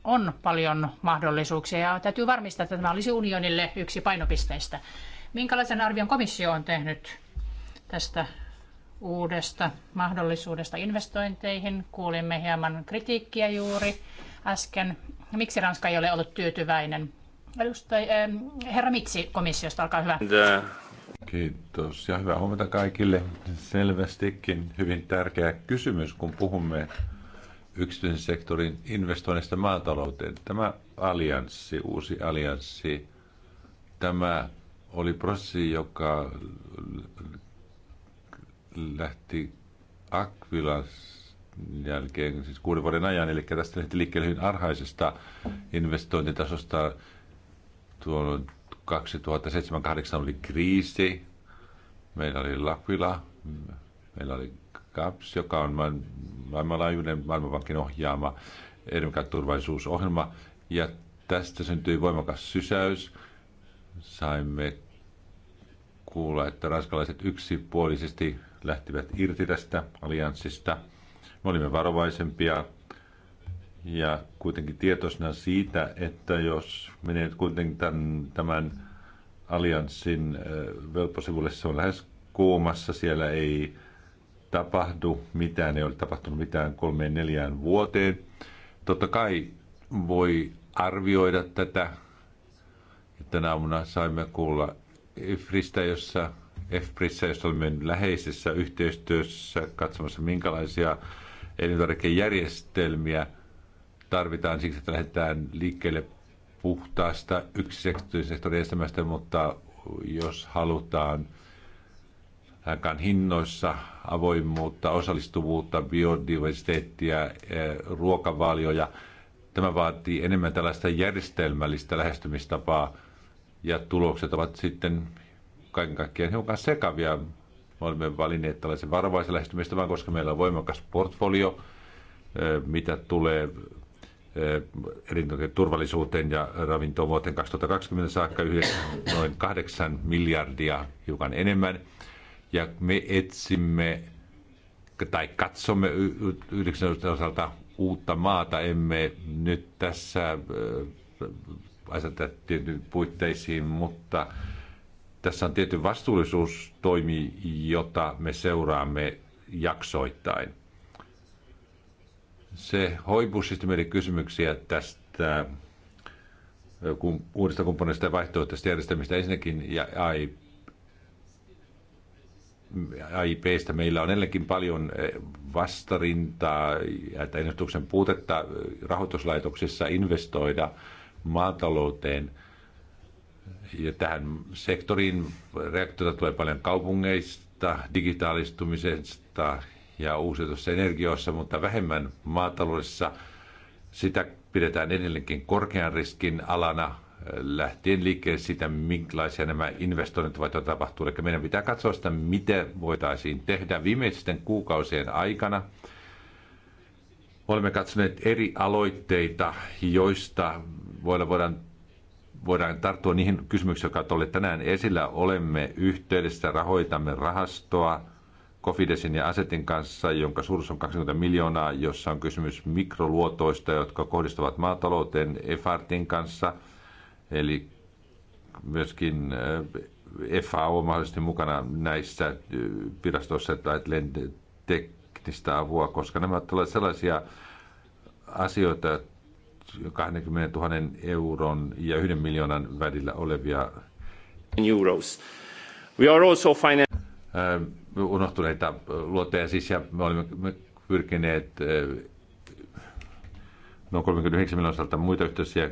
on paljon mahdollisuuksia ja täytyy varmistaa, että tämä olisi unionille yksi painopisteistä. Minkälaisen arvion komissio on tehnyt tästä uudesta mahdollisuudesta investointeihin? Kuulimme hieman kritiikkiä juuri äsken. Miksi Ranska ei ole ollut tyytyväinen? Edustaja, eh, herra Mitsi komissiosta, olkaa hyvä. Kiitos ja hyvää huomenta kaikille. Selvästikin hyvin tärkeä kysymys, kun puhumme yksityisen sektorin investoinnista maatalouteen. Tämä allianssi, uusi allianssi, tämä oli prosessi, joka lähti Akvilas jälkeen, siis kuuden vuoden ajan, eli tästä lähti liikkeelle hyvin arhaisesta investointitasosta tuon 2007-2008 oli kriisi. Meillä oli Laquila, meillä oli CAPS, joka on maailmanlaajuinen maailmanpankin ohjaama turvallisuusohjelma. Ja tästä syntyi voimakas sysäys. Saimme kuulla, että ranskalaiset yksipuolisesti lähtivät irti tästä allianssista. Me olimme varovaisempia ja kuitenkin tietoisena siitä, että jos menee kuitenkin tämän, tämän allianssin velposivulle, se on lähes kuumassa, siellä ei tapahdu mitään, ei ole tapahtunut mitään kolmeen neljään vuoteen. Totta kai voi arvioida tätä. Tänä aamuna saimme kuulla EFRistä, jossa, EFRissä, jossa olemme läheisessä yhteistyössä katsomassa, minkälaisia elintarvikejärjestelmiä järjestelmiä tarvitaan siksi, että lähdetään liikkeelle puhtaasta yksisektorin estämästä, mutta jos halutaan aikaan hinnoissa avoimuutta, osallistuvuutta, biodiversiteettiä, eh, ruokavalioja, tämä vaatii enemmän tällaista järjestelmällistä lähestymistapaa ja tulokset ovat sitten kaiken kaikkiaan hiukan sekavia. Me olemme valinneet tällaisen varovaisen lähestymistavan, koska meillä on voimakas portfolio, eh, mitä tulee turvallisuuteen ja ravintoon vuoteen 2020 saakka yhdessä noin 8 miljardia, hiukan enemmän. Ja me etsimme tai katsomme 19 osalta uutta maata, emme nyt tässä aseta tietyn puitteisiin, mutta tässä on tietty vastuullisuustoimi, jota me seuraamme jaksoittain. Se hoibussisti meille kysymyksiä tästä kun, uudesta kumppaneista ja vaihtoehtoisesta järjestelmistä. Ensinnäkin ja AI, AIPstä meillä on edelleenkin paljon vastarintaa ja ennustuksen puutetta rahoituslaitoksissa investoida maatalouteen – ja tähän sektoriin reaktiota tulee paljon kaupungeista, digitaalistumisesta ja uusiutuvissa energioissa, mutta vähemmän maataloudessa. Sitä pidetään edelleenkin korkean riskin alana eh, lähtien liikkeelle sitä, minkälaisia nämä investoinnit ovat tapahtuu. Eli meidän pitää katsoa sitä, mitä voitaisiin tehdä viimeisten kuukausien aikana. Olemme katsoneet eri aloitteita, joista voidaan voidaan tarttua niihin kysymyksiin, jotka olleet tänään esillä. Olemme yhteydessä, rahoitamme rahastoa, Kofidesin ja Asetin kanssa, jonka suuruus on 20 miljoonaa, jossa on kysymys mikroluotoista, jotka kohdistuvat maatalouteen EFARTin kanssa, eli myöskin eh, FAO on mahdollisesti mukana näissä eh, virastoissa tai teknistä avua, koska nämä ovat sellaisia asioita, 20 000 euron ja 1 miljoonan välillä olevia. Euros. We are also finan- eh, unohtuneita luoteja siis, ja me olimme pyrkineet eh, noin 39 miljoonan osalta muita yhteyksiä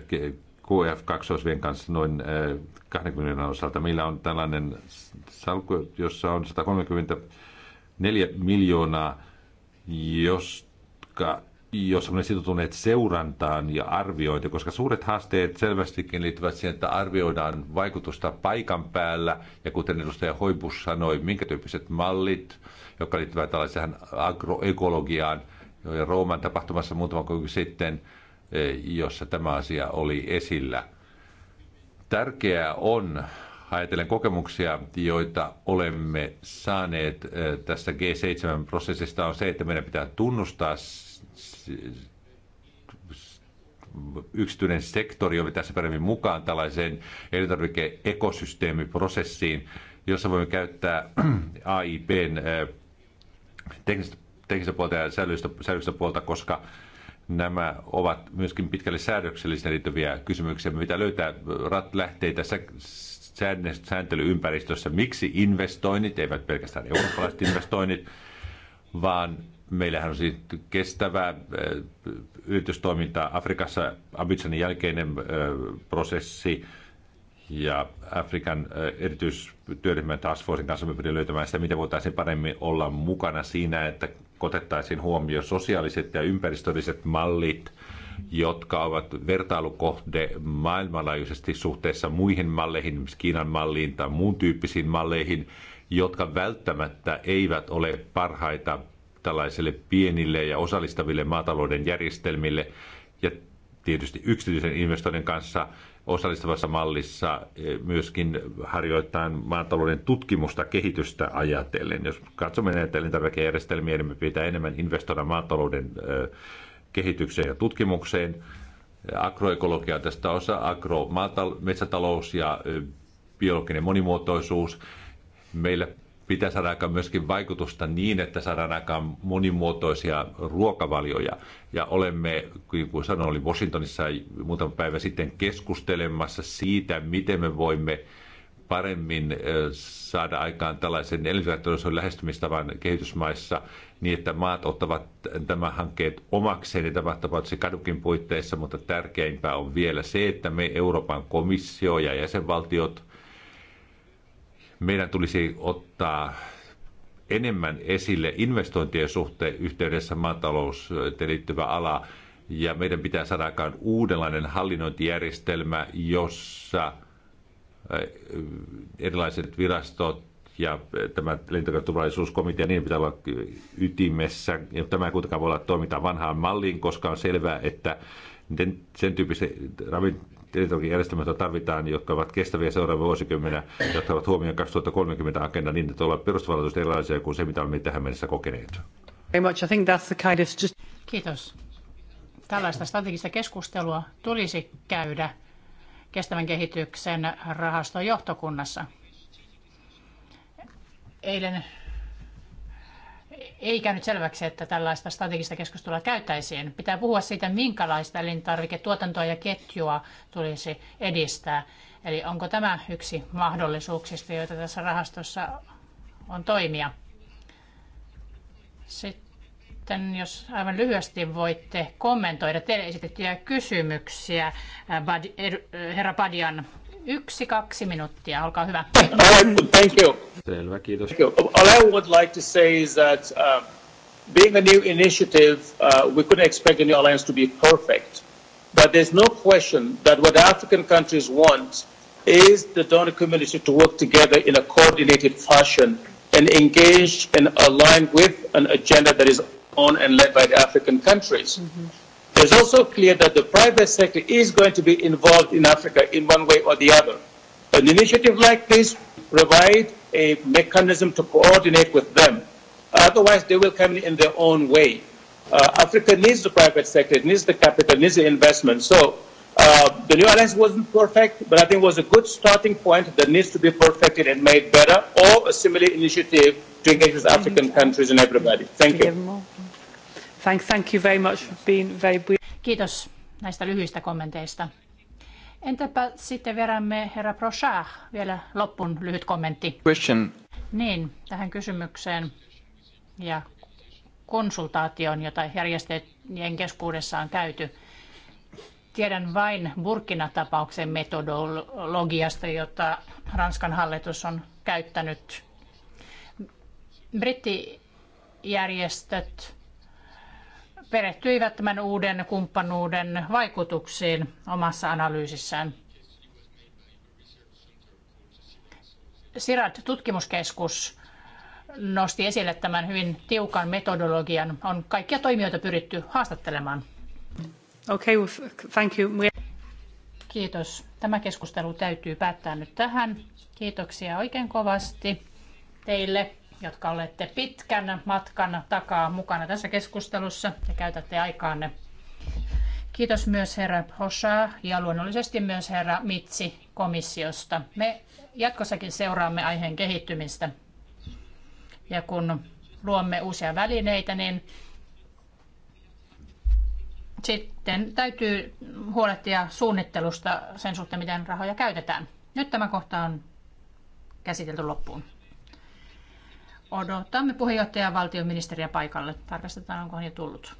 qf 2 kanssa noin 20 eh, miljoonan osalta. Meillä on tällainen salkku, jossa on 134 miljoonaa, josta jos olemme sitoutuneet seurantaan ja arviointi, koska suuret haasteet selvästikin liittyvät siihen, että arvioidaan vaikutusta paikan päällä, ja kuten edustaja Hoibus sanoi, minkä tyyppiset mallit, jotka liittyvät tällaiseen agroekologiaan, ja Rooman tapahtumassa muutama kuukausi sitten, eh, jossa tämä asia oli esillä. Tärkeää on, ajatellen kokemuksia, joita olemme saaneet eh, tästä G7-prosessista, on se, että meidän pitää tunnustaa yksityinen sektori oli tässä paremmin mukaan tällaiseen elintarvike-ekosysteemiprosessiin, jossa voimme käyttää AIPn teknistä, teknistä puolta ja säilyistä, säilyistä puolta, koska nämä ovat myöskin pitkälle säädöksellisiä liittyviä kysymyksiä, mitä löytää rat tässä sääntelyympäristössä, miksi investoinnit, eivät pelkästään eurooppalaiset investoinnit, vaan Meillähän on sitten siis kestävää äh, yritystoimintaa Afrikassa, Abidjanin jälkeinen äh, prosessi ja Afrikan äh, erityistyöryhmän Task Forcein kanssa me pyrimme löytämään sitä, miten voitaisiin paremmin olla mukana siinä, että otettaisiin huomioon sosiaaliset ja ympäristölliset mallit, jotka ovat vertailukohde maailmanlaajuisesti suhteessa muihin malleihin, Kiinan malliin tai muun tyyppisiin malleihin, jotka välttämättä eivät ole parhaita tällaisille pienille ja osallistaville maatalouden järjestelmille. Ja tietysti yksityisen investoinnin kanssa osallistavassa mallissa eh, myöskin harjoittaa maatalouden tutkimusta kehitystä ajatellen. Jos katsomme näitä elintarvikejärjestelmiä, niin me pitää enemmän investoida maatalouden eh, kehitykseen ja tutkimukseen. Agroekologia tästä osa, agro, metsätalous ja eh, biologinen monimuotoisuus. Meillä pitää saada aikaan myöskin vaikutusta niin, että saadaan aikaan monimuotoisia ruokavalioja. Ja olemme, niin kuin sanoin, olin Washingtonissa muutama päivä sitten keskustelemassa siitä, miten me voimme paremmin eh, saada aikaan tällaisen elintarviketurvallisuuden lähestymistavan kehitysmaissa niin, että maat ottavat tämä hankkeet omakseen ja tämä tapauksessa kadukin puitteissa, mutta tärkeimpää on vielä se, että me Euroopan komissio ja jäsenvaltiot – meidän tulisi ottaa enemmän esille investointien suhteen yhteydessä maatalouteen liittyvä ala, ja meidän pitää saada aikaan uudenlainen hallinnointijärjestelmä, jossa äh, erilaiset virastot ja äh, tämä lentoturvallisuuskomitea, niin pitää olla ytimessä. Ja tämä ei kuitenkaan voi olla toimintaa vanhaan malliin, koska on selvää, että sen tyyppiset elintarvikejärjestelmät tarvitaan, jotka ovat kestäviä seuraavan vuosikymmenä, jotka ovat huomioon 2030 agenda niin, että ollaan perustavallisuus erilaisia kuin se, mitä olemme tähän mennessä kokeneet. Kiitos. Tällaista strategista keskustelua tulisi käydä kestävän kehityksen rahaston johtokunnassa. Eilen ei käynyt selväksi, että tällaista strategista keskustelua käytäisiin. Pitää puhua siitä, minkälaista elintarviketuotantoa ja ketjua tulisi edistää. Eli onko tämä yksi mahdollisuuksista, joita tässä rahastossa on toimia? Sitten jos aivan lyhyesti voitte kommentoida teille esitettyjä kysymyksiä äh, äh, herra Padian Yksi, kaksi minuuttia, olkaa hyvä. Thank you. Selvä, kiitos. Thank you. All I would like to say is that uh, being a new initiative, uh, we couldn't expect the new alliance to be perfect. But there's no question that what African countries want is the donor community to work together in a coordinated fashion and engage and align with an agenda that is owned and led by the African countries. Mm-hmm it is also clear that the private sector is going to be involved in Africa in one way or the other. An initiative like this provide a mechanism to coordinate with them. Otherwise, they will come in their own way. Uh, Africa needs the private sector, it needs the capital, it needs the investment. So uh, the new alliance wasn't perfect, but I think it was a good starting point that needs to be perfected and made better, or a similar initiative to engage with African countries and everybody. Thank you. Thank, thank you very much for being very brief. Kiitos näistä lyhyistä kommenteista. Entäpä sitten verämme, herra Prochard, vielä loppuun lyhyt kommentti. Question. Niin, tähän kysymykseen ja konsultaatioon, jota järjestöjen keskuudessa on käyty. Tiedän vain Burkina-tapauksen metodologiasta, jota Ranskan hallitus on käyttänyt. Brittijärjestöt perehtyivät tämän uuden kumppanuuden vaikutuksiin omassa analyysissään. sirad tutkimuskeskus nosti esille tämän hyvin tiukan metodologian. On kaikkia toimijoita pyritty haastattelemaan. Okay, thank you. Kiitos. Tämä keskustelu täytyy päättää nyt tähän. Kiitoksia oikein kovasti teille jotka olette pitkän matkan takaa mukana tässä keskustelussa ja käytätte aikaanne. Kiitos myös herra Hosha ja luonnollisesti myös herra Mitsi komissiosta. Me jatkossakin seuraamme aiheen kehittymistä. Ja kun luomme uusia välineitä, niin sitten täytyy huolehtia suunnittelusta sen suhteen, miten rahoja käytetään. Nyt tämä kohta on käsitelty loppuun odotamme puheenjohtajan valtionministeriä paikalle. Tarkastetaan, onko hän jo tullut.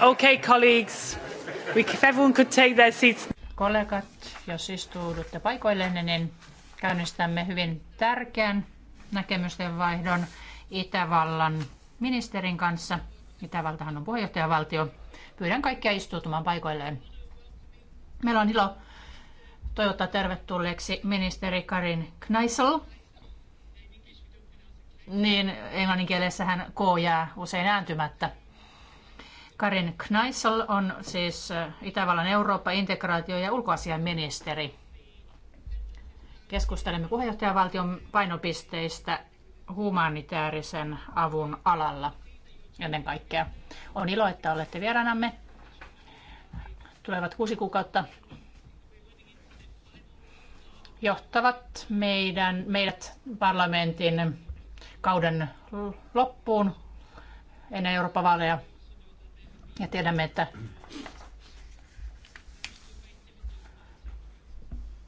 Okay, colleagues. We, if everyone could take their seats. Kollegat, jos istuudutte paikoillenne, niin käynnistämme hyvin tärkeän näkemysten vaihdon Itävallan ministerin kanssa. Itävaltahan on puheenjohtajavaltio. Pyydän kaikkia istuutumaan paikoilleen. Meillä on ilo toivottaa tervetulleeksi ministeri Karin Kneissel. Niin englanninkielessähän K jää usein ääntymättä. Karin Kneissel on siis äh, Itävallan Eurooppa, integraatio- ja ulkoasiaministeri. Keskustelemme puheenjohtajavaltion painopisteistä humanitaarisen avun alalla ennen kaikkea. On ilo, että olette vieraanamme. Tulevat kuusi kuukautta johtavat meidän, meidät parlamentin kauden loppuun ennen Euroopan vaaleja ja tiedämme, että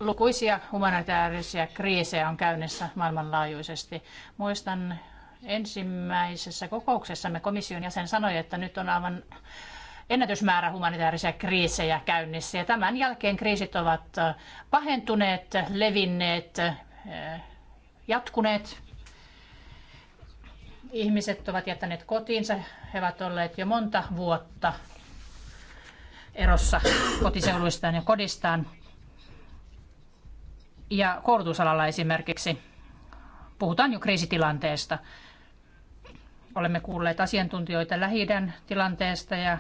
lukuisia humanitaarisia kriisejä on käynnissä maailmanlaajuisesti. Muistan ensimmäisessä kokouksessamme komission jäsen sanoi, että nyt on aivan ennätysmäärä humanitaarisia kriisejä käynnissä. Ja tämän jälkeen kriisit ovat pahentuneet, levinneet, eh, jatkuneet ihmiset ovat jättäneet kotiinsa. He ovat olleet jo monta vuotta erossa kotiseuduistaan ja kodistaan. Ja koulutusalalla esimerkiksi puhutaan jo kriisitilanteesta. Olemme kuulleet asiantuntijoita lähi tilanteesta ja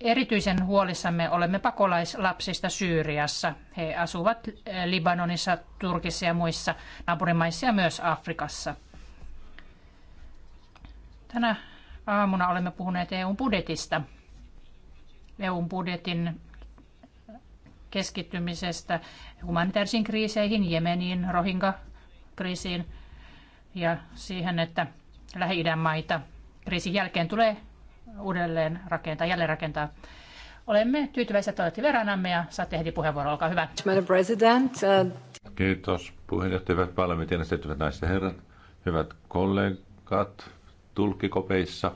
erityisen huolissamme olemme pakolaislapsista Syyriassa. He asuvat Libanonissa, Turkissa ja muissa naapurimaissa ja myös Afrikassa – Tänä aamuna olemme puhuneet EUn budjetista. EUn budjetin keskittymisestä humanitaarisiin kriiseihin, Jemeniin, Rohingya-kriisiin ja siihen, että Lähi-idän maita kriisin jälkeen tulee uudelleen rakentaa, jälleen rakentaa. Olemme tyytyväisiä olette verranamme ja saatte heti puheenvuoron. Olkaa hyvä. Uh, Kiitos puheenjohtajat, parlamentin ja naiset ja herrat, hyvät kollegat tulkkikopeissa.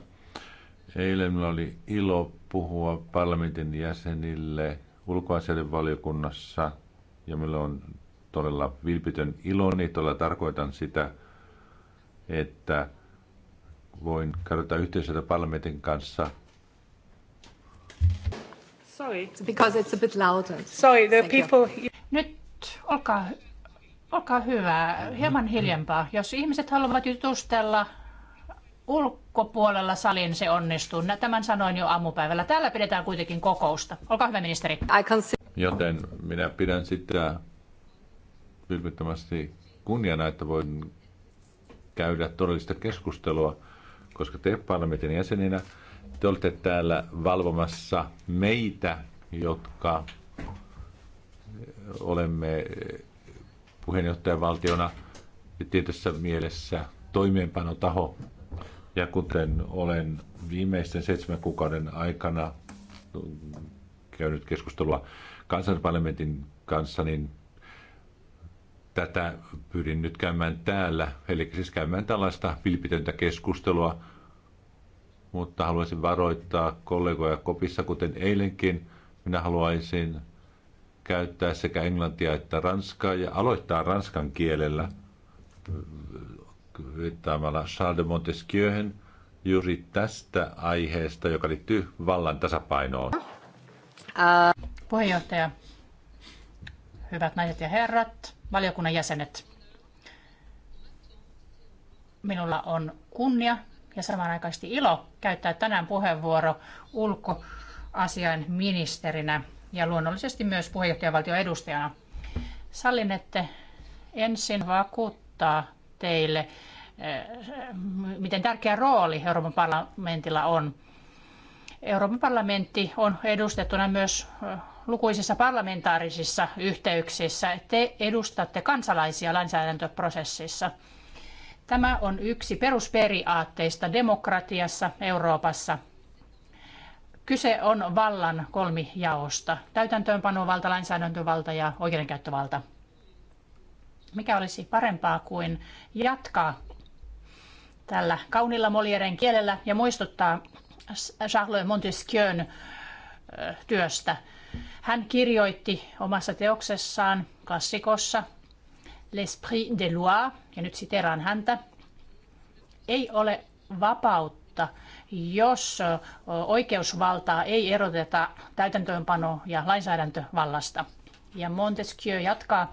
Eilen minulla oli ilo puhua parlamentin jäsenille ulkoasioiden valiokunnassa ja minulla on todella vilpitön niin todella tarkoitan sitä, että voin käydä yhteistyötä parlamentin kanssa. Sorry. Because it's a bit louder. Sorry, the people... Nyt olkaa, olkaa hyvä, hieman hiljempaa. Jos ihmiset haluavat jutustella ulkopuolella salin se onnistuu. Tämän sanoin jo aamupäivällä. Täällä pidetään kuitenkin kokousta. Olkaa hyvä, ministeri. Joten minä pidän sitä vilpittömästi kunniana, että voin käydä todellista keskustelua, koska te parlamentin jäseninä te olette täällä valvomassa meitä, jotka olemme puheenjohtajavaltiona tietyssä mielessä toimeenpanotaho ja kuten olen viimeisten seitsemän kuukauden aikana käynyt keskustelua kansanparlamentin kanssa, niin tätä pyrin nyt käymään täällä, eli siis käymään tällaista vilpitöntä keskustelua, mutta haluaisin varoittaa kollegoja kopissa, kuten eilenkin. Minä haluaisin käyttää sekä englantia että ranskaa ja aloittaa ranskan kielellä viittaamalla Charles de Montesquieuhen juuri tästä aiheesta, joka liittyy vallan tasapainoon. Puheenjohtaja, hyvät naiset ja herrat, valiokunnan jäsenet. Minulla on kunnia ja samanaikaisesti ilo käyttää tänään puheenvuoro ulkoasian ministerinä ja luonnollisesti myös puheenjohtajavaltion edustajana. Sallinette ensin vakuuttaa teille, eh, miten tärkeä rooli Euroopan parlamentilla on. Euroopan parlamentti on edustettuna myös eh, lukuisissa parlamentaarisissa yhteyksissä. Te edustatte kansalaisia lainsäädäntöprosessissa. Tämä on yksi perusperiaatteista demokratiassa Euroopassa. Kyse on vallan kolmijaosta. Täytäntöönpanovalta, lainsäädäntövalta ja oikeudenkäyttövalta. Mikä olisi parempaa kuin jatkaa tällä kaunilla Molieren kielellä ja muistuttaa Charles Montesquieun työstä. Hän kirjoitti omassa teoksessaan klassikossa L'esprit de loi, ja nyt siteraan häntä, ei ole vapautta, jos oikeusvaltaa ei eroteta täytäntöönpano- ja lainsäädäntövallasta. Ja Montesquieu jatkaa,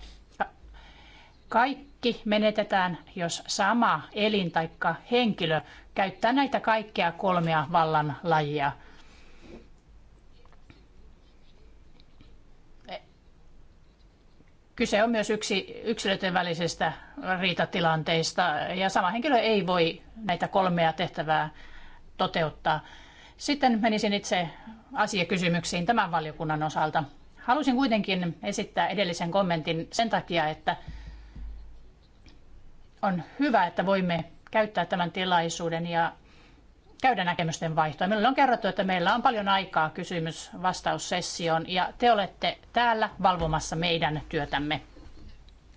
kaikki menetetään, jos sama elin tai henkilö käyttää näitä kaikkia kolmea vallan lajia. Kyse on myös yksi, yksilöiden välisestä riitatilanteista ja sama henkilö ei voi näitä kolmea tehtävää toteuttaa. Sitten menisin itse asiakysymyksiin tämän valiokunnan osalta. Halusin kuitenkin esittää edellisen kommentin sen takia, että on hyvä, että voimme käyttää tämän tilaisuuden ja käydä näkemysten vaihtoa. Meillä on kerrottu, että meillä on paljon aikaa kysymys-vastaussessioon ja te olette täällä valvomassa meidän työtämme.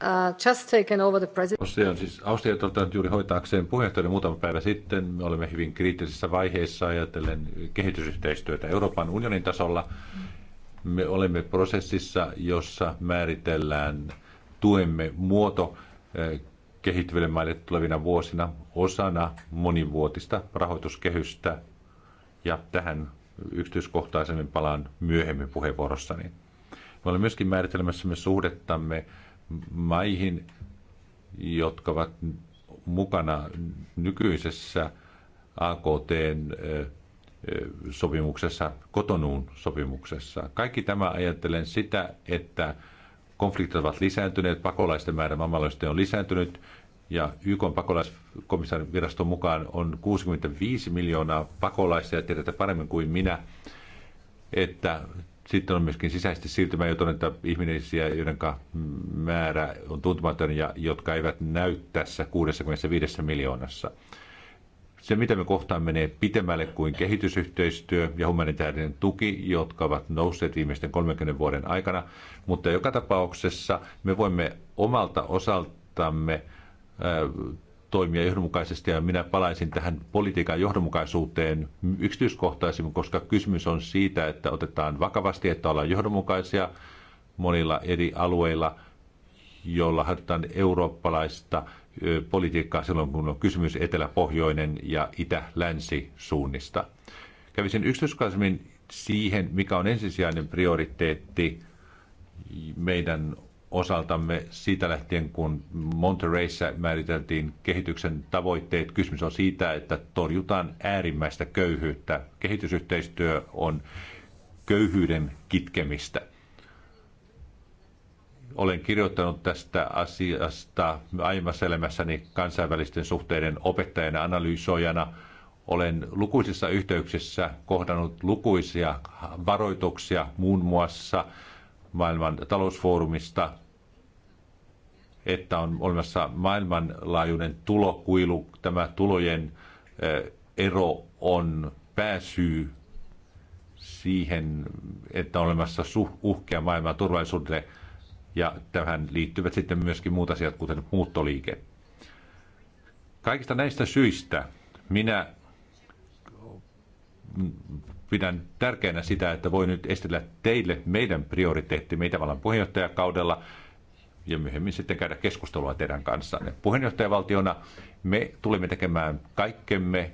Uh, just taken over the president. Austria on siis Austria juuri hoitaakseen puheenjohtajan muutama päivä sitten. Me olemme hyvin kriittisessä vaiheessa ajatellen kehitysyhteistyötä Euroopan unionin tasolla. Me olemme prosessissa, jossa määritellään tuemme muoto eh, kehittyville maille tulevina vuosina osana monivuotista rahoituskehystä. Ja tähän yksityiskohtaisemmin palaan myöhemmin puheenvuorossani. Me olemme myöskin me suhdettamme maihin, jotka ovat mukana nykyisessä AKT-sopimuksessa, kotonuun sopimuksessa. Kaikki tämä ajattelen sitä, että Konfliktit ovat lisääntyneet, pakolaisten määrä maailmanlaajuisesti on lisääntynyt ja YK pakolaiskomissaarin viraston mukaan on 65 miljoonaa pakolaista ja tiedätte paremmin kuin minä, että sitten on myöskin sisäisesti siirtymä, jo että ihmisiä, joiden määrä on tuntematon ja jotka eivät näy tässä 65 miljoonassa. Se, mitä me kohtaan, menee pitemmälle kuin kehitysyhteistyö ja humanitaarinen tuki, jotka ovat nousseet viimeisten 30 vuoden aikana. Mutta joka tapauksessa me voimme omalta osaltamme toimia johdonmukaisesti ja minä palaisin tähän politiikan johdonmukaisuuteen yksityiskohtaisemmin, koska kysymys on siitä, että otetaan vakavasti, että ollaan johdonmukaisia monilla eri alueilla, joilla harjoitetaan eurooppalaista politiikkaa silloin, kun on kysymys etelä-pohjoinen ja itä-länsi suunnista. Kävisin yksityiskaisemmin siihen, mikä on ensisijainen prioriteetti meidän osaltamme siitä lähtien, kun Montereyssä määriteltiin kehityksen tavoitteet. Kysymys on siitä, että torjutaan äärimmäistä köyhyyttä. Kehitysyhteistyö on köyhyyden kitkemistä. Olen kirjoittanut tästä asiasta aiemmassa elämässäni kansainvälisten suhteiden opettajana, analysoijana. Olen lukuisissa yhteyksissä kohdannut lukuisia varoituksia muun muassa maailman talousfoorumista, että on olemassa maailmanlaajuinen tulokuilu. Tämä tulojen eh, ero on pääsyy siihen, että on olemassa uhkia maailman turvallisuudelle – ja tähän liittyvät sitten myöskin muut asiat, kuten muuttoliike. Kaikista näistä syistä minä pidän tärkeänä sitä, että voi nyt esitellä teille meidän meitä vallan puheenjohtajakaudella ja myöhemmin sitten käydä keskustelua teidän kanssanne. Puheenjohtajavaltiona me tulemme tekemään kaikkemme,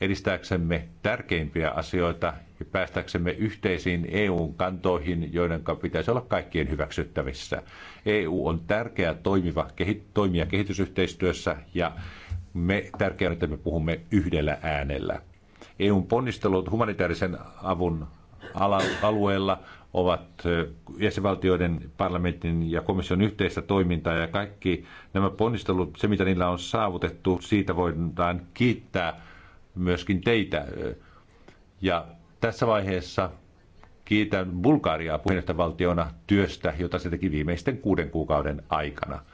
edistääksemme tärkeimpiä asioita ja päästäksemme yhteisiin EU-kantoihin, joiden pitäisi olla kaikkien hyväksyttävissä. EU on tärkeä toimiva, kehi, toimija kehitysyhteistyössä ja me tärkeää, että me puhumme yhdellä äänellä. EUn ponnistelut humanitaarisen avun alueella ovat jäsenvaltioiden parlamentin ja komission yhteistä toimintaa ja kaikki nämä ponnistelut, se mitä niillä on saavutettu, siitä voidaan kiittää myöskin teitä. Ja tässä vaiheessa kiitän Bulgariaa puheenjohtajavaltiona työstä, jota se teki viimeisten kuuden kuukauden aikana.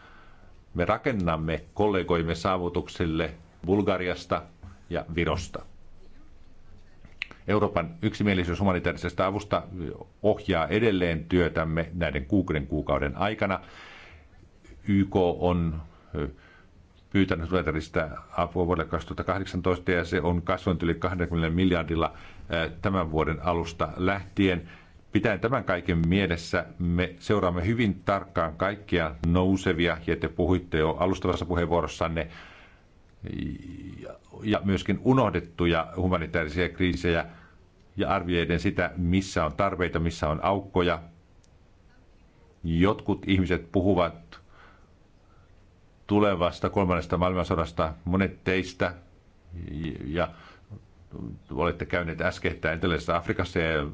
Me rakennamme kollegoimme saavutuksille Bulgariasta ja Virosta. Euroopan yksimielisyys humanitaarisesta avusta ohjaa edelleen työtämme näiden kuuden kuukauden aikana. YK on pyytänyt Suetarista apua vuodelle 2018 ja se on kasvanut yli 20 miljardilla eh, tämän vuoden alusta lähtien. Pitäen tämän kaiken mielessä me seuraamme hyvin tarkkaan kaikkia nousevia, ja te puhuitte jo alustavassa puheenvuorossanne, ja myöskin unohdettuja humanitaarisia kriisejä, ja arvioiden sitä, missä on tarpeita, missä on aukkoja. Jotkut ihmiset puhuvat tulevasta kolmannesta maailmansodasta. Monet teistä ja olette käyneet äskettäin etelässä Afrikassa ja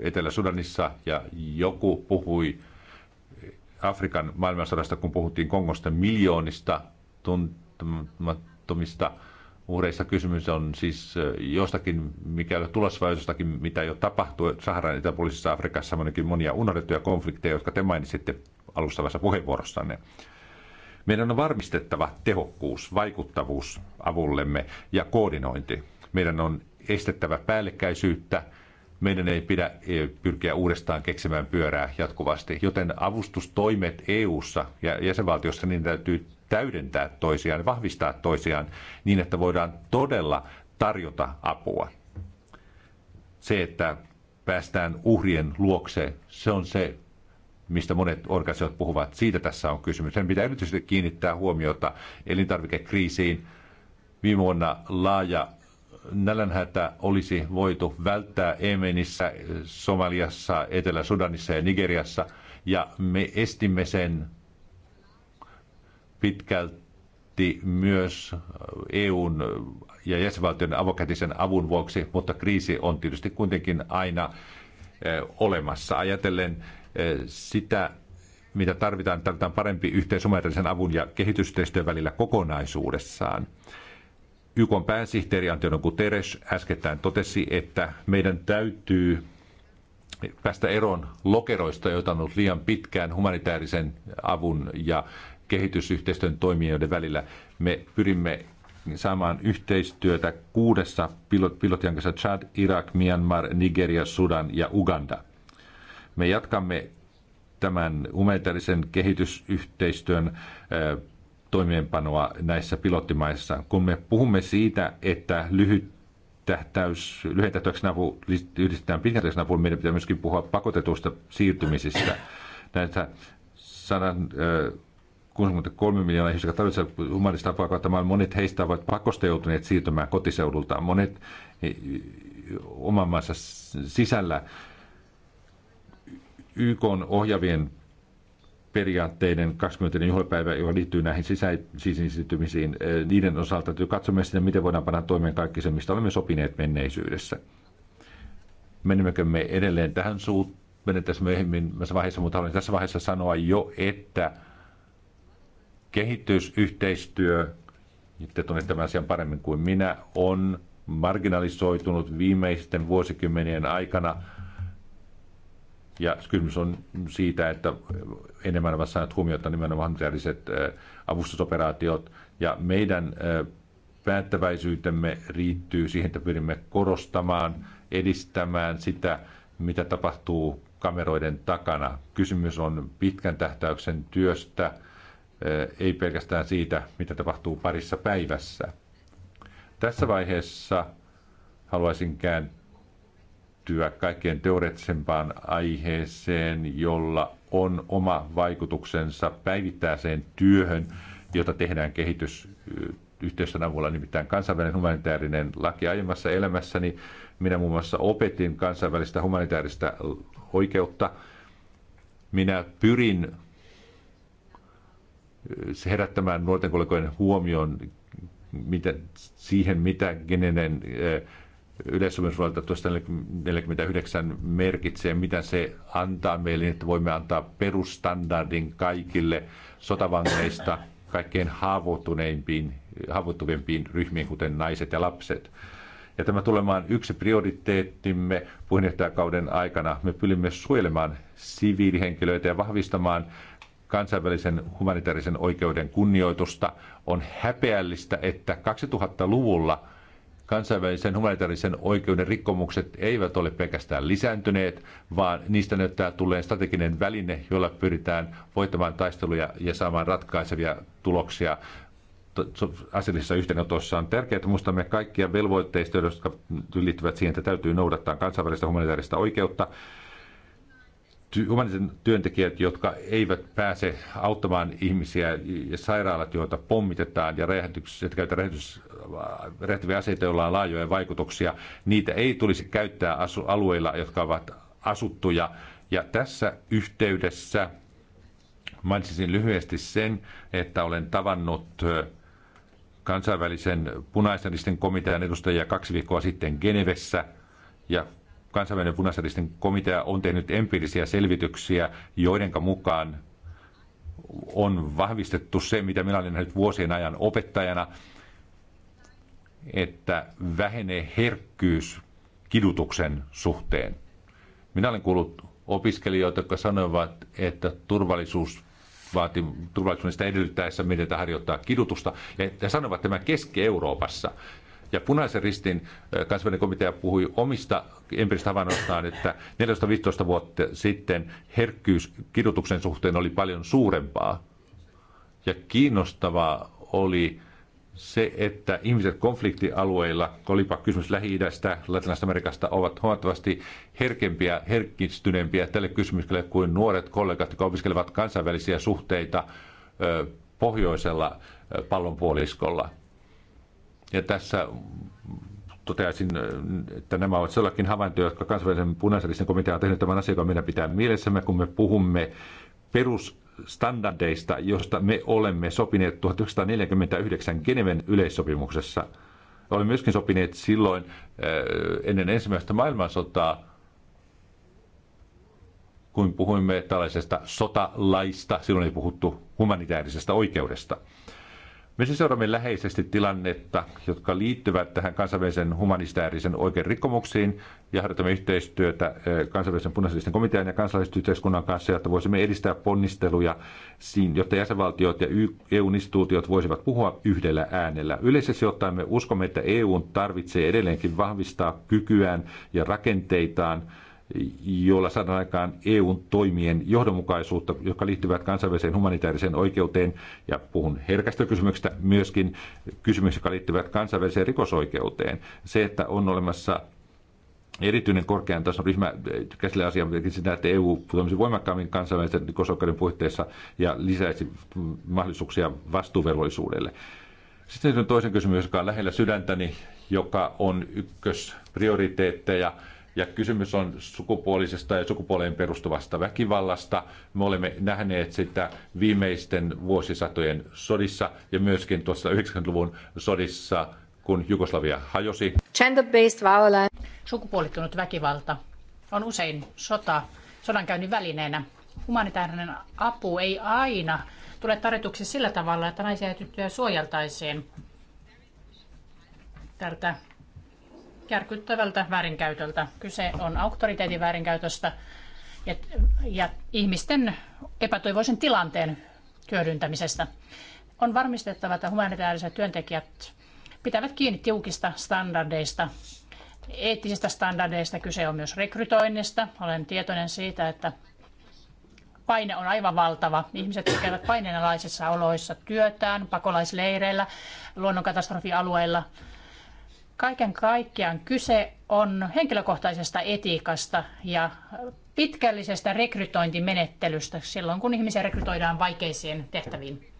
Etelä-Sudanissa ja joku puhui Afrikan maailmansodasta, kun puhuttiin Kongosta miljoonista tuntemattomista uhreista. Kysymys on siis jostakin, mikä ei ole tulossa vai jostakin, mitä jo tapahtuu Saharan etäpuolisessa Afrikassa, monia unohdettuja konflikteja, jotka te mainitsitte alustavassa puheenvuorossanne. Meidän on varmistettava tehokkuus, vaikuttavuus avullemme ja koordinointi. Meidän on estettävä päällekkäisyyttä. Meidän ei pidä e, pyrkiä uudestaan keksimään pyörää jatkuvasti, joten avustustoimet EU:ssa ja jäsenvaltiossa niin täytyy täydentää toisiaan, vahvistaa toisiaan niin, että voidaan todella tarjota apua. Se, että päästään uhrien luokse, se on se mistä monet organisaatiot puhuvat. Siitä tässä on kysymys. Sen pitää erityisesti kiinnittää huomiota elintarvikekriisiin. Viime vuonna laaja nälänhätä olisi voitu välttää Emenissä, Somaliassa, Etelä-Sudanissa ja Nigeriassa, ja me estimme sen pitkälti myös EUn ja jäsenvaltion avokätisen avun vuoksi, mutta kriisi on tietysti kuitenkin aina eh, olemassa. Ajatellen sitä, mitä tarvitaan, tarvitaan parempi yhteys humanitaarisen avun ja kehitysyhteistyön välillä kokonaisuudessaan. YK pääsihteeri Antonio Guterres äskettäin totesi, että meidän täytyy päästä eroon lokeroista, joita on ollut liian pitkään humanitaarisen avun ja kehitysyhteistyön toimijoiden välillä. Me pyrimme saamaan yhteistyötä kuudessa pilot, kanssa Chad, Irak, Myanmar, Nigeria, Sudan ja Uganda. Me jatkamme tämän humanitaarisen kehitysyhteistyön toimeenpanoa näissä pilottimaissa. Kun me puhumme siitä, että lyhyt tähtäys, lyhyen tähtäyksen avu yhdistetään pitkän tähtäyksen meidän pitää myöskin puhua pakotetusta siirtymisistä. Näitä 163 miljoonaa ihmistä, jotka tarvitsevat humanista apua kautta maailman, monet heistä ovat pakosta joutuneet siirtymään kotiseudulta. Monet oman maansa sisällä YK on ohjavien periaatteiden 20. juhlapäivä, joka liittyy näihin sisäisiin niiden osalta täytyy katsoa myös sitä, miten voidaan panna toimeen kaikki se, mistä olemme sopineet menneisyydessä. Menemmekö me edelleen tähän suuntaan? Menen tässä myöhemmin vaiheessa, mutta haluan tässä vaiheessa sanoa jo, että kehitysyhteistyö, te tunnette tämän asian paremmin kuin minä, on marginalisoitunut viimeisten vuosikymmenien aikana – ja kysymys on siitä, että enemmän ovat saaneet huomiota nimenomaan humanitaariset avustusoperaatiot. Ja meidän päättäväisyytemme riittyy siihen, että pyrimme korostamaan, edistämään sitä, mitä tapahtuu kameroiden takana. Kysymys on pitkän tähtäyksen työstä, ei pelkästään siitä, mitä tapahtuu parissa päivässä. Tässä vaiheessa haluaisin kääntää keskittyä kaikkein teoreettisempaan aiheeseen, jolla on oma vaikutuksensa päivittäiseen työhön, jota tehdään kehitysyhteistyön avulla, nimittäin kansainvälinen humanitaarinen laki. Aiemmassa elämässäni minä muun muassa opetin kansainvälistä humanitaarista oikeutta. Minä pyrin herättämään nuorten kollegojen huomion miten, siihen, mitä genenen yleissopimusvalta 1949 merkitsee, mitä se antaa meille, niin että voimme antaa perustandardin kaikille sotavangeista kaikkein haavoittuneimpiin, haavoittuvimpiin ryhmiin, kuten naiset ja lapset. Ja tämä tulemaan yksi prioriteettimme puheenjohtajakauden aikana. Me pyrimme suojelemaan siviilihenkilöitä ja vahvistamaan kansainvälisen humanitaarisen oikeuden kunnioitusta. On häpeällistä, että 2000-luvulla – kansainvälisen humanitaarisen oikeuden rikkomukset eivät ole pelkästään lisääntyneet, vaan niistä näyttää tulleen strateginen väline, jolla pyritään voittamaan taisteluja ja saamaan ratkaisevia tuloksia asiallisessa yhteenotossa on tärkeää, että muistamme kaikkia velvoitteista, jotka liittyvät siihen, että täytyy noudattaa kansainvälistä humanitaarista oikeutta humanitaariset työntekijät, jotka eivät pääse auttamaan ihmisiä ja sairaalat, joita pommitetaan ja räjähdykset käytetään räjähtäviä aseita, joilla on laajoja vaikutuksia, niitä ei tulisi käyttää asu- alueilla, jotka ovat asuttuja. Ja tässä yhteydessä mainitsisin lyhyesti sen, että olen tavannut kansainvälisen punaisen komitean edustajia kaksi viikkoa sitten Genevessä – ja kansainvälinen punaisen komitea on tehnyt empiirisiä selvityksiä, joiden mukaan on vahvistettu se, mitä minä olen nähnyt vuosien ajan opettajana, että vähenee herkkyys kidutuksen suhteen. Minä olen kuullut opiskelijoita, jotka sanoivat, että turvallisuus vaati, turvallisuudesta edellyttäessä miten harjoittaa kidutusta. Ja, ja sanovat tämä Keski-Euroopassa. Ja punaisen ristin kansainvälinen komitea puhui omista empiiristä havainnoistaan, että 14-15 vuotta sitten herkkyys kidutuksen suhteen oli paljon suurempaa. Ja kiinnostavaa oli se, että ihmiset konfliktialueilla, olipa kysymys Lähi-idästä, Latinalaisesta Amerikasta, ovat huomattavasti herkempiä, herkistyneempiä tälle kysymykselle kuin nuoret kollegat, jotka opiskelevat kansainvälisiä suhteita pohjoisella pallonpuoliskolla. Ja tässä toteaisin, että nämä ovat sellakin havaintoja, jotka kansainvälisen punaisen komitea on tehnyt tämän asian, joka meidän pitää mielessämme, kun me puhumme perusstandardeista, joista me olemme sopineet 1949 Geneven yleissopimuksessa. Olemme myöskin sopineet silloin eh, ennen ensimmäistä maailmansotaa, kun puhuimme tällaisesta sotalaista, silloin ei puhuttu humanitaarisesta oikeudesta. Me siis seuraamme läheisesti tilannetta, jotka liittyvät tähän kansainvälisen humanitaarisen oikeuden rikkomuksiin ja harjoitamme yhteistyötä eh, kansainvälisen punaisen komitean ja kansalaisyhteiskunnan kanssa, jotta voisimme edistää ponnisteluja, jotta jäsenvaltiot ja eu instituutiot voisivat puhua yhdellä äänellä. Yleisesti ottaen me uskomme, että EU tarvitsee edelleenkin vahvistaa kykyään ja rakenteitaan jolla saadaan aikaan EUn toimien johdonmukaisuutta, jotka liittyvät kansainväliseen humanitaariseen oikeuteen, ja puhun herkästä kysymyksestä myöskin kysymyksiä, jotka liittyvät kansainväliseen rikosoikeuteen. Se, että on olemassa erityinen korkean tason ryhmä eh, käsille asiaa sitä, että EU toimisi voimakkaammin kansainvälisen rikosoikeuden puitteissa ja lisäisi mahdollisuuksia vastuuvelvollisuudelle. Sitten on toisen kysymys, joka on lähellä sydäntäni, joka on ykkösprioriteetteja prioriteetteja ja kysymys on sukupuolisesta ja sukupuoleen perustuvasta väkivallasta. Me olemme nähneet sitä viimeisten vuosisatojen sodissa ja myöskin tuossa 90-luvun sodissa, kun Jugoslavia hajosi. Gender-based violence. Sukupuolittunut väkivalta on usein sota sodankäynnin välineenä. Humanitaarinen apu ei aina tule tarjotuksi sillä tavalla, että naisia ja tyttöjä suojeltaisiin tältä järkyttävältä väärinkäytöltä. Kyse on auktoriteetin väärinkäytöstä ja, ja ihmisten epätoivoisen tilanteen hyödyntämisestä. On varmistettava, että humanitaariset työntekijät pitävät kiinni tiukista standardeista, eettisistä standardeista. Kyse on myös rekrytoinnista. Olen tietoinen siitä, että paine on aivan valtava. Ihmiset tekevät paineenalaisissa oloissa työtään pakolaisleireillä, luonnonkatastrofialueilla – Kaiken kaikkiaan kyse on henkilökohtaisesta etiikasta ja pitkällisestä rekrytointimenettelystä silloin, kun ihmisiä rekrytoidaan vaikeisiin tehtäviin.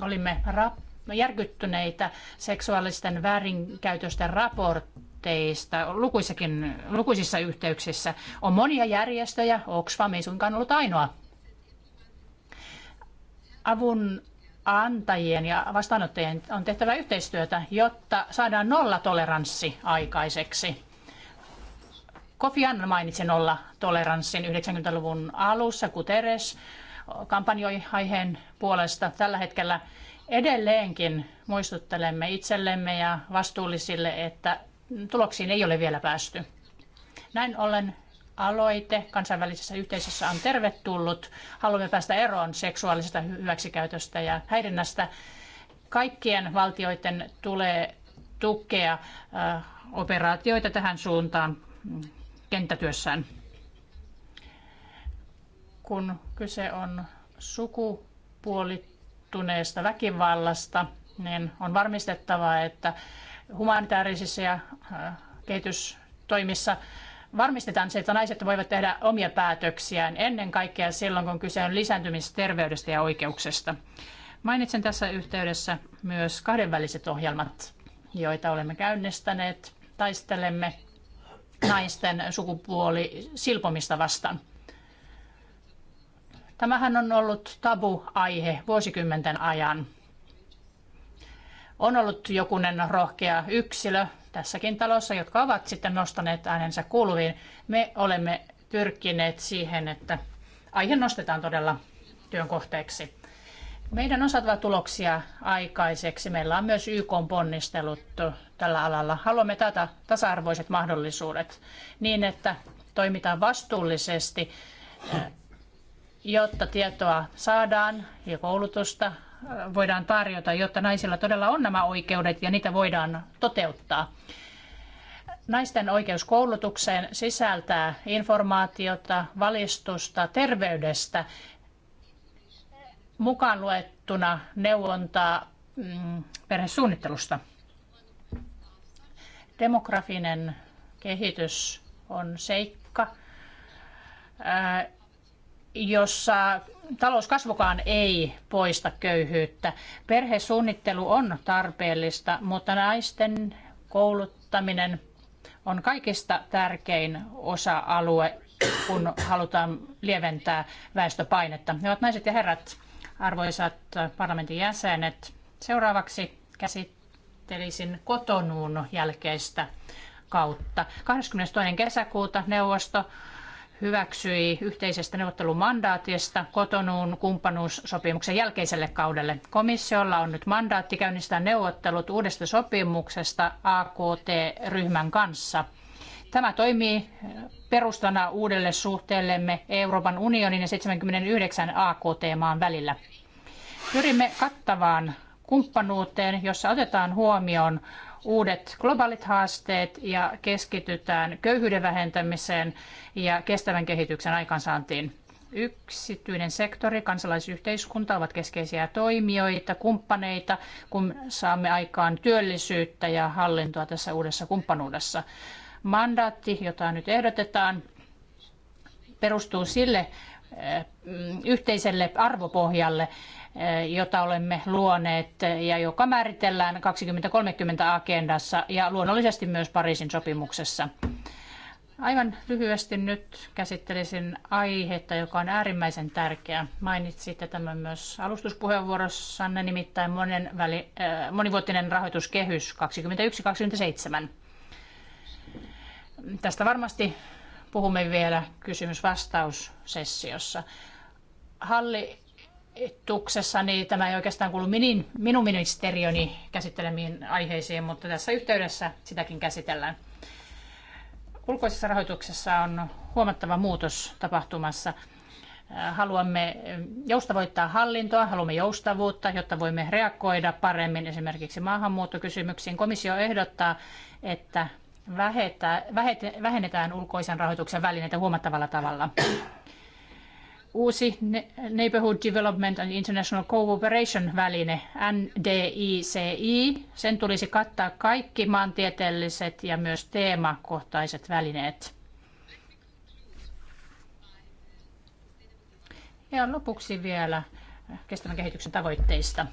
Olimme rap- järkyttyneitä seksuaalisten väärinkäytösten raportteista lukuissakin, lukuisissa yhteyksissä. On monia järjestöjä, Oxfam ei suinkaan ollut ainoa. Avun antajien ja vastaanottajien on tehtävä yhteistyötä, jotta saadaan nollatoleranssi aikaiseksi. Kofi Annan mainitsi nollatoleranssin 90-luvun alussa, teres kampanjoi aiheen puolesta. Tällä hetkellä edelleenkin muistuttelemme itsellemme ja vastuullisille, että tuloksiin ei ole vielä päästy. Näin ollen aloite kansainvälisessä yhteisössä on tervetullut. Haluamme päästä eroon seksuaalisesta hyväksikäytöstä ja häirinnästä. Kaikkien valtioiden tulee tukea operaatioita tähän suuntaan mm, kenttätyössään. Kun kyse on sukupuolittuneesta väkivallasta, niin on varmistettava, että humanitaarisissa ja kehitystoimissa varmistetaan se, että naiset voivat tehdä omia päätöksiään ennen kaikkea silloin, kun kyse on lisääntymisterveydestä ja oikeuksesta. Mainitsen tässä yhteydessä myös kahdenväliset ohjelmat, joita olemme käynnistäneet. Taistelemme naisten sukupuoli silpomista vastaan. Tämähän on ollut tabu-aihe vuosikymmenten ajan. On ollut jokunen rohkea yksilö tässäkin talossa, jotka ovat sitten nostaneet äänensä kuuluviin. Me olemme pyrkineet siihen, että aihe nostetaan todella työn kohteeksi. Meidän on saatava tuloksia aikaiseksi. Meillä on myös YK ponnistelut tällä alalla. Haluamme taata tasa-arvoiset mahdollisuudet niin, että toimitaan vastuullisesti, jotta tietoa saadaan ja koulutusta voidaan tarjota, jotta naisilla todella on nämä oikeudet ja niitä voidaan toteuttaa. Naisten oikeus koulutukseen sisältää informaatiota, valistusta, terveydestä, mukaan luettuna neuvontaa mm, perhesuunnittelusta. Demografinen kehitys on seikka, jossa talouskasvukaan ei poista köyhyyttä. Perhesuunnittelu on tarpeellista, mutta naisten kouluttaminen on kaikista tärkein osa-alue, kun halutaan lieventää väestöpainetta. Ne ovat naiset ja herrat, arvoisat parlamentin jäsenet. Seuraavaksi käsittelisin kotonuun jälkeistä kautta. 22. kesäkuuta neuvosto hyväksyi yhteisestä neuvottelumandaatista kotonuun kumppanuussopimuksen jälkeiselle kaudelle. Komissiolla on nyt mandaatti käynnistää neuvottelut uudesta sopimuksesta AKT-ryhmän kanssa. Tämä toimii perustana uudelle suhteellemme Euroopan unionin ja 79 AKT-maan välillä. Pyrimme kattavaan kumppanuuteen, jossa otetaan huomioon uudet globaalit haasteet ja keskitytään köyhyyden vähentämiseen ja kestävän kehityksen aikaansaantiin. Yksityinen sektori, kansalaisyhteiskunta ovat keskeisiä toimijoita, kumppaneita, kun saamme aikaan työllisyyttä ja hallintoa tässä uudessa kumppanuudessa. Mandaatti, jota nyt ehdotetaan, perustuu sille eh, yhteiselle arvopohjalle, Eh, jota olemme luoneet ja joka määritellään 2030 agendassa ja luonnollisesti myös Pariisin sopimuksessa. Aivan lyhyesti nyt käsittelisin aihetta, joka on äärimmäisen tärkeä. Mainitsitte tämän myös alustuspuheenvuorossanne, nimittäin monen väli, äh, monivuotinen rahoituskehys 21-27. Tästä varmasti puhumme vielä kysymys-vastaussessiossa. Halli Tuksessa niin tämä ei oikeastaan kuulu minin, minun ministeriöni käsittelemiin aiheisiin, mutta tässä yhteydessä sitäkin käsitellään. Ulkoisessa rahoituksessa on huomattava muutos tapahtumassa. Haluamme joustavoittaa hallintoa, haluamme joustavuutta, jotta voimme reagoida paremmin esimerkiksi maahanmuuttokysymyksiin. Komissio ehdottaa, että vähennetään ulkoisen rahoituksen välineitä huomattavalla tavalla uusi Neighborhood Development and International Cooperation väline, NDICI, sen tulisi kattaa kaikki maantieteelliset ja myös teemakohtaiset välineet. Ja lopuksi vielä kestävän kehityksen tavoitteista.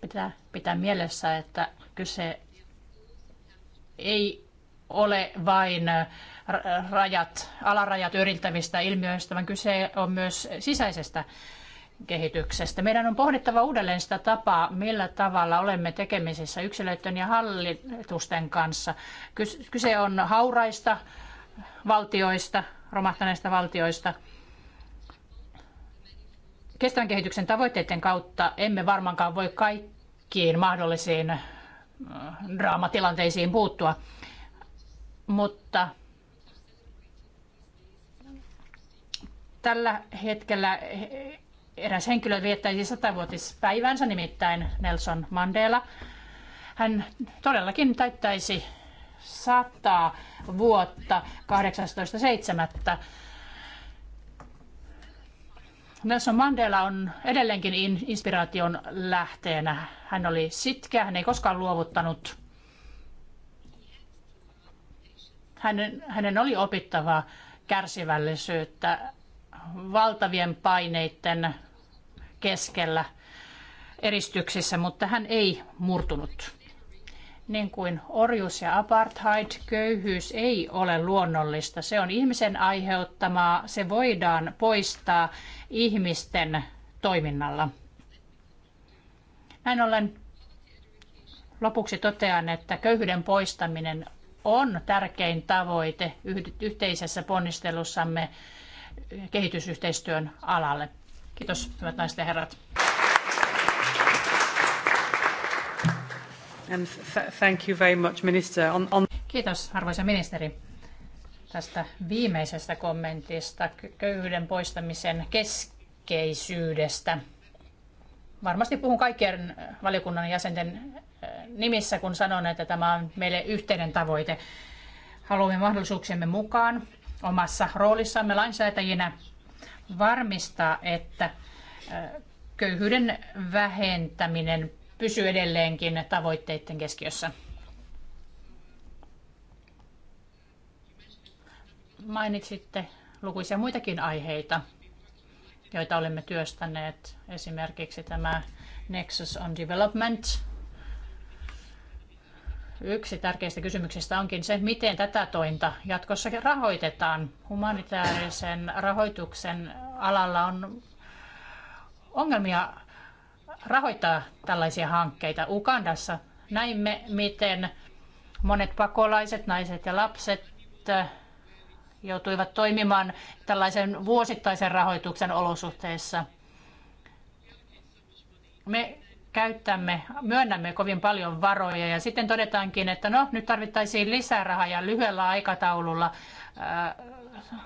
Pitää pitää mielessä, että kyse ei ole vain rajat, alarajat yrittävistä ilmiöistä, vaan kyse on myös sisäisestä kehityksestä. Meidän on pohdittava uudelleen sitä tapaa, millä tavalla olemme tekemisissä yksilöiden ja hallitusten kanssa. Kyse on hauraista valtioista, romahtaneista valtioista. Kestävän kehityksen tavoitteiden kautta emme varmaankaan voi kaikkiin mahdollisiin äh, draamatilanteisiin puuttua, mutta Tällä hetkellä eräs henkilö viettäisi satavuotispäivänsä, nimittäin Nelson Mandela. Hän todellakin täyttäisi 100 vuotta 18.7. Nelson Mandela on edelleenkin inspiraation lähteenä. Hän oli sitkeä, hän ei koskaan luovuttanut. Hänen, hänen oli opittava kärsivällisyyttä valtavien paineiden keskellä eristyksissä, mutta hän ei murtunut. Niin kuin orjuus ja apartheid, köyhyys ei ole luonnollista. Se on ihmisen aiheuttamaa, se voidaan poistaa ihmisten toiminnalla. Näin ollen lopuksi totean, että köyhyyden poistaminen on tärkein tavoite yhteisessä ponnistelussamme kehitysyhteistyön alalle. Kiitos, hyvät naiset ja herrat. And thank you very much, minister. On, on... Kiitos, arvoisa ministeri, tästä viimeisestä kommentista köyhyyden poistamisen keskeisyydestä. Varmasti puhun kaikkien äh, valiokunnan jäsenten äh, nimissä, kun sanon, että tämä on meille yhteinen tavoite. Haluamme mahdollisuuksiemme mukaan omassa roolissamme lainsäätäjinä varmistaa, että köyhyyden vähentäminen pysyy edelleenkin tavoitteiden keskiössä. Mainitsitte lukuisia muitakin aiheita, joita olemme työstäneet, esimerkiksi tämä Nexus on Development – Yksi tärkeistä kysymyksistä onkin se, miten tätä tointa jatkossa rahoitetaan. Humanitaarisen rahoituksen alalla on ongelmia rahoittaa tällaisia hankkeita. Ukandassa näimme, miten monet pakolaiset, naiset ja lapset äh, joutuivat toimimaan tällaisen vuosittaisen rahoituksen olosuhteissa. Me käyttämme, myönnämme kovin paljon varoja ja sitten todetaankin, että no nyt tarvittaisiin lisärahaa ja lyhyellä aikataululla ää, äh,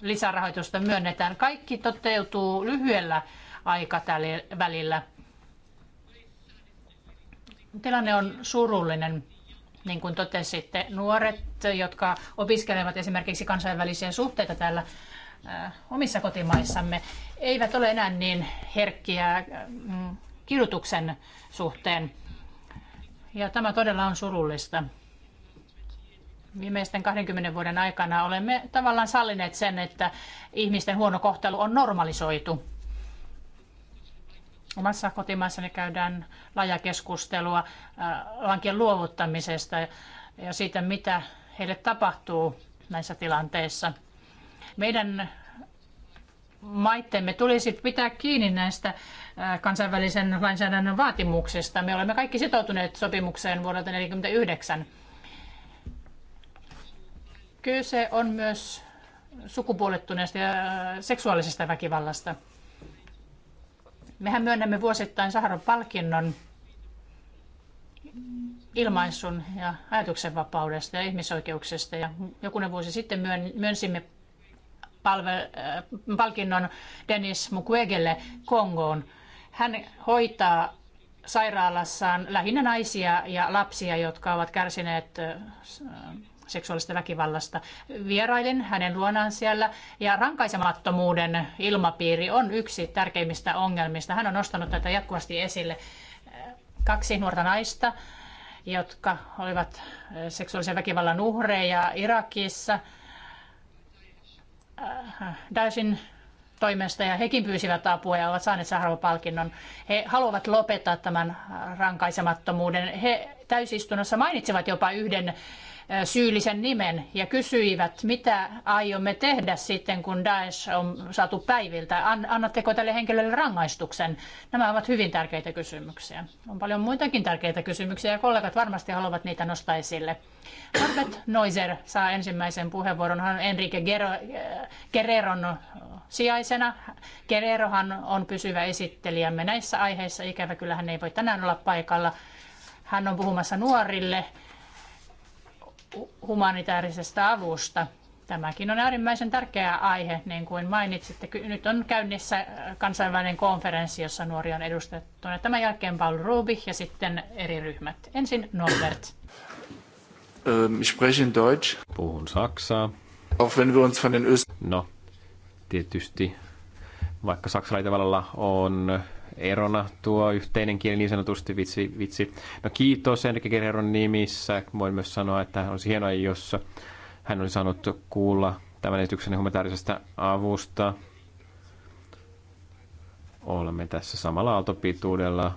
lisärahoitusta myönnetään. Kaikki toteutuu lyhyellä aikavälillä. Tilanne on surullinen, niin kuin totesitte. Nuoret, jotka opiskelevat esimerkiksi kansainvälisiä suhteita täällä äh, omissa kotimaissamme, eivät ole enää niin herkkiä äh, mm, kidutuksen suhteen. Ja tämä todella on surullista. Viimeisten 20 vuoden aikana olemme tavallaan sallineet sen, että ihmisten huono kohtelu on normalisoitu. Omassa kotimaassani käydään laaja keskustelua vankien äh, luovuttamisesta ja siitä, mitä heille tapahtuu näissä tilanteissa. Meidän maittemme tulisi pitää kiinni näistä äh, kansainvälisen lainsäädännön vaatimuksista. Me olemme kaikki sitoutuneet sopimukseen vuodelta 1949. Kyse on myös sukupuolittuneesta ja äh, seksuaalisesta väkivallasta. Mehän myönnämme vuosittain Saharon palkinnon ilmaisun ja ajatuksenvapaudesta ja ihmisoikeuksista. Ja jokunen vuosi sitten myönsimme palvel- äh, palkinnon Denis Mukwegelle Kongoon. Hän hoitaa sairaalassaan lähinnä naisia ja lapsia, jotka ovat kärsineet äh, äh, seksuaalista väkivallasta. Vierailin hänen luonaan siellä ja rankaisemattomuuden ilmapiiri on yksi tärkeimmistä ongelmista. Hän on nostanut tätä jatkuvasti esille. Kaksi nuorta naista, jotka olivat seksuaalisen väkivallan uhreja Irakissa – Daesin äh, toimesta ja hekin pyysivät apua ja ovat saaneet Saharov-palkinnon. He haluavat lopettaa tämän rankaisemattomuuden. He täysistunnossa mainitsivat jopa yhden syyllisen nimen ja kysyivät, mitä aiomme tehdä sitten, kun Daesh on saatu päiviltä. Annatteko tälle henkilölle rangaistuksen? Nämä ovat hyvin tärkeitä kysymyksiä. On paljon muitakin tärkeitä kysymyksiä ja kollegat varmasti haluavat niitä nostaa esille. Albert Noiser saa ensimmäisen puheenvuoron. Hän on Enrique Guerreron sijaisena. Guerrerohan on pysyvä esittelijämme näissä aiheissa. Ikävä kyllä hän ei voi tänään olla paikalla. Hän on puhumassa nuorille humanitaarisesta avusta. Tämäkin on äärimmäisen tärkeä aihe, niin kuin mainitsitte. Nyt on käynnissä äh, kansainvälinen konferenssi, jossa nuoria on edustettuna. Tämän jälkeen Paul Ruby ja sitten eri ryhmät. Ensin Norbert. Ähm, ich spreche Deutsch. Puhun saksaa. Auch wenn wir uns von den Öst... No, tietysti vaikka Saksalla on erona tuo yhteinen kieli niin sanotusti, vitsi, vitsi. No kiitos Enrique Guerreron nimissä. Voin myös sanoa, että olisi hienoa, jos hän oli saanut kuulla tämän esityksen humanitaarisesta avusta. Olemme tässä samalla aaltopituudella.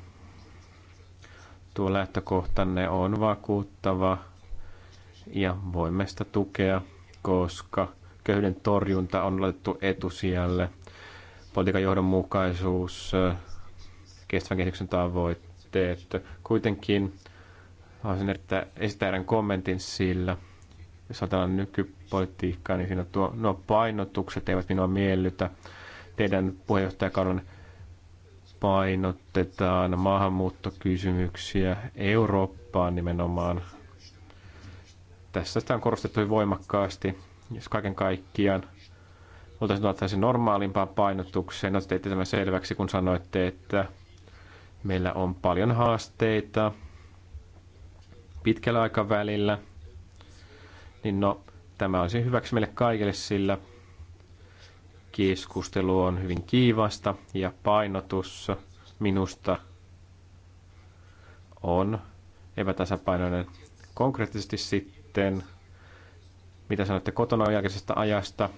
Tuo lähtökohtanne on vakuuttava ja voimme sitä tukea, koska köyhyyden torjunta on laitettu etusijalle. Politiikan johdonmukaisuus, kestävän kehityksen tavoitteet. Kuitenkin haluaisin että esittää erään kommentin sillä, jos ajatellaan nykypolitiikkaa, niin siinä tuo, nuo painotukset eivät minua miellytä. Teidän puheenjohtajakauden painotetaan maahanmuuttokysymyksiä Eurooppaan nimenomaan. Tässä sitä on korostettu voimakkaasti, jos kaiken kaikkiaan oltaisiin normaalimpaan painotukseen. No, teitte tämän selväksi, kun sanoitte, että Meillä on paljon haasteita pitkällä aikavälillä. Niin no, tämä olisi hyväksi meille kaikille, sillä keskustelu on hyvin kiivasta ja painotus minusta on epätasapainoinen. Konkreettisesti sitten, mitä sanotte kotona jälkeisestä ajasta?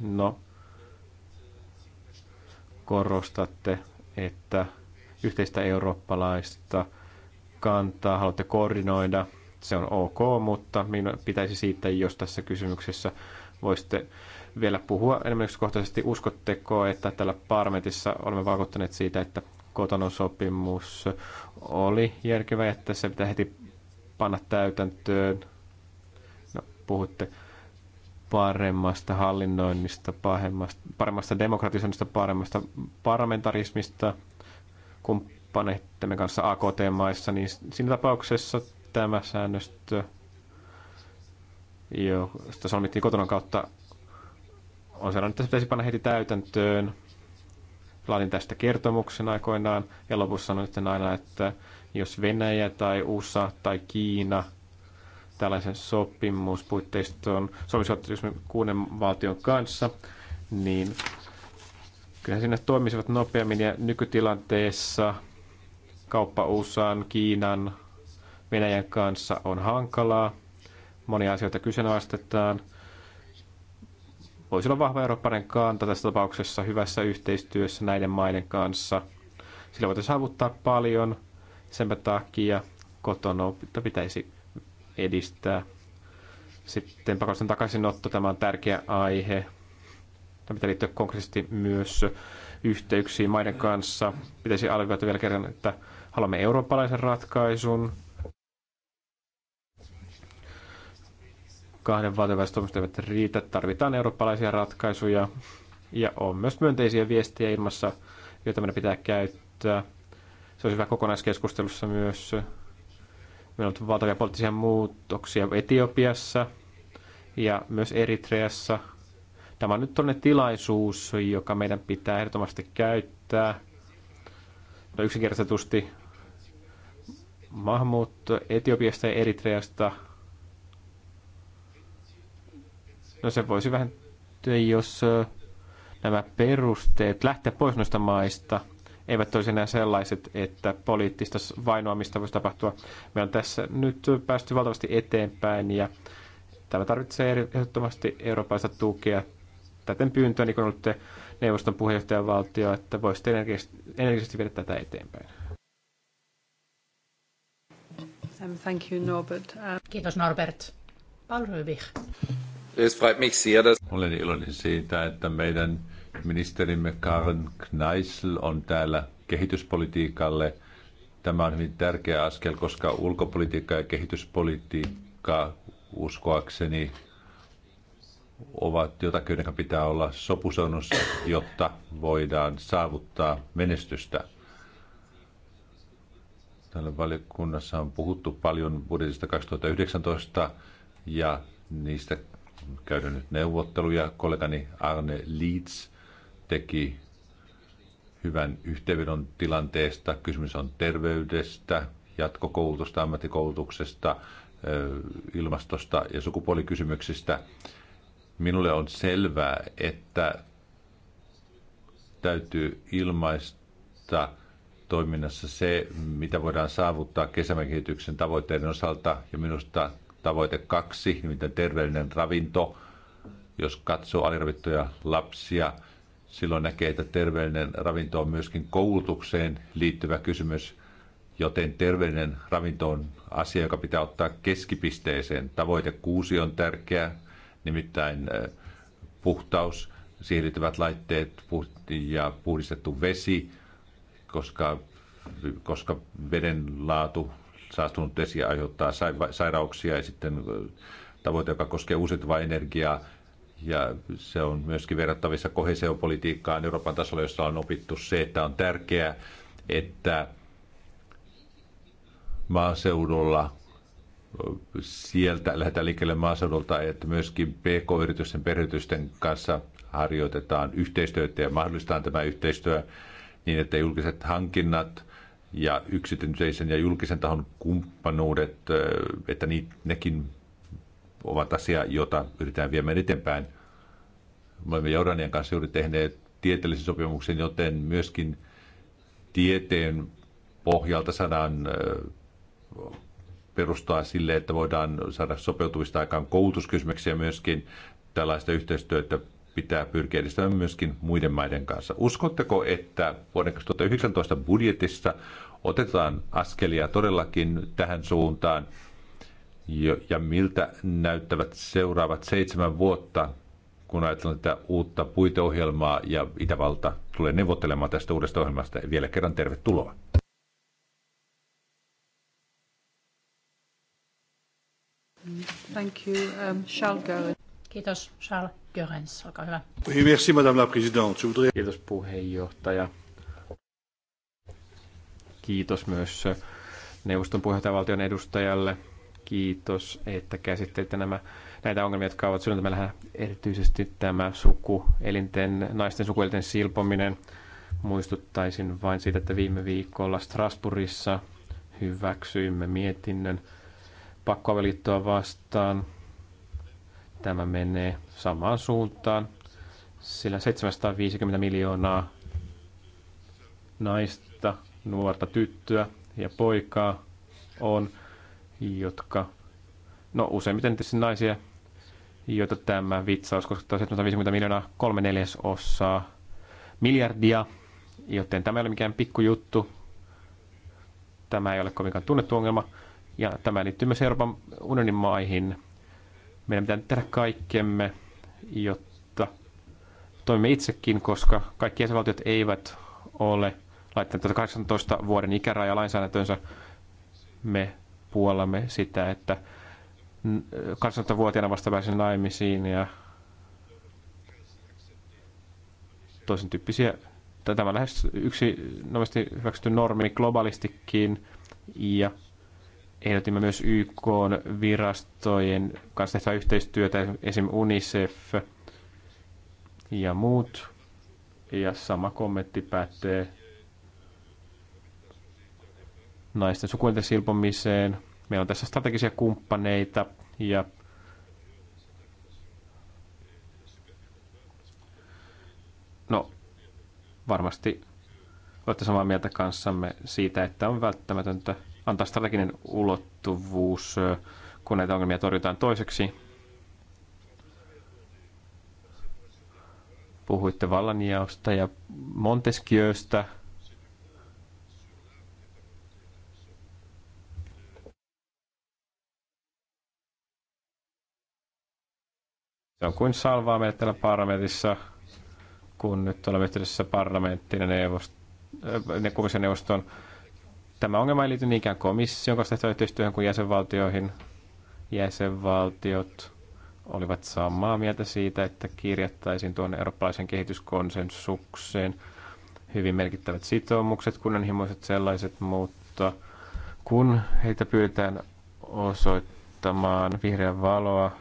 No, korostatte, että yhteistä eurooppalaista kantaa, haluatte koordinoida, se on ok, mutta minun pitäisi siitä, jos tässä kysymyksessä voisitte vielä puhua enemmän kohtaisesti Uskotteko, että tällä parlamentissa olemme vakuuttaneet siitä, että kotonon sopimus oli järkevä, että se pitää heti panna täytäntöön? No, puhutte paremmasta hallinnoinnista, paremmasta, paremmasta demokratisoinnista, paremmasta parlamentarismista – kumppaneittemme kanssa AKT-maissa, niin siinä tapauksessa tämä säännöstö, sitä solmittiin kotona kautta, on sellainen, että se pitäisi panna heti täytäntöön. Laatin tästä kertomuksen aikoinaan ja lopussa sanoin sitten aina, että jos Venäjä tai USA tai Kiina tällaisen sopimuspuitteiston sopisivat kuuden valtion kanssa, niin Kyllähän siinä toimisivat nopeammin ja nykytilanteessa kauppa USAn, Kiinan, Venäjän kanssa on hankalaa. Monia asioita kyseenalaistetaan. Voisi olla vahva eurooppalainen kanta tässä tapauksessa hyvässä yhteistyössä näiden maiden kanssa. Sillä voitaisiin saavuttaa paljon. Sen takia kotona pitäisi edistää. Sitten pakollisen takaisinotto, tämä on tärkeä aihe. Tämä pitää liittyä konkreettisesti myös yhteyksiin maiden kanssa. Pitäisi alkaa vielä kerran, että haluamme eurooppalaisen ratkaisun. Kahden valtioväestötoimistot eivät riitä, tarvitaan eurooppalaisia ratkaisuja. Ja on myös myönteisiä viestejä ilmassa, joita meidän pitää käyttää. Se olisi hyvä kokonaiskeskustelussa myös. Meillä on valtavia poliittisia muutoksia Etiopiassa ja myös Eritreassa – Tämä on nyt tuonne tilaisuus, joka meidän pitää ehdottomasti käyttää. No yksinkertaisesti maahanmuutto Etiopiasta ja Eritreasta. No se voisi vähän, jos nämä perusteet lähteä pois noista maista eivät olisi enää sellaiset, että poliittista vainoamista voisi tapahtua. Me on tässä nyt päästy valtavasti eteenpäin ja tämä tarvitsee ehdottomasti eurooppalaista tukea täten pyyntöön, niin kun olette neuvoston puheenjohtajavaltio, että voisitte energisesti viedä tätä eteenpäin. Um, thank you, Norbert. Um, Kiitos Norbert. Paul Rübich. Olen iloinen siitä, että meidän ministerimme Karen Kneissel on täällä kehityspolitiikalle. Tämä on hyvin tärkeä askel, koska ulkopolitiikka ja kehityspolitiikka uskoakseni ovat jotakin, joiden pitää olla sopusoinnussa, jotta voidaan saavuttaa menestystä. Täällä valiokunnassa on puhuttu paljon budjetista 2019 ja niistä käydään nyt neuvotteluja. Kollegani Arne Leeds teki hyvän yhteenvedon tilanteesta. Kysymys on terveydestä, jatkokoulutusta, ammattikoulutuksesta, ilmastosta ja sukupuolikysymyksistä. Minulle on selvää, että täytyy ilmaista toiminnassa se, mitä voidaan saavuttaa kesämäkehityksen tavoitteiden osalta. Ja minusta tavoite kaksi, nimittäin terveellinen ravinto. Jos katsoo aliravittuja lapsia, silloin näkee, että terveellinen ravinto on myöskin koulutukseen liittyvä kysymys, joten terveellinen ravinto on asia, joka pitää ottaa keskipisteeseen. Tavoite kuusi on tärkeä, nimittäin puhtaus, siirtyvät laitteet ja puhdistettu vesi, koska, koska veden laatu, saastunut vesi aiheuttaa sairauksia ja sitten tavoite, joka koskee uusiutuvaa energiaa, ja se on myöskin verrattavissa kohesiopolitiikkaan Euroopan tasolla, jossa on opittu se, että on tärkeää, että maaseudulla sieltä lähdetään liikkeelle maaseudulta, että myöskin PK-yritysten perhetysten kanssa harjoitetaan yhteistyötä ja mahdollistetaan tämä yhteistyö niin, että julkiset hankinnat ja yksityisen ja julkisen tahon kumppanuudet, että nekin ovat asia, jota yritetään viemään eteenpäin. Me olemme Jordanian kanssa juuri tehneet tieteellisen sopimuksen, joten myöskin tieteen pohjalta saadaan perustaa sille, että voidaan saada sopeutuvista aikaan koulutuskysymyksiä myöskin. Tällaista yhteistyötä pitää pyrkiä edistämään myöskin muiden maiden kanssa. Uskotteko, että vuoden 2019 budjetissa otetaan askelia todellakin tähän suuntaan? Ja miltä näyttävät seuraavat seitsemän vuotta, kun ajatellaan tätä uutta puiteohjelmaa ja Itävalta tulee neuvottelemaan tästä uudesta ohjelmasta. Vielä kerran tervetuloa. Thank you. Um, Charles Goren. Kiitos, Charles Görens. Olkaa hyvä. merci, Madame la Présidente. Voudrais... Kiitos, puheenjohtaja. Kiitos myös neuvoston puheenjohtajavaltion edustajalle. Kiitos, että käsittelitte nämä, näitä ongelmia, jotka ovat synnytämällä erityisesti tämä sukuelinten, elinten, naisten sukuelinten silpominen. Muistuttaisin vain siitä, että viime viikolla Strasbourgissa hyväksyimme mietinnön, pakkoavioliittoa vastaan. Tämä menee samaan suuntaan, sillä 750 miljoonaa naista, nuorta tyttöä ja poikaa on, jotka, no useimmiten tietysti naisia, joita tämä vitsaus koskettaa 750 miljoonaa kolme neljäsosaa miljardia, joten tämä ei ole mikään pikkujuttu. Tämä ei ole kovinkaan tunnettu ongelma. Ja tämä liittyy myös Euroopan unionin maihin. Meidän pitää tehdä kaikkemme, jotta toimimme itsekin, koska kaikki jäsenvaltiot eivät ole laittaneet 18 vuoden ikärajaa lainsäädäntönsä. Me puolamme sitä, että 18-vuotiaana vasta pääsen naimisiin ja toisen tyyppisiä. Tämä on lähes yksi hyväksytty normi globaalistikin ja ehdotimme myös YK virastojen kanssa tehtävää yhteistyötä, esim. UNICEF ja muut. Ja sama kommentti pätee naisten sukuelinten silpomiseen. Meillä on tässä strategisia kumppaneita ja no, varmasti olette samaa mieltä kanssamme siitä, että on välttämätöntä – antaa strateginen ulottuvuus, kun näitä ongelmia torjutaan toiseksi. Puhuitte vallanjaosta ja Montesquieuista. Se on kuin salvaa meitä täällä parlamentissa, kun nyt olemme yhteydessä parlamenttiin ja neuvost- ne neuvoston Tämä ongelma ei liity niinkään komission kanssa tehtävä yhteistyöhön kuin jäsenvaltioihin. Jäsenvaltiot olivat samaa mieltä siitä, että kirjattaisiin tuonne eurooppalaisen kehityskonsensukseen hyvin merkittävät sitoumukset, kunnianhimoiset sellaiset, mutta kun heitä pyydetään osoittamaan vihreän valoa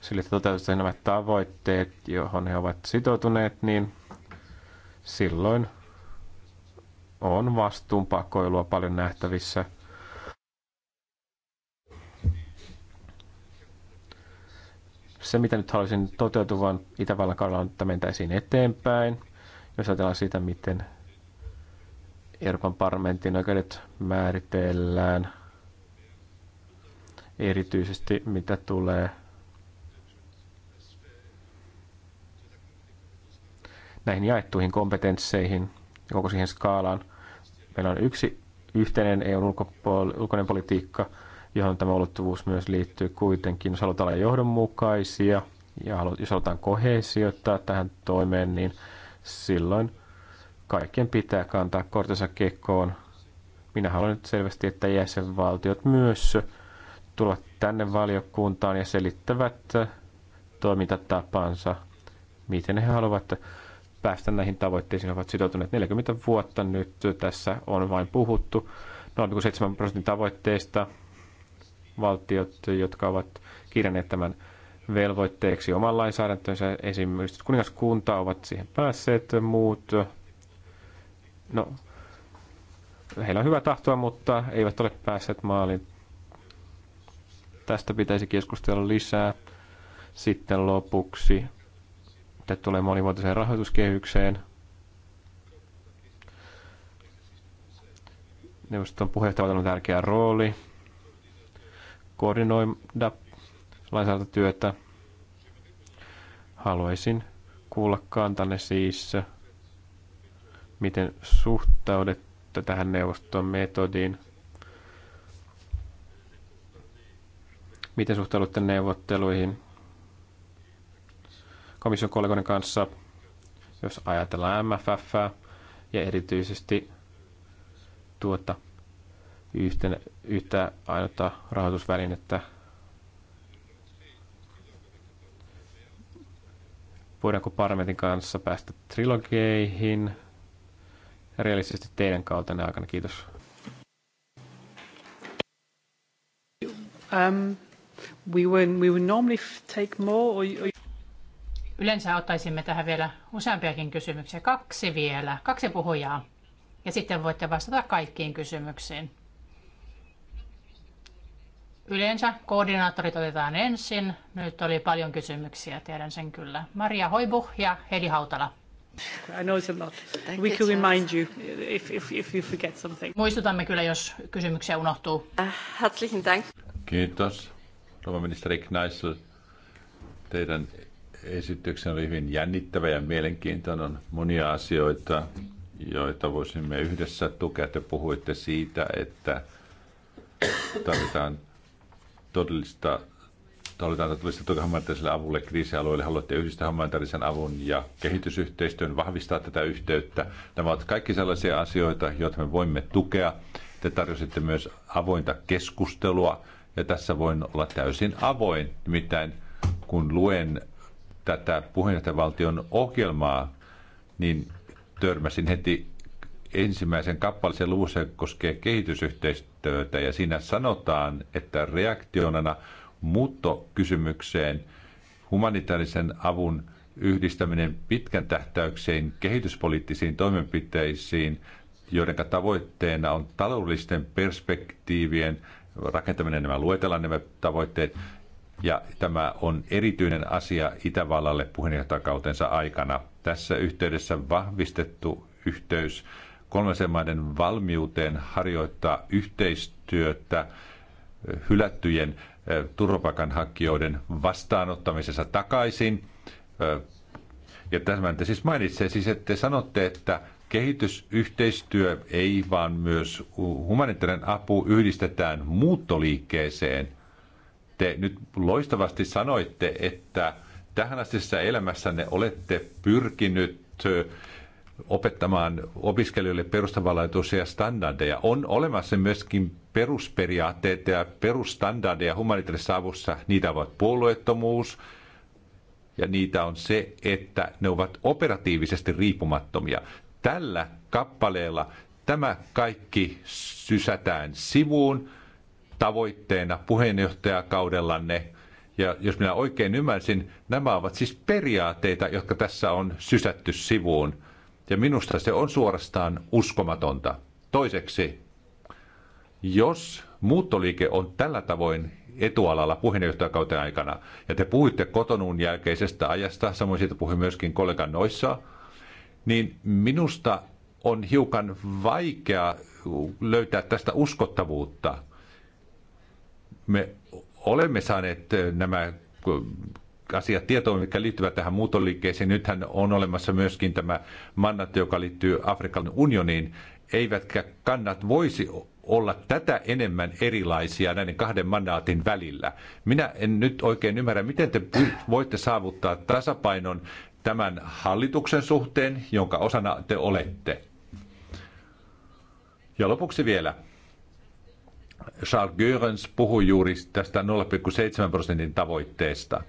sille, että toteutetaan nämä tavoitteet, johon he ovat sitoutuneet, niin silloin on vastuunpakoilua paljon nähtävissä. Se, mitä nyt haluaisin toteutuvan Itävallan kaudella, on, että mentäisiin eteenpäin. Jos ajatellaan sitä, miten Euroopan parlamentin oikeudet määritellään, erityisesti mitä tulee näihin jaettuihin kompetensseihin – koko siihen skaalaan. Meillä on yksi yhteinen EUn ulkoinen politiikka, johon tämä ulottuvuus myös liittyy kuitenkin. Jos halutaan olla johdonmukaisia ja jos halutaan kohesioittaa tähän toimeen, niin silloin kaikkien pitää kantaa kortensa kekoon. Minä haluan nyt selvästi, että jäsenvaltiot myös tulevat tänne valiokuntaan ja selittävät toimintatapansa, miten he haluavat päästä näihin tavoitteisiin, ovat sitoutuneet 40 vuotta nyt. Tässä on vain puhuttu 0,7 prosentin tavoitteista Valtiot, jotka ovat kirjanneet tämän velvoitteeksi oman lainsäädäntönsä, esimerkiksi kuningaskunta, ovat siihen päässeet muut. No, heillä on hyvä tahtoa, mutta eivät ole päässeet maaliin. Tästä pitäisi keskustella lisää. Sitten lopuksi mitä tulee monivuotiseen rahoituskehykseen. Neuvoston puheenjohtajalla on tärkeä rooli koordinoida lainsäädäntötyötä. Haluaisin kuulla kantanne siis, miten suhtaudette tähän neuvoston metodiin. Miten suhtaudutte neuvotteluihin komission kollegoiden kanssa, jos ajatellaan MFF ja erityisesti tuota yhtenä, yhtä ainutta rahoitusvälinettä. Voidaanko Parmetin kanssa päästä trilogeihin? Realistisesti teidän kautta aikana, kiitos. Um, we, were, we would normally take more or, or... Yleensä ottaisimme tähän vielä useampiakin kysymyksiä. Kaksi vielä, kaksi puhujaa. Ja sitten voitte vastata kaikkiin kysymyksiin. Yleensä koordinaattorit otetaan ensin. Nyt oli paljon kysymyksiä, tiedän sen kyllä. Maria Hoibuh ja Heli Hautala. I know it's a lot. Thank We can remind you if, if, if you forget something. Muistutamme kyllä, jos kysymyksiä unohtuu. Äh, herzlichen Dank. Kiitos, rouva ministeri Kneissel, teidän esityksen oli hyvin jännittävä ja mielenkiintoinen. On monia asioita, joita voisimme yhdessä tukea. Te puhuitte siitä, että tarvitaan todellista tarvitaan todellista tukea humanitaariselle avulle kriisialueille. Haluatte yhdistää humanitaarisen avun ja kehitysyhteistyön, vahvistaa tätä yhteyttä. Nämä ovat kaikki sellaisia asioita, joita me voimme tukea. Te tarjositte myös avointa keskustelua ja tässä voin olla täysin avoin. Nimittäin kun luen tätä puheenjohtajavaltion ohjelmaa, niin törmäsin heti ensimmäisen kappalisen luvussa, joka koskee kehitysyhteistyötä, ja siinä sanotaan, että reaktionana muuttokysymykseen humanitaarisen avun yhdistäminen pitkän tähtäykseen kehityspoliittisiin toimenpiteisiin, joiden tavoitteena on taloudellisten perspektiivien rakentaminen, nämä luetellaan nämä tavoitteet, ja tämä on erityinen asia Itävallalle puheenjohtajakautensa aikana. Tässä yhteydessä vahvistettu yhteys kolmansien maiden valmiuteen harjoittaa yhteistyötä eh, hylättyjen eh, turvapaikanhakijoiden vastaanottamisessa takaisin. Eh, ja tämän te siis mainitsee, siis että te sanotte, että kehitysyhteistyö ei vaan myös humanitaarinen apu yhdistetään muuttoliikkeeseen te nyt loistavasti sanoitte, että tähän astisessa elämässänne olette pyrkinyt opettamaan opiskelijoille perustavanlaatuisia standardeja. On olemassa myöskin perusperiaatteet ja perustandardeja humanitaarisessa avussa. Niitä ovat puolueettomuus, ja niitä on se, että ne ovat operatiivisesti riippumattomia. Tällä kappaleella tämä kaikki sysätään sivuun tavoitteena puheenjohtajakaudellanne. Ja jos minä oikein ymmärsin, nämä ovat siis periaatteita, jotka tässä on sysätty sivuun. Ja minusta se on suorastaan uskomatonta. Toiseksi, jos muuttoliike on tällä tavoin etualalla puheenjohtajakauteen aikana, ja te puhuitte kotonuun jälkeisestä ajasta, samoin siitä puhui myöskin kollega Noissa, niin minusta on hiukan vaikea löytää tästä uskottavuutta. Me olemme saaneet nämä asiat tietoon, mikä liittyvät tähän muutoliikkeeseen. Nythän on olemassa myöskin tämä mannat, joka liittyy Afrikan unioniin. Eivätkä kannat voisi olla tätä enemmän erilaisia näiden kahden mandaatin välillä. Minä en nyt oikein ymmärrä, miten te voitte saavuttaa tasapainon tämän hallituksen suhteen, jonka osana te olette. Ja lopuksi vielä Charles Görens puhui juuri tästä 0,7 prosentin tavoitteesta.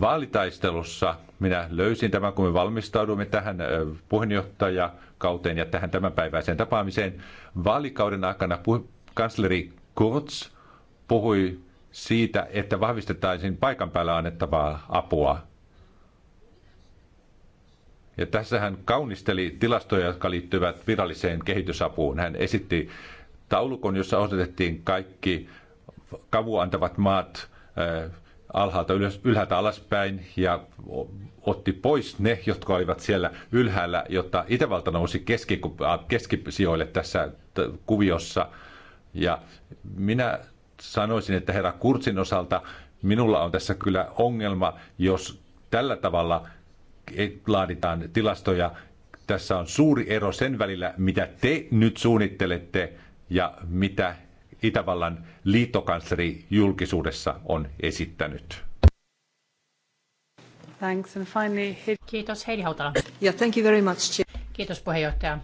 Vaalitaistelussa minä löysin tämän, kun me valmistaudumme tähän puheenjohtajakauteen ja tähän tämänpäiväiseen tapaamiseen. Vaalikauden aikana kansleri Kurz puhui siitä, että vahvistetaisiin paikan päällä annettavaa apua. Ja tässä hän kaunisteli tilastoja, jotka liittyvät viralliseen kehitysapuun. Hän esitti taulukon, jossa osoitettiin kaikki kavua antavat maat äh, alhaalta ylös, ylhäältä alaspäin ja otti pois ne, jotka olivat siellä ylhäällä, jotta Itävalta nousi keski, keskisijoille tässä kuviossa. Ja minä sanoisin, että herra Kurtsin osalta minulla on tässä kyllä ongelma, jos tällä tavalla – laaditaan tilastoja. Tässä on suuri ero sen välillä, mitä te nyt suunnittelette ja mitä Itävallan liittokansleri julkisuudessa on esittänyt. Thanks and finally... Kiitos Heidi Hautala. Yeah, thank you very much. Kiitos puheenjohtaja.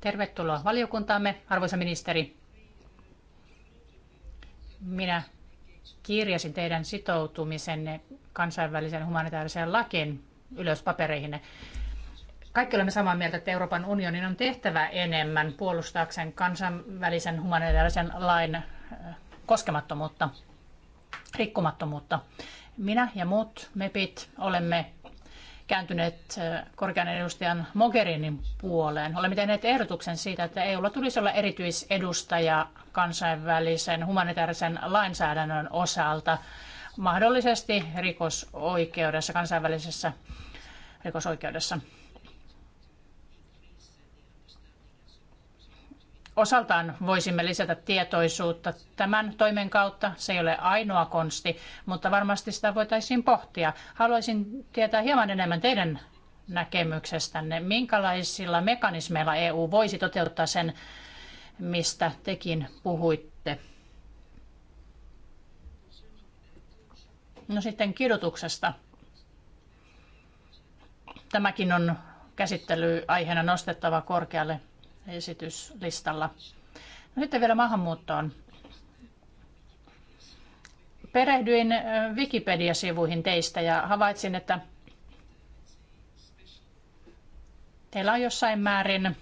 Tervetuloa valiokuntaamme, arvoisa ministeri. Minä kirjasi teidän sitoutumisenne kansainvälisen humanitaariseen lakiin ylös papereihin. Kaikki olemme samaa mieltä, että Euroopan unionin on tehtävä enemmän puolustaakseen kansainvälisen humanitaarisen lain koskemattomuutta, rikkumattomuutta. Minä ja muut MEPit olemme kääntyneet eh, korkean edustajan Mogherinin puoleen. Olemme tehneet ehdotuksen siitä, että EUlla tulisi olla erityisedustaja kansainvälisen humanitaarisen lainsäädännön osalta, mahdollisesti rikosoikeudessa, kansainvälisessä rikosoikeudessa. osaltaan voisimme lisätä tietoisuutta tämän toimen kautta. Se ei ole ainoa konsti, mutta varmasti sitä voitaisiin pohtia. Haluaisin tietää hieman enemmän teidän näkemyksestänne. Minkälaisilla mekanismeilla EU voisi toteuttaa sen, mistä tekin puhuitte? No sitten kidutuksesta. Tämäkin on käsittelyaiheena nostettava korkealle esityslistalla. No, sitten vielä maahanmuuttoon. Perehdyin Wikipedia-sivuihin teistä ja havaitsin, että teillä on jossain määrin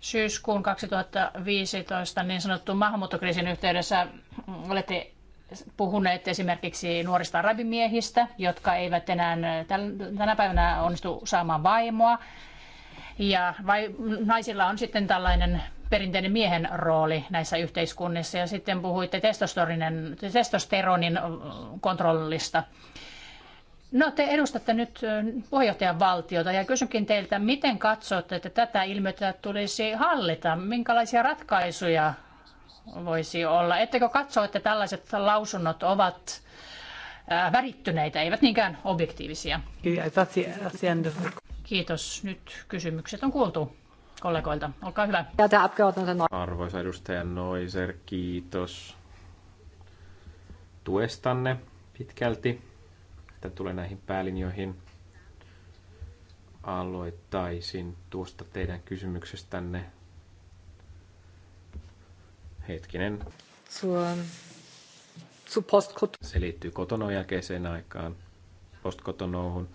syyskuun 2015 niin sanottu maahanmuuttokriisin yhteydessä olette puhuneet esimerkiksi nuorista arabimiehistä, jotka eivät enää tänä päivänä onnistu saamaan vaimoa. Ja vai, naisilla on sitten tällainen perinteinen miehen rooli näissä yhteiskunnissa. Ja sitten puhuitte testosteronin kontrollista. No te edustatte nyt puheenjohtajan valtiota ja kysynkin teiltä, miten katsotte, että tätä ilmiötä tulisi hallita? Minkälaisia ratkaisuja voisi olla? Ettekö katso, että tällaiset lausunnot ovat värittyneitä, eivät niinkään objektiivisia? Kiitos. Nyt kysymykset on kuultu kollegoilta. Olkaa hyvä. Arvoisa edustaja Noiser, kiitos tuestanne pitkälti. Mitä tulee näihin päälinjoihin, aloittaisin tuosta teidän kysymyksestänne. Hetkinen. Ähm, Se liittyy kotonon jälkeiseen aikaan, postkotonouhun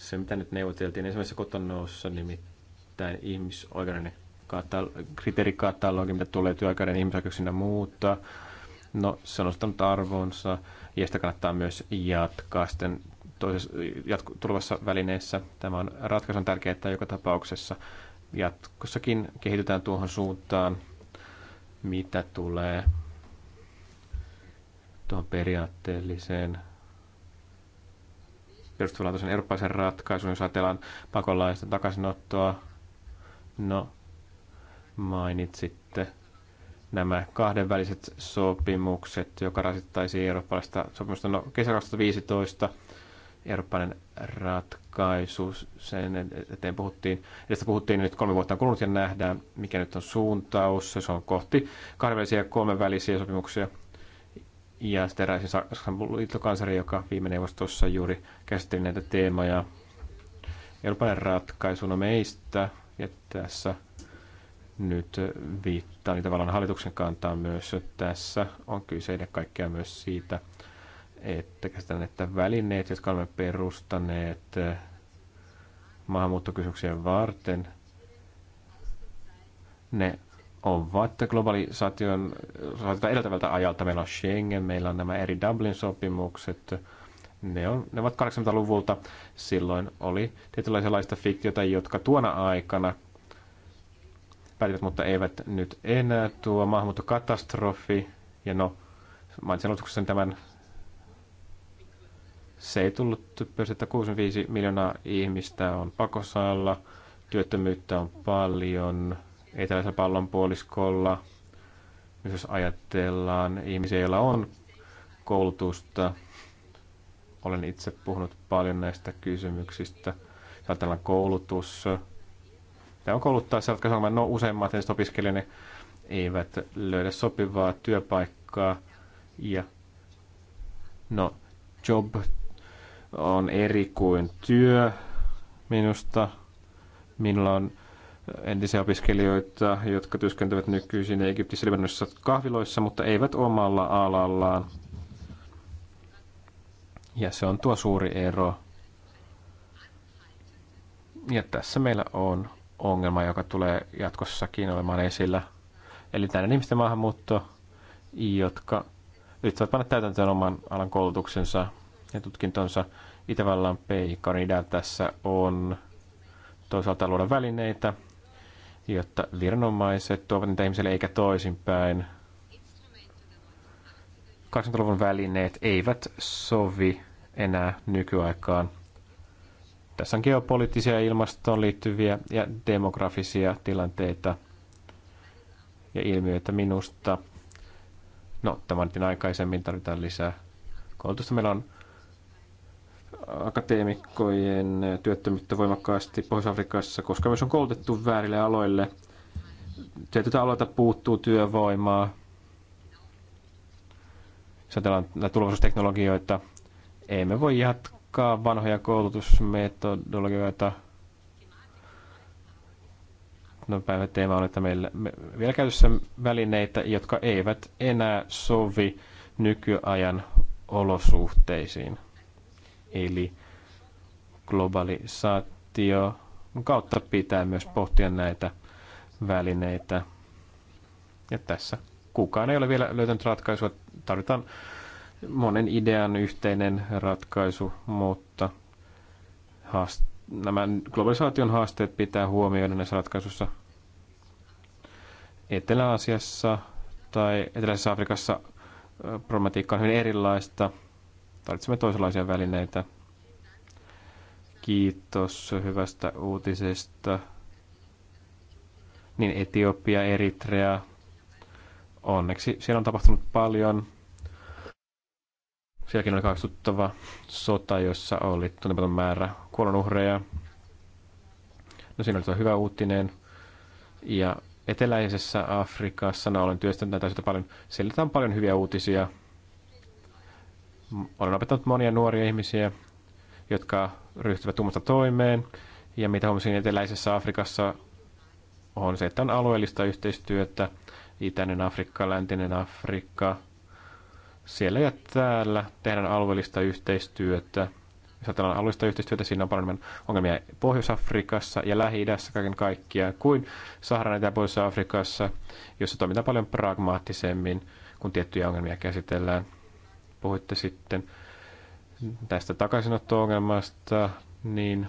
se, mitä nyt neuvoteltiin ensimmäisessä kotonnoussa, nimittäin ihmisoikeuden katal- kriteerikatalogi, mitä tulee työaikaiden ihmisoikeuksina ja no se on nostanut arvonsa ja sitä kannattaa myös jatkaa sitten toisessa, jatku- tulevassa välineessä. Tämä on ratkaisun tärkeää, että joka tapauksessa jatkossakin kehitytään tuohon suuntaan, mitä tulee tuohon periaatteelliseen perustuslaatuisen eurooppalaisen ratkaisun, jos ajatellaan pakolaista takaisinottoa. No, mainitsitte nämä kahdenväliset sopimukset, joka rasittaisi eurooppalaista sopimusta. No, kesä 2015 eurooppalainen ratkaisu, sen eteen puhuttiin, edestä puhuttiin nyt kolme vuotta on kulunut ja nähdään, mikä nyt on suuntaus. Se on kohti kahdenvälisiä ja kolmenvälisiä sopimuksia ja sitten eräisi Saksan liittokansari, joka viime neuvostossa juuri käsitteli näitä teemoja. Euroopan ratkaisuna no meistä, ja tässä nyt viittaa niin tavallaan hallituksen kantaa myös tässä, on kyse ennen kaikkea myös siitä, että käsitellään, että välineet, jotka olemme perustaneet maahanmuuttokysymyksien varten, ne ovat globalisaation edeltävältä ajalta. Meillä on Schengen, meillä on nämä eri Dublin-sopimukset. Ne, on, ne ovat 80-luvulta. Silloin oli tietynlaisia fiktiota, jotka tuona aikana päätivät, mutta eivät nyt enää. Tuo maahanmuuttokatastrofi, ja no, mainitsin aloituksessa tämän se ei tullut että 65 miljoonaa ihmistä on pakosalla, työttömyyttä on paljon, eteläisellä pallonpuoliskolla, jos ajatellaan ihmisiä, joilla on koulutusta. Olen itse puhunut paljon näistä kysymyksistä. Ajatellaan koulutus. Tämä on kouluttaa se ratkaisu, no useimmat opiskelijat eivät löydä sopivaa työpaikkaa. Ja no, job on eri kuin työ minusta. Minulla on entisiä opiskelijoita, jotka työskentelevät nykyisin Egyptissä Libanonissa kahviloissa, mutta eivät omalla alallaan. Ja se on tuo suuri ero. Ja tässä meillä on ongelma, joka tulee jatkossakin olemaan esillä. Eli tänne ihmisten maahanmuutto, jotka yrittävät panna täytäntöön oman alan koulutuksensa ja tutkintonsa. Itävallan peikon idea tässä on toisaalta luoda välineitä – jotta viranomaiset tuovat niitä ihmisille eikä toisinpäin. 80-luvun välineet eivät sovi enää nykyaikaan. Tässä on geopoliittisia ilmastoon liittyviä ja demografisia tilanteita ja ilmiöitä minusta. No, tämä aikaisemmin tarvitaan lisää koulutusta. Meillä on akateemikkojen työttömyyttä voimakkaasti Pohjois-Afrikassa, koska myös on koulutettu väärille aloille. Tietyiltä aloilta puuttuu työvoimaa. Jos ajatellaan näitä tulevaisuusteknologioita, emme voi jatkaa vanhoja koulutusmetodologioita. No, päivän teema on, että meillä me, vielä käytössä välineitä, jotka eivät enää sovi nykyajan olosuhteisiin. Eli globalisaatio kautta pitää myös pohtia näitä välineitä. Ja tässä kukaan ei ole vielä löytänyt ratkaisua. Tarvitaan monen idean yhteinen ratkaisu, mutta haast- nämä globalisaation haasteet pitää huomioida näissä ratkaisuissa. etelä aasiassa tai Eteläisessä Afrikassa problematiikka on hyvin erilaista tarvitsemme toisenlaisia välineitä. Kiitos hyvästä uutisesta. Niin Etiopia, Eritrea. Onneksi siellä on tapahtunut paljon. Sielläkin oli kaksuttava sota, jossa oli tuntematon määrä kuolonuhreja. No siinä oli tuo hyvä uutinen. Ja eteläisessä Afrikassa, no olen työstänyt näitä asioita paljon, siellä on paljon hyviä uutisia – olen opettanut monia nuoria ihmisiä, jotka ryhtyvät tuommoista toimeen. Ja mitä huomasin eteläisessä Afrikassa on se, että on alueellista yhteistyötä. Itäinen Afrikka, Läntinen Afrikka. Siellä ja täällä tehdään alueellista yhteistyötä. Jos ajatellaan alueellista yhteistyötä, siinä on paljon ongelmia Pohjois-Afrikassa ja Lähi-idässä kaiken kaikkiaan kuin Saharan pohjois Afrikassa, jossa toimitaan paljon pragmaattisemmin, kun tiettyjä ongelmia käsitellään – puhuitte sitten tästä takaisinotto-ongelmasta, niin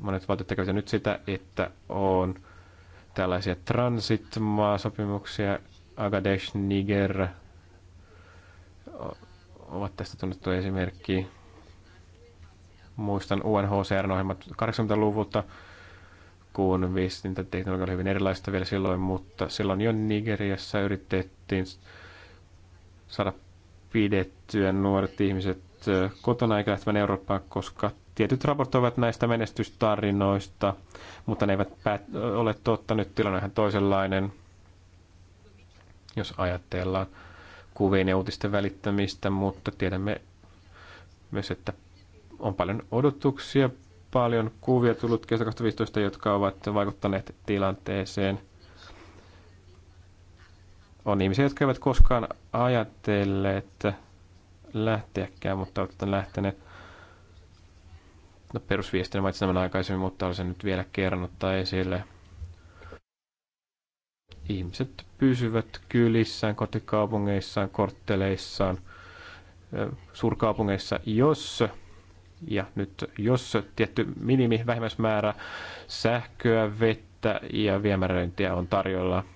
monet valtiot tekevät nyt sitä, että on tällaisia transit-maasopimuksia, Agadesh, Niger ovat tästä tunnettu esimerkki. Muistan UNHCR-ohjelmat 80-luvulta, kun viestintäteknologia oli hyvin erilaista vielä silloin, mutta silloin jo Nigeriassa yritettiin saada pidettyä nuoret ihmiset kotona eikä lähtevän Eurooppaan, koska tietyt raportoivat näistä menestystarinoista, mutta ne eivät päät- ole totta. Nyt tilanne on ihan toisenlainen, jos ajatellaan kuvien ja uutisten välittämistä, mutta tiedämme myös, että on paljon odotuksia, paljon kuvia tullut kesä 2015, jotka ovat vaikuttaneet tilanteeseen – on ihmisiä, jotka eivät koskaan ajatelleet lähteäkään, mutta ovat lähteneet. No, perusviestinä mä itse aikaisemmin, mutta olisin nyt vielä kerran ottaa esille. Ihmiset pysyvät kylissään, kotikaupungeissaan, kortteleissaan, suurkaupungeissa, jos ja nyt jos tietty minimi, vähimmäismäärä sähköä, vettä ja viemäröintiä on tarjolla –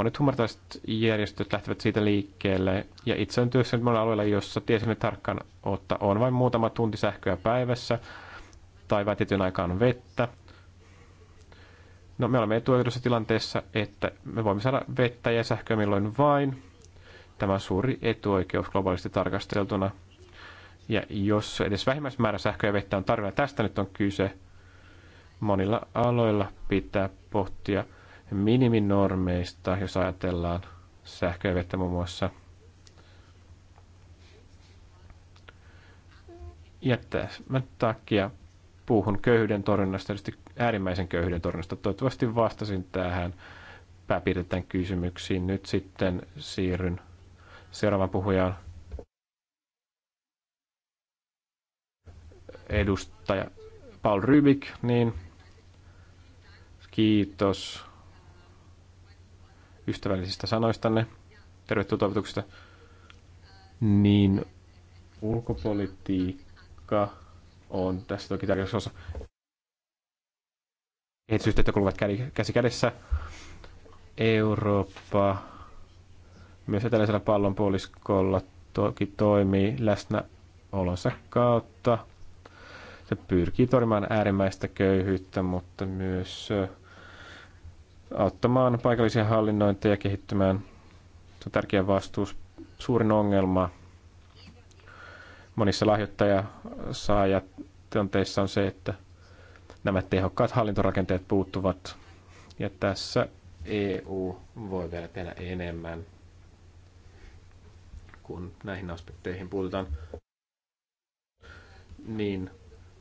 monet humanitaariset järjestöt lähtevät siitä liikkeelle. Ja itse olen työskennellyt monella alueella, jossa tiesin tarkkaan, että on vain muutama tunti sähköä päivässä tai vain aikaan vettä. No me olemme etuoikeudessa tilanteessa, että me voimme saada vettä ja sähköä milloin vain. Tämä on suuri etuoikeus globaalisti tarkasteltuna. Ja jos edes vähimmäismäärä sähköä ja vettä on tarvella, tästä nyt on kyse. Monilla aloilla pitää pohtia – miniminormeista, jos ajatellaan sähköä ja vettä muun muassa. Ja tämän takia puhun köyhyyden torjunnasta, tietysti äärimmäisen köyhyyden torjunnasta. Toivottavasti vastasin tähän pääpiirteiden kysymyksiin. Nyt sitten siirryn seuraavan puhujaan. Edustaja Paul Rybik, niin kiitos ystävällisistä sanoistanne. Tervetuloa toivotuksista. Niin ulkopolitiikka on tässä toki tärkeässä osa. Kehitysyhteyttä kuluvat käsi kädessä. Eurooppa myös eteläisellä pallonpuoliskolla toki toimii läsnäolonsa kautta. Se pyrkii torjumaan äärimmäistä köyhyyttä, mutta myös auttamaan paikallisia hallinnointeja kehittymään. Se on tärkeä vastuus. Suurin ongelma monissa lahjoittajasaajatilanteissa on se, että nämä tehokkaat hallintorakenteet puuttuvat. Ja tässä EU voi vielä tehdä enemmän, kun näihin aspekteihin puututaan. Niin,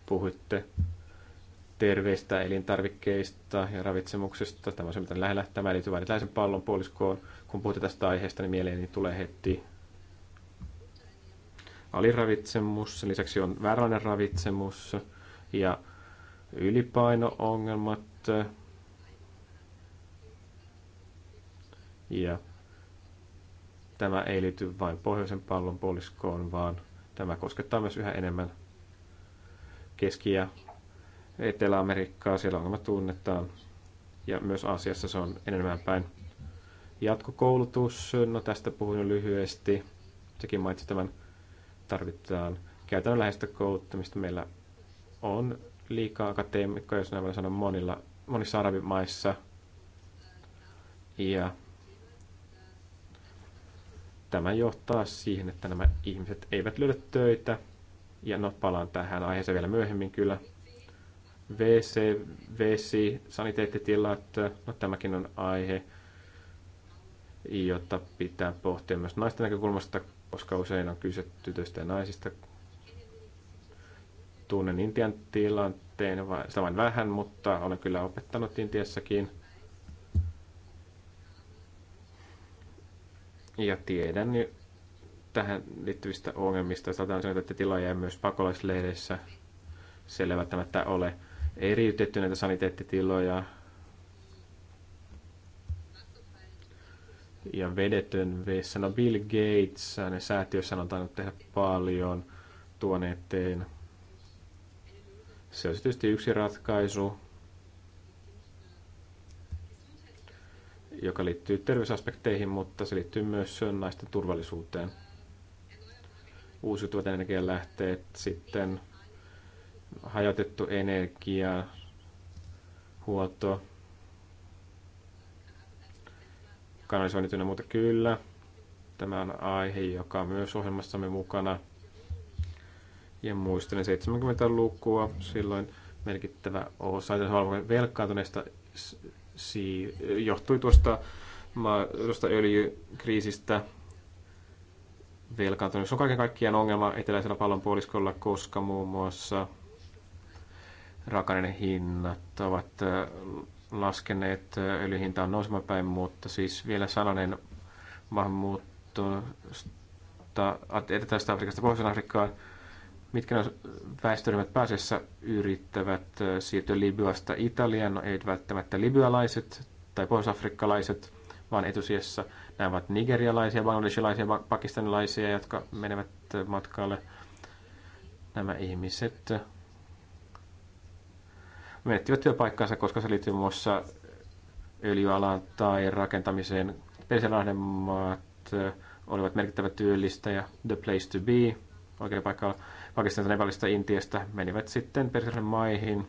puhuitte terveistä elintarvikkeista ja ravitsemuksesta. Tämä on se, mitä lähellä. Tämä liittyy vain pallon puoliskoon. Kun puhutte tästä aiheesta, niin mieleeni tulee heti aliravitsemus, sen lisäksi on vääränlainen ravitsemus ja ylipaino-ongelmat ja tämä ei liity vain pohjoisen pallonpuoliskoon, vaan tämä koskettaa myös yhä enemmän Keski- ja Etelä-Amerikkaa, siellä on tunnetaan. Ja myös Aasiassa se on enemmän päin. Jatkokoulutus, no tästä puhuin jo lyhyesti. Sekin mainitsi tämän, tarvitaan käytännönläheistä kouluttamista. Meillä on liikaa akateemikkoja, jos näin voi sanoa, monilla, monissa arabimaissa. Ja tämä johtaa siihen, että nämä ihmiset eivät löydä töitä. Ja no, palaan tähän aiheeseen vielä myöhemmin kyllä. WC, vesi, saniteettitilat, no tämäkin on aihe, jota pitää pohtia myös naisten näkökulmasta, koska usein on kyse tytöistä ja naisista. Tunnen Intian tilanteen, sitä vain vähän, mutta olen kyllä opettanut Intiassakin. Ja tiedän tähän liittyvistä ongelmista. Saatan sanoa, että tiloja jää myös pakolaisleireissä selvä välttämättä ole eriytetty näitä saniteettitiloja ja vedetyn vessa. No Bill Gates, ne säätiössä on tainnut tehdä paljon tuon eteen. Se on tietysti yksi ratkaisu, joka liittyy terveysaspekteihin, mutta se liittyy myös naisten turvallisuuteen. Uusiutuvat lähteet sitten hajotettu energia, huolto, kanalisoinnit ja muuta. Kyllä, tämä on aihe, joka on myös ohjelmassamme mukana. Ja muistelen 70-lukua, silloin merkittävä osa valvojen velkaantuneesta si- johtui tuosta, ma- tuosta öljykriisistä. Velkaantuneessa on kaiken kaikkiaan ongelma eteläisellä pallonpuoliskolla, koska muun muassa – raaka hinnat ovat laskeneet, öljyn hinta on nousemapäin, mutta siis vielä sananen maahanmuuttosta Etelä-Afrikasta Afrikasta Pohjois-Afrikkaan. Mitkä ne väestöryhmät pääsessä yrittävät siirtyä Libyasta Italiaan? No ei välttämättä libyalaiset tai pohjoisafrikkalaiset, vaan etusijassa nämä ovat nigerialaisia, bangladesilaisia, pakistanilaisia, jotka menevät matkalle. Nämä ihmiset menettivät työpaikkansa, koska se liittyy muun muassa öljyalaan tai rakentamiseen. Persialahden maat olivat merkittävä työllistäjä, the place to be, oikein paikka Pakistanista, Nepalista, Intiasta, menivät sitten Persialahden maihin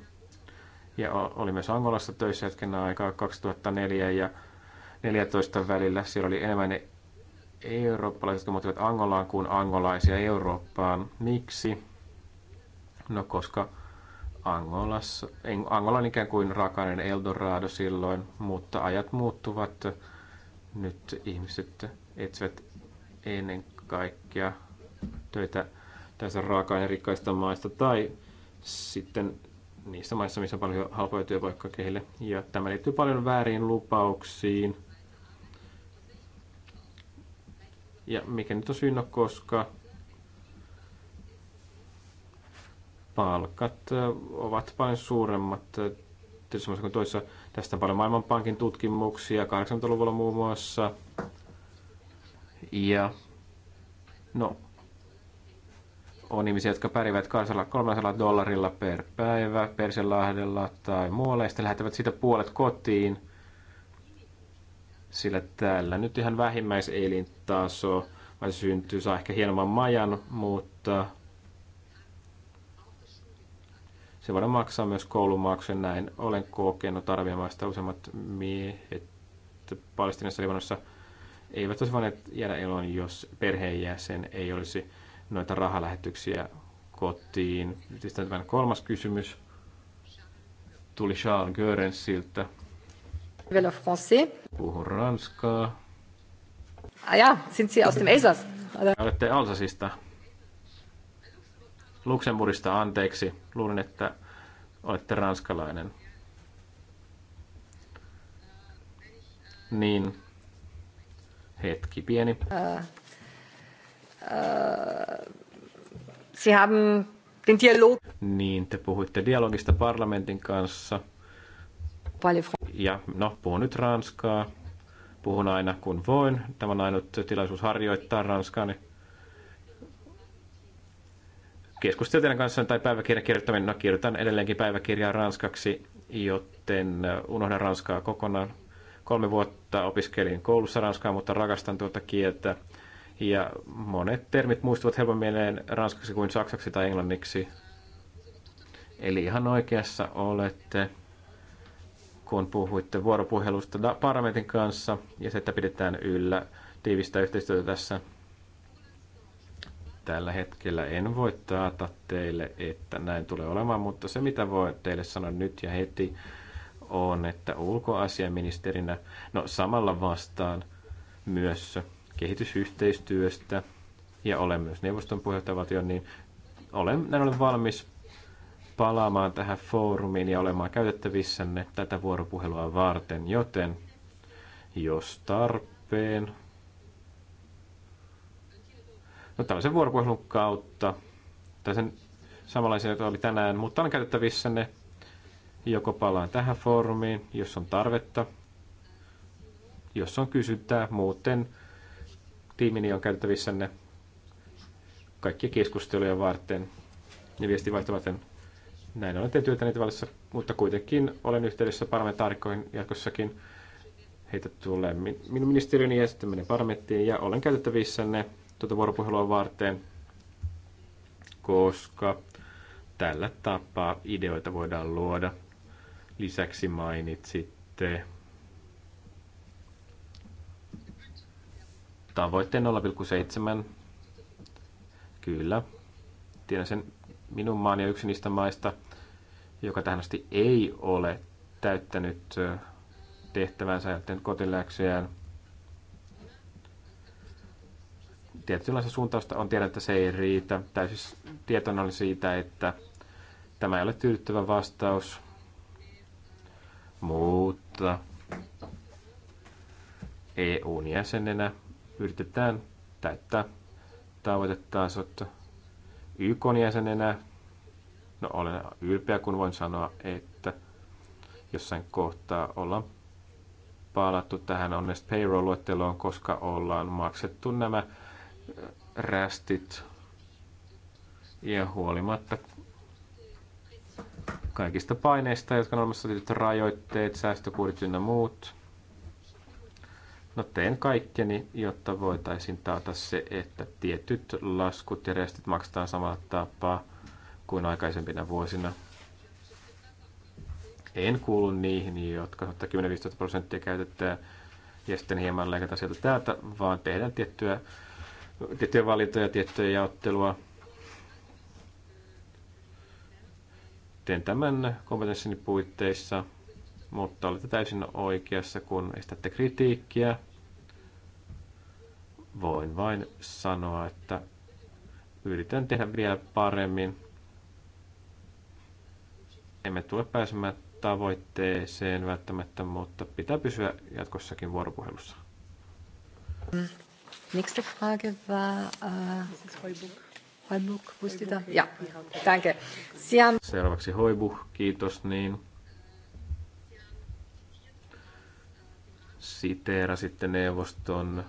ja oli myös Angolassa töissä hetken aikaa 2004 ja 2014 välillä. Siellä oli enemmän eurooppalaiset, jotka muuttivat Angolaan kuin angolaisia Eurooppaan. Miksi? No koska Angolassa, Angola on ikään kuin rakainen Eldorado silloin, mutta ajat muuttuvat. Nyt ihmiset etsivät ennen kaikkea töitä tässä raaka rikkaista maista tai sitten niissä maissa, missä on paljon halpoja työpaikkoja kehille. Ja tämä liittyy paljon väärin lupauksiin. Ja mikä nyt on syynä, koska palkat ovat vain suuremmat tietysti kuin toissa. Tästä on paljon Maailmanpankin tutkimuksia 80-luvulla muun muassa. Ja no, on ihmisiä, jotka pärjäävät 300 dollarilla per päivä Persenlahdella tai muualla, ja sitten lähettävät siitä puolet kotiin, sillä täällä nyt ihan vähimmäiselintaso, vai syntyy, saa ehkä hienomman majan, mutta se voidaan maksaa myös koulumaksun. Näin olen kokenut arvioimaista useimmat miehet Palestinassa Libanossa eivät olisi voineet jäädä eloon, jos perheenjäsen ei olisi noita rahalähetyksiä kotiin. Sitten tämän kolmas kysymys tuli Charles Görensiltä. Puhun ranskaa. Ah ja, sind Sie aus dem Olette Alsasista. Luxemburgista anteeksi. Luulin, että olette ranskalainen. Niin. Hetki pieni. Uh, uh, Sie haben den Dialog. Niin, te puhuitte dialogista parlamentin kanssa. Ja no, puhun nyt ranskaa. Puhun aina kun voin. Tämä on ainut tilaisuus harjoittaa ranskaa, niin keskustella kanssa tai päiväkirjan kirjoittaminen. No, kirjoitan edelleenkin päiväkirjaa ranskaksi, joten äh, unohdan ranskaa kokonaan. Kolme vuotta opiskelin koulussa ranskaa, mutta rakastan tuota kieltä. Ja monet termit muistuvat helpommin mieleen ranskaksi kuin saksaksi tai englanniksi. Eli ihan oikeassa olette, kun puhuitte vuoropuhelusta parlamentin kanssa ja se, että pidetään yllä tiivistä yhteistyötä tässä tällä hetkellä en voi taata teille, että näin tulee olemaan, mutta se mitä voin teille sanoa nyt ja heti on, että ulkoasiaministerinä, no samalla vastaan myös kehitysyhteistyöstä ja olen myös neuvoston puheenjohtajavaltio, niin olen, näin olen valmis palaamaan tähän foorumiin ja olemaan käytettävissänne tätä vuoropuhelua varten, joten jos tarpeen, No tällaisen vuoropuhelun kautta, tai sen samanlaisia, joita oli tänään, mutta on käytettävissä ne. Joko palaan tähän foorumiin, jos on tarvetta, jos on kysyntää, muuten tiimini on käytettävissä ne kaikkia keskusteluja varten ja viestivaihto varten. Näin olen tehnyt työtä niitä välissä, mutta kuitenkin olen yhteydessä parlamentaarikkoihin jatkossakin. Heitä tulee minun ministeriöni ja sitten menen parlamenttiin ja olen käytettävissä ne tuota vuoropuhelua varten, koska tällä tapaa ideoita voidaan luoda. Lisäksi mainitsitte tavoitteen 0,7. Kyllä. Tiedän sen minun maan ja yksi niistä maista, joka tähän asti ei ole täyttänyt tehtävänsä ja kotiläksyjään – tietynlaista suuntausta on. tiedä, että se ei riitä. Täysin siis tietoinen oli siitä, että tämä ei ole tyydyttävä vastaus, mutta EUn jäsenenä yritetään täyttää tavoitetasot. YKn jäsenenä no, olen ylpeä, kun voin sanoa, että jossain kohtaa ollaan palattu tähän Honest Payroll-luetteloon, koska ollaan maksettu nämä rästit ja huolimatta kaikista paineista, jotka on olemassa tietyt rajoitteet, säästökuudit ynnä muut. No teen kaikkeni, jotta voitaisiin taata se, että tietyt laskut ja restit maksetaan samalla tapaa kuin aikaisempina vuosina. En kuulu niihin, jotka 10-15 prosenttia käytetään ja sitten hieman leikataan sieltä täältä, vaan tehdään tiettyä tiettyjä valintoja, tiettyjä jaottelua. Teen tämän kompetenssini puitteissa, mutta olette täysin oikeassa, kun estätte kritiikkiä. Voin vain sanoa, että yritän tehdä vielä paremmin. Emme tule pääsemään tavoitteeseen välttämättä, mutta pitää pysyä jatkossakin vuoropuhelussa. Mm. Nächste Frage war äh, Heubuch. Heubuch, Ja, danke. Sie haben... kiitos niin. sitten neuvoston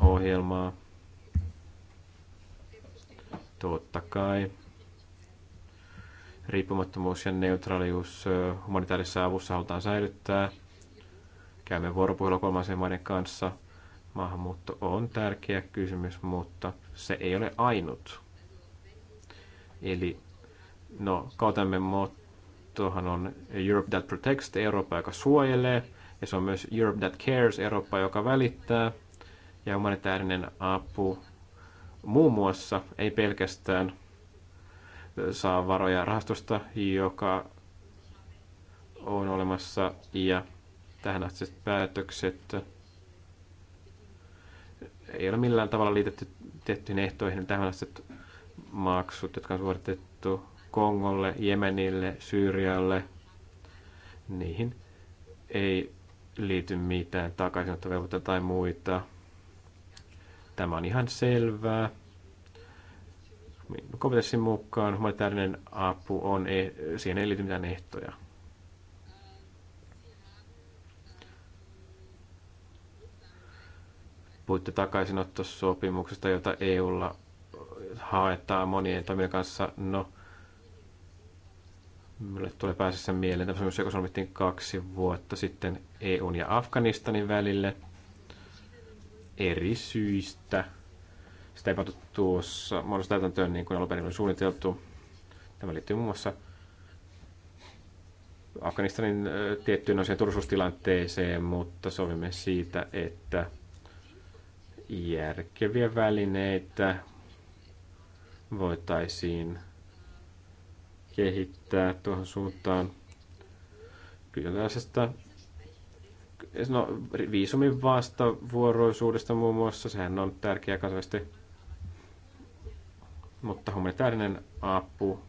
ohjelmaa. Totta kai. Riippumattomuus ja neutraalius humanitaarisessa avussa halutaan säilyttää. Käymme vuoropuhelua kolmansien maiden kanssa – Maahanmuutto on tärkeä kysymys, mutta se ei ole ainut. Eli no, kautemme mottohan on Europe that protects, Eurooppa, joka suojelee, ja se on myös Europe that cares, Eurooppa, joka välittää, ja humanitaarinen apu muun muassa ei pelkästään saa varoja rahastosta, joka on olemassa, ja tähän asti päätökset ei ole millään tavalla liitetty tiettyihin ehtoihin tämmöiset maksut, jotka on suoritettu Kongolle, Jemenille, Syyrialle, niihin ei liity mitään takaisinottovelvoitteita tai muita. Tämä on ihan selvää. Kompetenssin mukaan humanitaarinen apu on, e- siihen ei liity mitään ehtoja. Puhuitte takaisinottosopimuksesta, jota EUlla haetaan monien toimien kanssa. No, Mulle tuli pääsessä mieleen tämä sopimus, joka solmittiin kaksi vuotta sitten EUn ja Afganistanin välille eri syistä. Sitä ei pantu tuossa muodossa täytäntöön niin kuin alun oli suunniteltu. Tämä liittyy muun muassa Afganistanin tiettyyn osien turvallisuustilanteeseen, mutta sovimme siitä, että järkeviä välineitä voitaisiin kehittää tuohon suuntaan. Kyllä no, viisumin vastavuoroisuudesta muun muassa, sehän on tärkeä kansainvälisesti. Mutta humanitaarinen apu,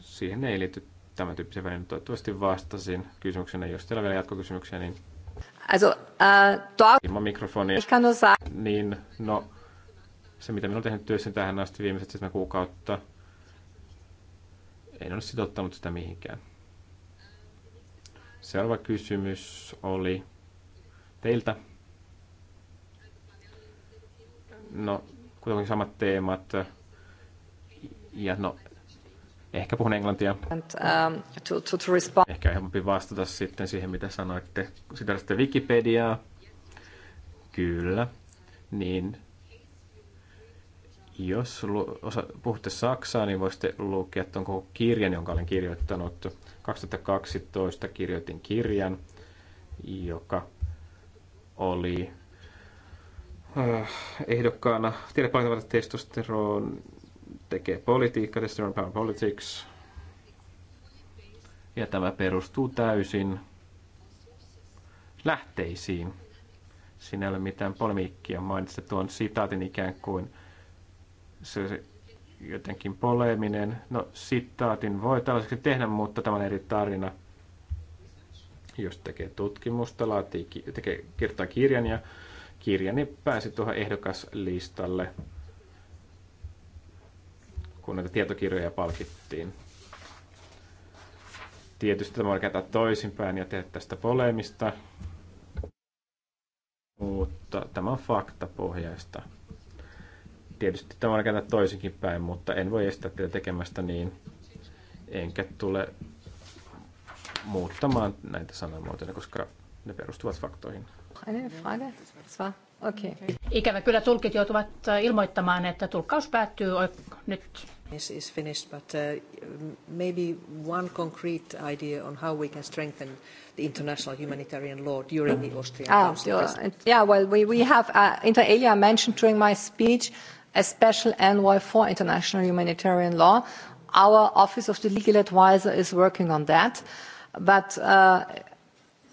siihen ei liity tämän tyyppisen välineen. Toivottavasti vastasin kysymyksenne. Jos teillä on vielä jatkokysymyksiä, niin Also, äh, Ilman mikrofonia. Ich kann nur sagen. Niin, no, se mitä minä olen tehnyt työssä niin tähän asti viimeiset seitsemän kuukautta, en ole sitouttanut sitä mihinkään. Seuraava kysymys oli teiltä. No, kuitenkin samat teemat. Ja no, Ehkä puhun englantia. And, um, to, to, to respond. Ehkä helpompi vastata sitten siihen, mitä sanoitte. Sitä sitten Wikipediaa. Kyllä. Niin jos lu- osa- puhutte Saksaa, niin voisitte lukea tuon koko kirjan, jonka olen kirjoittanut. 2012 kirjoitin kirjan, joka oli äh, ehdokkaana tiedepainotavalle testosteron tekee politiikkaa, Destroy Power Politics. Ja tämä perustuu täysin lähteisiin. Siinä ei ole mitään polemiikkia. Mainitsitte tuon sitaatin ikään kuin se jotenkin poleminen. No, sitaatin voi tällaiseksi tehdä, mutta tämä on eri tarina. Jos tekee tutkimusta, laatii, tekee, kirjoittaa kirjan ja kirjani pääsi tuohon ehdokaslistalle kun näitä tietokirjoja palkittiin. Tietysti tämä voi kääntää toisinpäin ja tehdä tästä polemista, mutta tämä on faktapohjaista. Tietysti tämä voi kääntää toisinkin päin, mutta en voi estää teitä tekemästä niin, enkä tule muuttamaan näitä sanamuotoja, koska ne perustuvat faktoihin. Eine Frage? Das war Okay. Ikävä kyllä tulkit joutuvat ilmoittamaan, että tulkkaus päättyy nyt. This is finished, but uh, maybe one concrete idea on how we can strengthen the international humanitarian law during the Austrian ah, Council. Yeah, yeah, well, we, we have, uh, inter alia mentioned during my speech, a special envoy for international humanitarian law. Our Office of the Legal Advisor is working on that. But uh,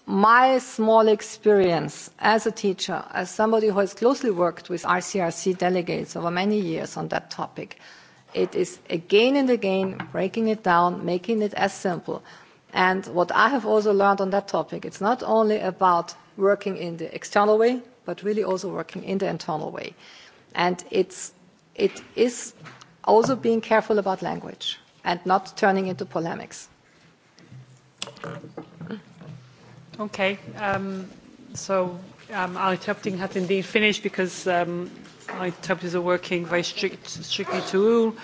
my small experience as a teacher, as somebody who has closely worked with ICRC delegates over many years on that topic, it is again and again breaking it down, making it as simple. And what I have also learned on that topic, it's not only about working in the external way, but really also working in the internal way. And it's, it is also being careful about language and not turning into polemics. Okay. Um, so um, Ali Topting had indeed finished because um, Ali Toptings are working very strict, strictly to rule.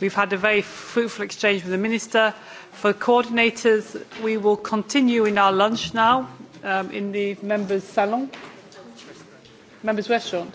We've had a very fruitful exchange with the Minister. For coordinators, we will continue in our lunch now um, in the members' salon, members' restaurant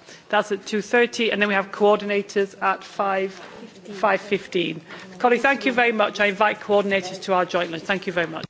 That's at 2.30 and then we have coordinators at 5.15. Colleagues, thank you very much. I invite coordinators to our joint lunch. Thank you very much.